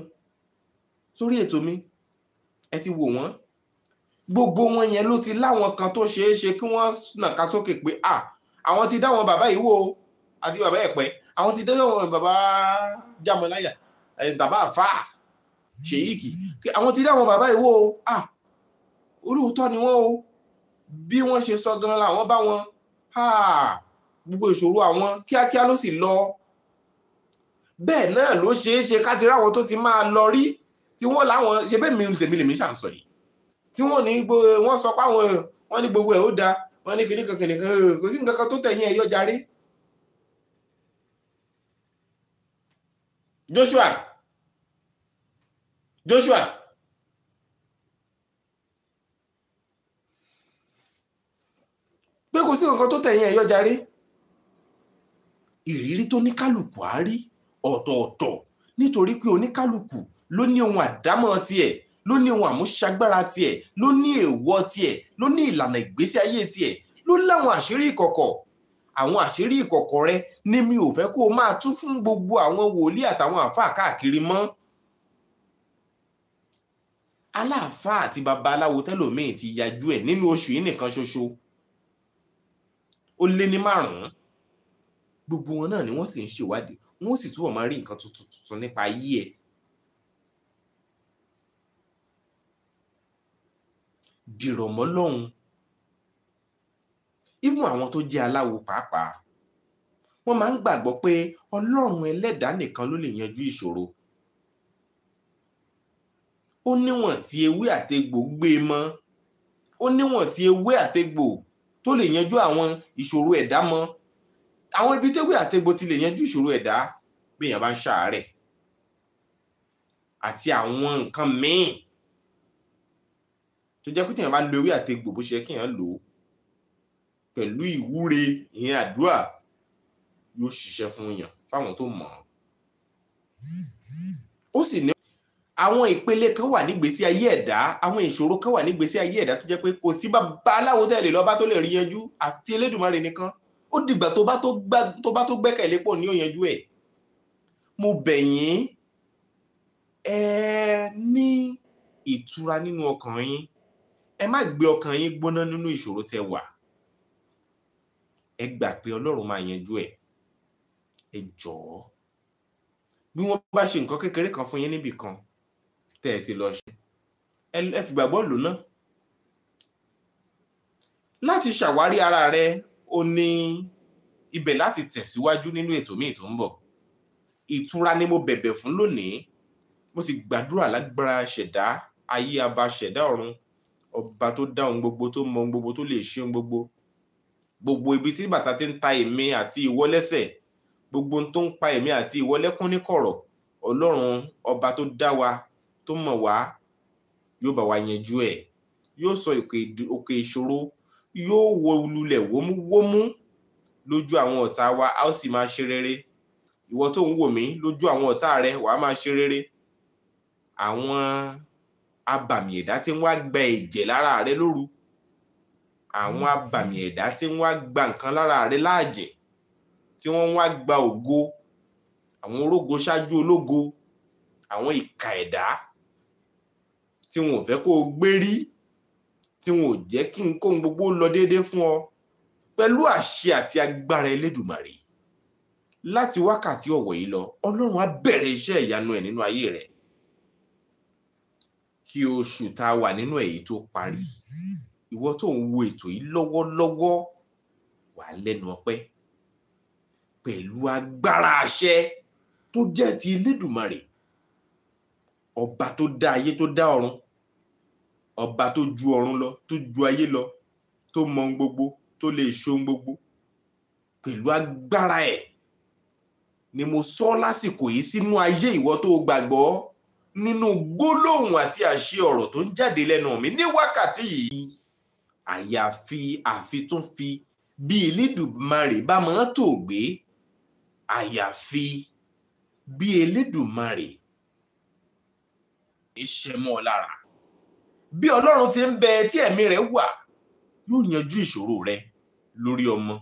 sórí ètò mi ẹ ti wò wọ́n gbogbo wọn yẹn ló ti láwọn kan tó ṣeé ṣe kí wọ́n nàka sókè pé à àwọn ti dá wọn bàbá yìí wò àti bàbá ẹ̀pẹ́ àwọn ti dẹ́yọ̀ bàbá jàmọ́láyà eh, bàbá àfà ṣèyíkì àwọn ti dẹ́ àwọn bàbá ìwó o à olóòótọ́ ni wọ́n o bí wọ́n ṣe sọ gan làwọn bá wọn gbogbo ìṣòro àwọn kíákíá ló sì lọ bẹ́ẹ̀ náà ló ṣeé ṣe ká ti ráwọn tó ti máa lọ rí tí wọ́n láwọn ṣe bẹ́ẹ̀ mi tèmi lèmi ṣàǹsọ̀ yìí tí wọ́n ní wọ́n sọ páwọn wọ́n ní gbogbo ẹ̀ ó da wọ́n ní kìnnìkan kìnnìkan kò sí nǹkan kan tó tẹ̀yìn ẹ̀ yọjarí Joshua Joshua pé kò sí nǹkan tó tẹ̀yìn ẹ̀yọ́ jàre ìrírí tó níkálùkù á rí ọ̀tọ̀ọ̀tọ̀ nítorí pé oníkálùkù ló ní ohun àdámọ́ tiẹ̀ ló ní ohun àmúṣagbára tiẹ̀ ló ní èèwọ̀ tiẹ̀ ló ní ìlànà ìgbésí ayé tiẹ̀ ló láwọn àṣírí ìkọ̀kọ̀ àwọn àṣírí ìkọ̀kọ̀ rẹ ni mi ò fẹ́ kó o máa tú fún gbogbo àwọn wòlíì àtàwọn àáfàá káàkiri mọ́. aláàfáà àti babaláwo tẹlómiì ti yajú ẹ̀ nínú oṣù yìí nìkan ṣoṣo ó lé ní márùn-ún gbogbo wọn náà ni wọ́n sì ń ṣèwádìí wọ́n sì túbọ̀ máa rí nǹkan tuntun tuntun nípa ayé ẹ̀. dìrọ̀ even àwọn tó jẹ́ aláwo pàápàá wọ́n máa ń gbàgbọ́ pé ọlọ́run ẹlẹ́dàá nìkan ló lè yanjú ìṣòro ó níwọ̀n tí ewé àtegbò gbé e mọ́ ó níwọ̀n tí ewé àtegbò tó lè yanjú àwọn ìṣòro ẹ̀dá mọ́ àwọn ibi tewé àtegbò ti lè yanjú ìṣòro ẹ̀dá bí èèyàn bá ń ṣàárẹ̀ àti àwọn nǹkan míì tó jẹ́ pé téèyàn bá lo ewé àtegbò bó ṣe yẹ kéèyàn lò ó pẹ̀lú ìwúre ìyẹn àdúrà yóò ṣiṣẹ́ fún yàn fáwọn tó mọ̀ ọ́n. ó sì ní àwọn ìpele kan wà nígbésí ayé ẹ̀dá àwọn ìṣòro kan wà nígbésí ayé ẹ̀dá tó jẹ́ pé kò sí bàbá aláwo tẹ̀lé lọ́ba tó lè rí yanjú àfi Elédùmarè nìkan ó dìgbà tó bá tó gbẹ́kẹ̀lé pọ̀ ní ó yanjú ẹ̀ mo bẹ̀ yín ẹ ní ìtura nínú ọkàn yín ẹ má gbé ọkàn yín gbóná nínú ìṣòro tẹ wà ẹ gbà pé ọlọ́run máa yanjú ẹ̀ ẹ jọ̀ọ́ bí wọ́n bá ṣe nǹkan kékeré kan fún yín níbì kan tẹ́ ẹ ti lọ ṣe ẹ fi gbàgbọ́ náà láti ṣàwárí ara rẹ o ní ibẹ̀ láti tẹ̀síwájú nínú ètò míì tó ń bọ̀ ìtura ni mo bẹ̀bẹ̀ fún lónìí mo sì gbàdúrà lágbára ṣẹ̀dá ayé abá ṣẹ̀dá ọ̀run ọba tó dá ohun gbogbo tó mọ ohun gbogbo tó lè ṣe ohun gbogbo gbogbo ibi tí bàtà ti ń ta èmi àti ìwọ lẹ́sẹ̀ gbogbo tó ń pa èmi àti ìwọ lẹ́kún ní kọ̀rọ̀ ọlọ́run ọba tó dá wa tó mọ̀ wá yóò bá wa yanjú ẹ̀ yóò sọ òkè ìṣòro yóò wo lulẹ̀ wómúwómú lójú àwọn ọ̀tá wa a ó sì máa ṣe rere ìwọ tó ń wò mí lójú àwọn ọ̀tá rẹ wàá máa ṣe rere àwọn abàmì ẹ̀dá tí ń wá gba ẹ̀jẹ̀ lára rẹ lóru àwọn abàmì ẹ̀dá tí wọ́n á gba nǹkan lára rẹ láàjẹ̀ tí wọ́n wá gba ògo àwọn orógo ṣáájú ológo àwọn ìka ẹ̀dá tí wọn fẹ́ kó o gbé rí tí wọn ò jẹ́ kí nǹkan gbogbo lọ déédéé fún ọ pẹ̀lú àṣẹ àti agbára Elédùmarè láti wákàtí ọ̀wọ̀ yìí lọ Ọlọ́run á bẹ̀rẹ̀ iṣẹ́ ìyanu ẹ̀ nínú ayé rẹ̀ kí oṣù tá a wà nínú èyí tó parí ìwọ tó ń wo ètò yìí lọ́wọ́lọ́wọ́ wà lẹ́nu ọpẹ́ pẹ̀lú agbára àṣẹ tó jẹ́ ti Elédùmarè ọba tó dá ayé tó dá ọ̀run ọba tó ju ọ̀run lọ tó ju ayé lọ tó mọ gbogbo tó lè ṣe gbogbo pẹ̀lú agbára ẹ̀ ni mo sọ lásìkò yìí sínú ayé ìwọ tó gbàgbọ́ nínú gbólóhùn àti àṣẹ ọ̀rọ̀ tó ń jáde lẹ́nu mi ní wákàtí yìí àyàfi àfitúnfi bí elédùmarè bá máa tò gbé àyàfi bí elédùmarè iṣẹ́ mọ́ ọ lára bí ọlọ́run ti ń bẹ tí ẹ̀mí rẹ̀ wà yóò yanjú ìṣòro rẹ lórí ọmọ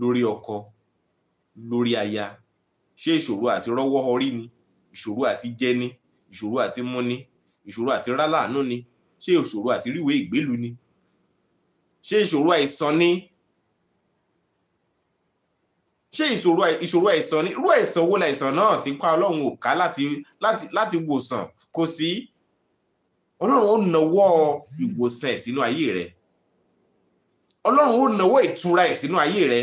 lórí ọkọ lórí aya ṣé ìṣòro àti rọ́wọ́ orí ni ìṣòro àti jẹni ìṣòro àti múni ìṣòro àti rálàánú ni ṣé ìṣòro àti ríwèé ìgbélu ni ṣé ìṣòro àìsàn ni ṣé ìṣòro àìsàn ni irú àìsàn wo làìsàn náà ti pa ọlọ́run ò ká láti láti láti wòsàn kò sí ọlọ́run ó nawọ́ ìwòsàn ẹ̀ sínú ayé rẹ ọlọ́run ó nawọ́ ìtura ẹ̀ sínú ayé rẹ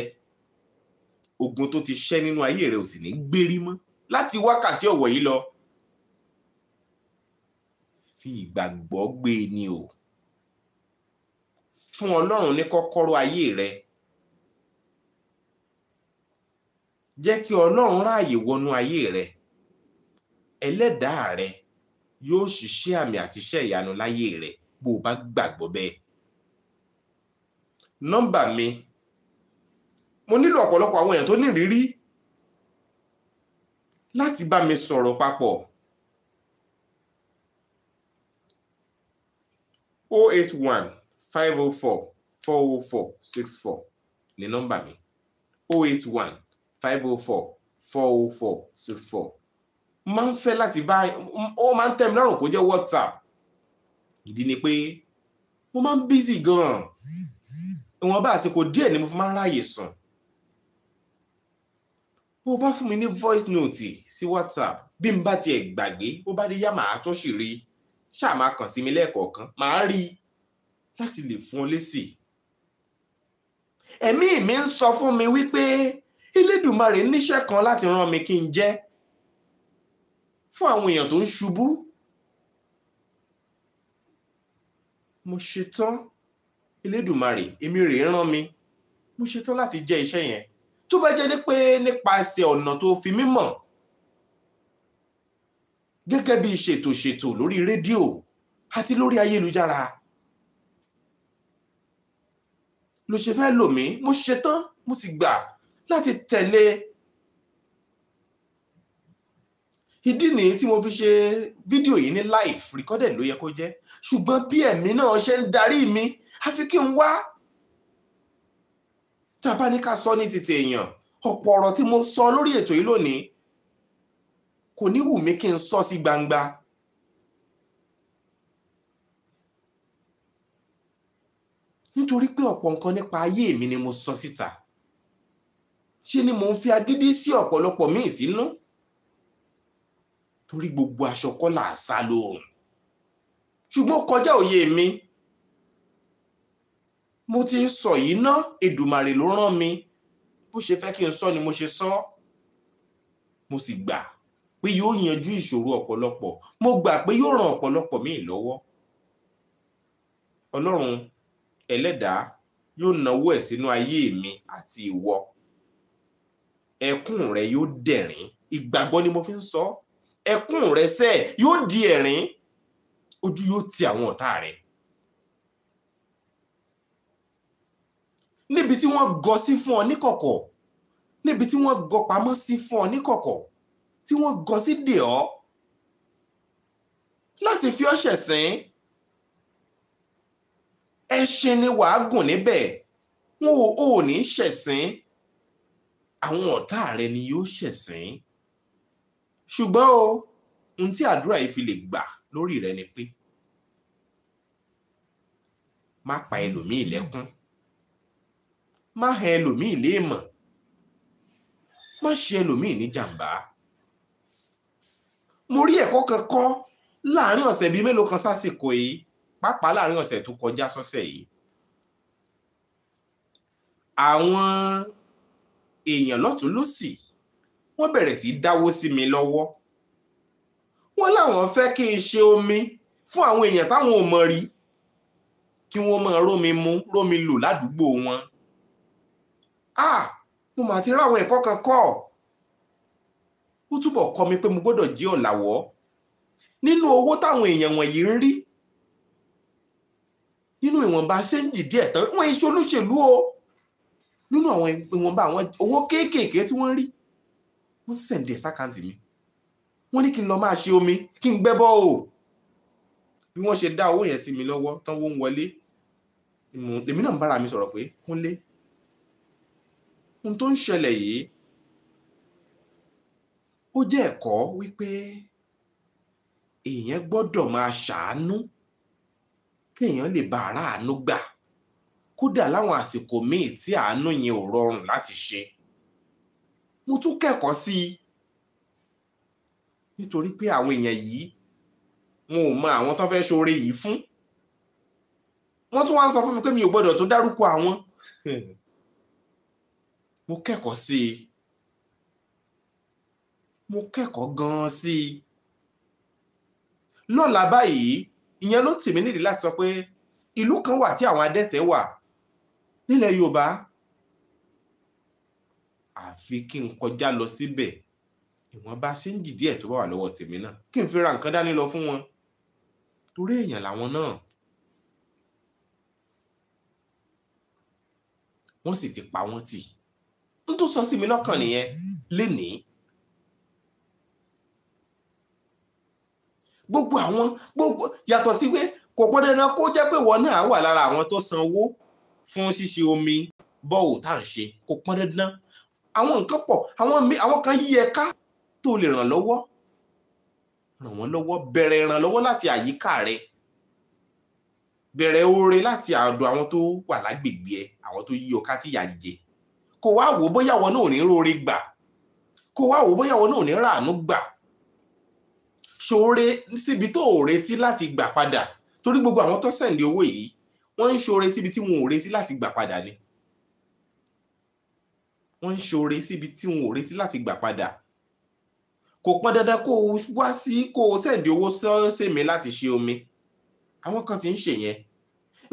ogun tó ti ṣẹ́ nínú ayé rẹ ò sì ní gbérí mọ́ láti wákàtí ọ̀wọ̀ yìí lọ fi ìgbàgbọ́ gbé e ni o fún ọlọ́run ní kọ́kọ́rọ́ ayé rẹ jẹ́ kí ọlọ́run ráàyè wọnú ayé rẹ ẹlẹ́dàá rẹ yóò ṣiṣẹ́ àmì àti iṣẹ́ ìyanu láyé rẹ bó o bá gbàgbọ́ bẹ́ẹ̀. nọ́mbà mi mo nílò ọ̀pọ̀lọpọ̀ àwọn èèyàn tó ní ìrírí láti bá mi sọ̀rọ̀ papọ̀. 081 five oh four four oh four six four ní nọ́mbà mi oh eight one five oh four four oh four six four máa ń fẹ́ láti bá ó máa ń tẹ́ mi lọ́rùn kó jẹ́ whatsapp ìdí ni pé mo máa ń bízì gan-an ìwọ̀nba àsìkò díẹ̀ ni mo fi máa ń ráàyè sùn bó o bá fún mi ní voice note sí whatsapp bí n bá tiẹ̀ gbàgbé bó bá dé yá màá tún sì rí ṣáà máa kàn sí mi lẹ́ẹ̀kọ̀ọ̀kan màá rí i láti lè fún ọ lésì ẹ̀mí mi ń sọ fún mi wípé Elédùmarè níṣẹ́ kan láti rán mi kí n jẹ́ fún àwọn èèyàn tó ń ṣubú mo ṣetán Elédùmarè èmi rèé rán mi mo ṣetán láti jẹ́ iṣẹ́ yẹn tó bá jẹ́ pé nípasẹ̀ ọ̀nà tó fi mí mọ̀ gẹ́gẹ́ bí ṣètòṣètò lórí rédíò àti lórí ayélujára ló ṣe fẹ́ lò mí mo ṣetán mo sì gbà láti tẹ̀lé ìdí nìyí tí mo fi ṣe fídíò yìí ní live recorded ló yẹ kó jẹ́ ṣùgbọ́n bí ẹ̀mí náà ṣe ń darí mi àfi kí n wá tá a bá ní ká sọ ní tètè èèyàn ọ̀pọ̀ ọ̀rọ̀ tí mo sọ lórí ètò yìí lónìí kò ní wù mí kí n sọ sí gbangba nítorí pé ọ̀pọ̀ nǹkan nípa ayé mi ni mo sọ síta ṣe ni mo ń fi agídí sí ọ̀pọ̀lọpọ̀ míì sínú torí gbogbo aṣọ kọ́là àṣà lóòrùn ṣùgbọ́n kọjá òye mi mo ti ń sọ yìí ná Èdùmàrè ló rán mi bó ṣe fẹ́ kí n sọ ni mo ṣe sọ mo sì gbà pé yóò yanjú ìṣòro ọ̀pọ̀lọpọ̀ mo gbà pé yóò ran ọ̀pọ̀lọpọ̀ míì lọ́wọ́ Ọlọ́run ẹlẹ́dàá yóò nawọ́ ẹ̀ sínú ayé mi àti ìwọ ẹkún rẹ yóò dẹ̀rín ìgbàgbọ́ ni mo fi ń sọ ẹkún rẹ sẹ́ yóò di ẹ̀rín ojú yóò ti àwọn ọ̀tá rẹ níbi tí wọ́n gọ sí fún ọ níkọ̀kọ̀ níbi tí wọ́n gọ pamọ́ sí fún ọ níkọ̀kọ̀ tí wọ́n gọ sí dè ọ́ láti fi ọ́ ṣẹ̀sín ẹṣin ni wàá gùn níbẹ̀ wọn ò ní ṣẹ̀sín àwọn ọ̀tá rẹ ni yóò ṣẹ̀sín ṣùgbọ́n o ohun tí àdúrà yìí fi lè gbà lórí rẹ ni pé má pa ẹlòmíì lẹ́kún má hàn ẹlòmíì léèmọ̀ má ṣe ẹlòmíì ní jàǹbá mo rí ẹ̀kọ́ kan kọ́ láàrin ọ̀sẹ̀ bíi mélòó kan sásìkò yìí pàápàá láàrin ọ̀sẹ̀ tó kọjá sọ́sẹ̀ yìí àwọn èèyàn lọ́tún lọ́sì wọ́n bẹ̀rẹ̀ sí dáwó sí mi lọ́wọ́ wọ́n láwọn fẹ́ kí n ṣe omi fún àwọn èèyàn táwọn ò mọ̀ rí kí wọ́n máa rómi mú rómi lò ládùúgbò wọn a ah! mo mà ti ráwọn ẹ̀kọ́ kan kọ́ ó túbọ̀ kọ́ mi pé mo gbọ́dọ̀ jẹ́ ọ̀làwọ́ nínú owó táwọn èèyàn wọ̀nyí ń rí nínú ìwọ̀nba ṣéǹjì díẹ̀ tán wọ́n iṣẹ́ olóṣèlú o nínú àwọn ìwọ̀nba àwọn owó kéékèèké tí wọ́n rí wọ́n sẹ̀ǹdì ẹ̀ sákàǹtì mi wọ́n ní kí n lọ máa ṣe omi kí n gbẹ́bọ́ o bí wọ́n ṣe dá owó yẹn sí mi lọ́wọ́ tán wọ́n ń wọlé èmi náà ń bára mi sọ̀rọ̀ pé kúnlé ohun tó ń ṣẹlẹ̀ yìí ó jẹ́ ẹ̀kọ́ wípé èèyàn gbọ́dọ̀ máa ṣàánú kéèyàn lè bá aráàánú gbà kódà láwọn àsìkò míì tí àánú yẹn ò rọrùn láti ṣe mo tún kẹ́kọ̀ọ́ sí i nítorí pé àwọn èèyàn yìí mo ò mọ àwọn tó fẹ́ ṣoore yìí fún wọ́n tún wá ń sọ fún mi pé mi ò gbọ́dọ̀ tó dárúkọ àwọn mo kẹ́kọ̀ọ́ sí i mo kẹ́kọ̀ọ́ gan sí i lọ́la báyìí ìyẹn ló tì mí nídìí láti sọ pé ìlú kan wà tí àwọn adẹ́tẹ̀ wà nílẹ̀ Yorùbá àfi kí n kọjá lọ síbẹ̀ ìwọ̀nba ṣéǹjì díẹ̀ tó bá wà lọ́wọ́ tèmi náà kí n fi ra nǹkan dání lọ fún wọn torí èèyàn làwọn náà wọ́n sì ti pa wọ́n tì n tó sọ sí mi lọ́kàn nìyẹn lénìí gbogbo àwọn gbogbo yàtọ̀ sí pé kò pọn dandan kó jẹ́ pé wọn náà wà lára àwọn tó san owó fún ṣíṣe omi bọ́ọ̀wù tá à ń ṣe kò pọn dandan àwọn nǹkan pọ̀ àwọn kan yí ẹ̀ka tó lè ràn lọ́wọ́ ràn wọ́n lọ́wọ́ bẹ̀rẹ̀ ìrànlọ́wọ́ láti àyíká rẹ bẹ̀rẹ̀ oore láti àdọ̀ àwọn tó wà lágbègbè ẹ àwọn tó yí ọká tí ìyà ń jẹ kò wá wò bóyá wọn náà ò ní róore gbà kò wá wò bóyá wọn náà ò ní ràánú gbà ṣoore síbi tó ò retí láti gbà padà torí gbogbo àwọn tó sẹ̀ǹdì owó yìí wọ́n ń ṣoore síbi tí wọn ò retí láti gbà padà ni wọ́n ń ṣoore síbi tí wọn ò retí láti gbà padà kò pọn dandan kó o wá sí kó o sẹ̀ǹdì owó sọ́ọ́sẹ̀ mi láti ṣe omi àwọn kan ti ń ṣe yẹn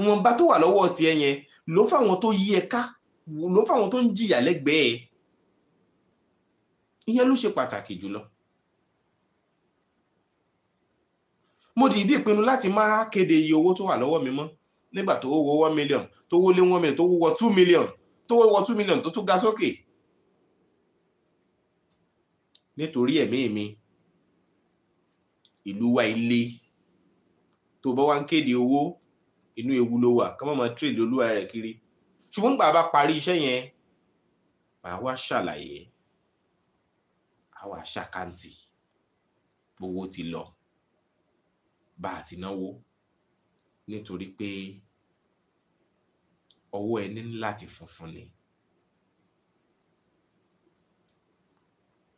ìwọ̀nba tó wà lọ́wọ́ tiẹ̀ yẹn ló fáwọn tó yí ẹ ká ló fáwọn tó ń jìyà lẹ́gbẹ̀ẹ́ ìyẹn ló ṣe pàtàkì jùlọ mo dìídì pinnu láti má kéde iye owó tó wà lọ́wọ́ mi mọ́ nígbà tó wọ one million tó wọlé one million tó wọ two million tó wọ two million tó tún ga sókè nítorí ẹ̀mí mi ìlú wa ilé tó bá wá ń kéde owó inú ewu ló wà ká má máa tírèdì olúwa rẹ̀ kiri ṣùgbọ́n gbà bá parí iṣẹ́ yẹn màá wá ṣàlàyé àwa ṣàkáǹtì gbowó ti lọ bá a ti náwó nítorí pé ọwọ́ ẹni ní láti funfun ni.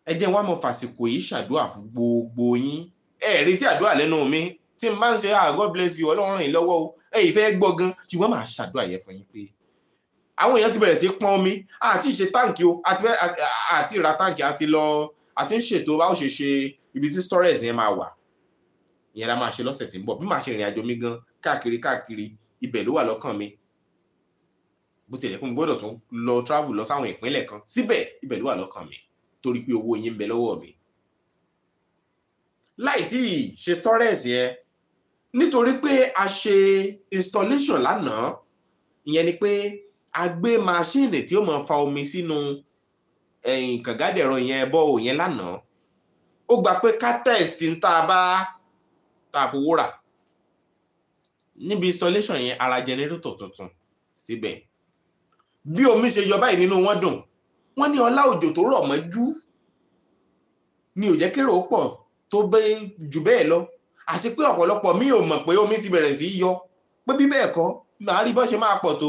ẹ jẹ́ wá mọ fàsìkò yìí ṣàdúrà fún gbogbo yín ẹ retí àdúrà lẹ́nu mi tí n bá ń ṣe ah God bless you ọlọ́run ràn yín lọ́wọ́ o ẹ yìí fẹ́ gan ṣùgbọ́n màá ṣàdúrà yẹn fún yín pé àwọn èèyàn ti bẹ̀rẹ̀ sí pọn omi àti ìṣe táǹkì o àti ra táǹkì àti lọ àti ń ṣètò bá ó ṣe ṣe ibi tí storage yẹn máa wà ìyẹn la máa ṣe lọ́sẹ̀ tí ń bọ̀ bí màá ṣe ìrìn àjò mi gan káàkiri káàkiri ibẹ̀ ló wà lọ́kàn mi bó tilẹ̀ pé mo gbọ́dọ̀ tún lọ travel lọ sáwọn ìpínlẹ̀ kan síbẹ̀ ibẹ̀ ló wà lọ́kàn mi torí pé owó yín ń bẹ lọ́wọ́ mi láì tí ì ṣe storage yẹn nítorí pé a ṣe installation lánàá ìyẹn ni pé a gbé maṣíìnì tí ó máa fa omi sínú kàngádẹ̀rọ yẹn bọ́ọ̀ yẹn lánàá ó gba pé ká test ń tá a bá tá a fowó rà níbi installation yẹn ara jẹnẹrétọ̀ tuntun síbẹ̀ bí omi ṣe yọ báyìí nínú wọn dùn wọ́n ní ọlá òjò tó rọ̀ mọ́jú ni ò jẹ́ kérò pọ̀ tó bẹ jù bẹ́ẹ̀ lọ àti pé ọ̀pọ̀lọpọ̀ mi ò mọ̀ pé omi ti bẹ̀rẹ̀ sí í yọ pé bí bẹ́ẹ̀ kọ́ màá rí bó ṣe máa pọ̀ tó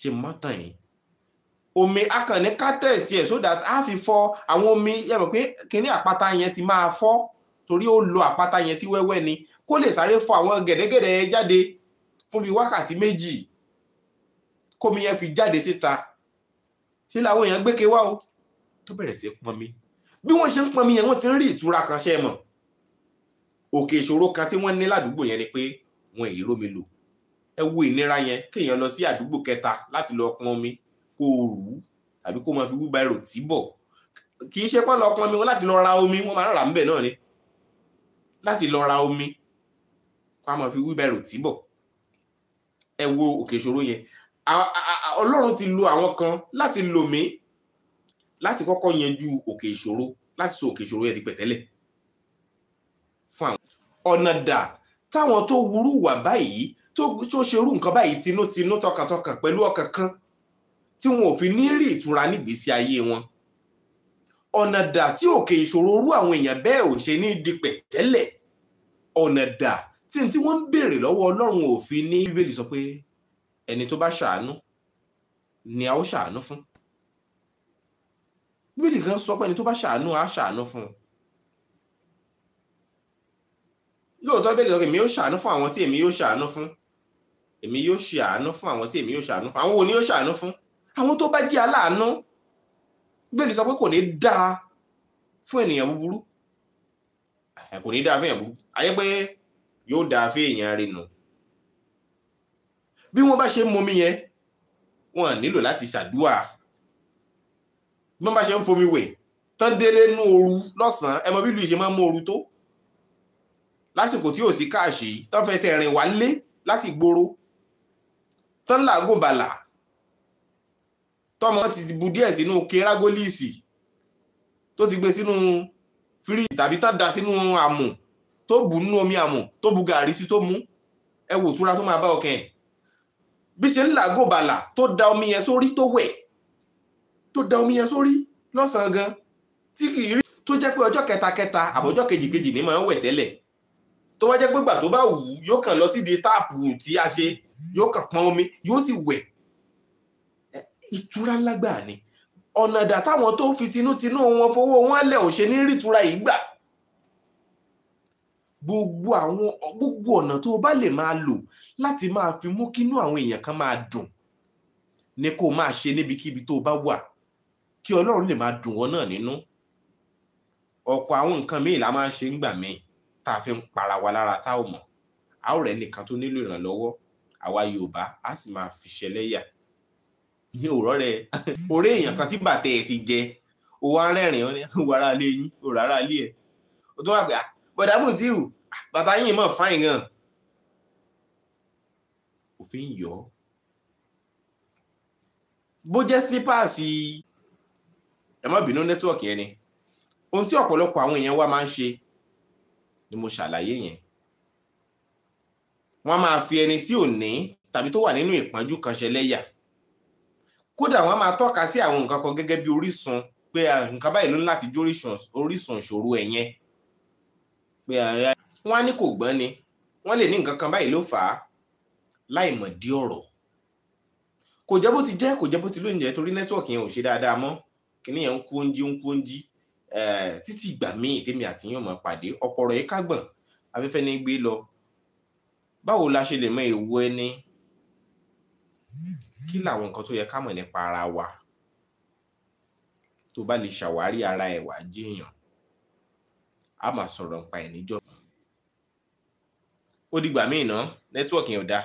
ṣe mọ́tàn yìí omi akànnì kátẹ́ẹ̀sì ẹ̀ so that a fi fọ àwọn omi yẹ mọ̀ pé kíní àpáta yẹn ti máa fọ́ torí ó lo àpáta yẹn sí wẹ́wẹ́ ni kó lè sáré fọ àwọn gẹ̀dẹ́gẹ̀dẹ́ yẹn jáde fún bíi wákàtí méjì kómi yẹn fi jáde síta ṣé làwọn èèyàn gbé ke wá o tó bẹ̀rẹ̀ sí pọnmi bí wọ́n ṣe ń pọnmi yẹn wọ́n ti ń rí ìtura kan ṣe mọ̀ òkè ìṣòro kan tí wọ́n ní ládùúgbò yẹn ni pé wọn èyí rómi lò ẹ wo ìnira yẹn kéèyàn lọ sí àdúgbò kẹta láti lọ pọn omi kó o rù ú tàbí kó o máa fi wíbáìrò tì bọ̀ kì í ṣe pọ́n lọ pọn omi wọn láti lọ ra omi wọ́n máa ń rà ń bẹ̀ náà ni láti lọ ra omi kó a máa fi wíbẹ̀rù tì ẹ wo òkè ìṣòro yẹn ọlọ́run ti lo àwọn kan láti lò mí láti kọ́kọ́ yanjú òkè ìṣòro láti so òkè ìṣòro yẹn di pẹ̀tẹ́lẹ̀ fún àwọn. ọ̀nà dà táwọn tó wúrú wà báyìí tó ṣerú nǹkan báyìí tinútinú tọkàntọkàn pẹ̀lú ọkàn kan tí wọn ò fi ní rí ìtura nígbésí ayé wọn ọ̀nà dà tí òkè ìṣòro rú àwọn èèyàn bẹ́ẹ̀ ò ṣe ní di pẹ̀tẹ́lẹ̀ ọ̀nà dà tí n tí wọ́n ń béèrè lọ́wọ́ ọlọ́run òfin ní bíbélì sọ pé ẹni tó bá ṣàánú ni a ó ṣàánú fún bíbélì kan sọ pé ẹni tó bá ṣàánú a ṣàánú fún un lóòótọ́ bíbélì sọ pé èmi yóò ṣàánú fún àwọn tí èmi yóò ṣàánú fún èmi yóò ṣàánú fún àwọn tí èmi yóò ṣàánú fún àwọn wo ni yóò ṣàánú fún àwọn tó bá jẹ́ aláàánú bíbélì sọ pé kò ní dára fún ènìyàn búburú kò ní dáa fẹ́yàn bú ayé pé yóò dáa fẹ́yàn rí nu bí wọ́n bá ṣe ń momi yẹn wọ́n nílò láti ṣàdúà bí wọ́n bá ṣe ń fomi wẹ̀ tán délé nú ooru lọ́sàn-án ẹ mọ bí ìlú ṣe máa ń mú ooru tó lásìkò tí ò sí káàṣì tán fẹsẹ̀ rìn wá lé láti gbòòrò tán làágùn bàlà tọmọ ti bu díẹ̀ sínú kẹrágólíìsì tó ti gbé sínú firi tàbí tá da sínú àmù tó bù nínú omi àmù tó bu gàrí sí tó mú ẹ wò túra tó máa bá ọkàn ẹ̀ bí ṣe ń làágùn bàlà tó da omi yẹn sórí tó wẹ̀ tó da omi yẹn sórí lọ́sàn-án gan tí kì í rí tó jẹ́ pé ọjọ́ kẹtakẹta àbọ̀jọ́ kejìkejì ni máa ń wẹ̀ tẹ́lẹ̀ tó wá jẹ́ pé gbà tó bá wù yóò kàn lọ sídìí táàpù tí a ṣe yóò kàn pọn omi yóò sì wẹ̀ ìtura ńlá gbà ni ọ̀nà ìdá táwọn tó fi tinútinú wọn fowó wọn lẹ̀ ò ṣe ní rìtura yìí gbà gbogbo àwọn gbogbo ọ̀nà tó o bá lè máa lò láti máa fi mú kínú àwọn èèyàn kan máa dùn ni kó o máa ṣe níbikíbi tó o bá wà kí ọlọ́run lè máa dùn wọn náà nínú ọ̀pọ̀ àwọn nǹkan míì la máa ń ṣe ńgbà míì tá a fi ń para wa lára tá ò mọ̀ a ó rẹ̀ nìkan tó nílò ìrànlọ́wọ́ àwa Yorùbá a sì máa fi ṣẹlẹ́yà ìyẹn ò rọrẹ orí èèyàn kan tí bàtẹ ẹ ti jẹ o wa rẹrìn ọ ní wà ara ilé yín o rà ara ilé ẹ o tó wà pé bọ̀dá Mùtíù bàtà yín mọ̀ fáìn gan òfin yọ bó jẹ́ slippers ẹ má bínú nẹ́tíwọ̀kì yẹn ni ohun tí ọ̀pọ̀lọpọ̀ àwọn èèyàn wa máa ń ṣe ni mo ṣàlàyé yẹn wọ́n máa fi ẹni tí ò ní tàbí tó wà nínú ìpọ́njú kan ṣẹlẹ́yà kódà wọ́n máa tọ́ka sí àwọn nǹkan kan gẹ́gẹ́ bí orísun pé nǹkan báyìí ló ní láti jó orísun ìṣòro ẹ̀ yẹn pé wọ́n á ní kò gbọ́n ni wọ́n lè ní nǹkan kan báyìí ló fà á láì mọ̀ dí ọ̀rọ̀ kò jẹ́ bó ti jẹ́ kò jẹ́ bó ti lóyún jẹ́ torí nẹ́tíwọ̀kì yẹn ò ṣe dáadáa mọ́ kíní yẹn ń kú oúnjí ń kú oúnjí títí ìgbà míì tèmi àti yín ọmọ pàdé ọ̀pọ̀ ọ̀rọ̀ yìí kágbọ̀n afẹ́fẹ́ ní gbé lọ báwo la ṣe lè mọ èèwọ̀ ẹni kí làwọn nǹkan tó yẹ ká mọ̀ nípa ara wa tó bá lè ṣàwárí ara ẹ̀ wá jẹ́èyàn a máa sọ̀rọ̀ nípa ẹ̀ níjọ́ ó dìgbà míì ná nẹ́tíwọ̀kì yẹn ò dáa.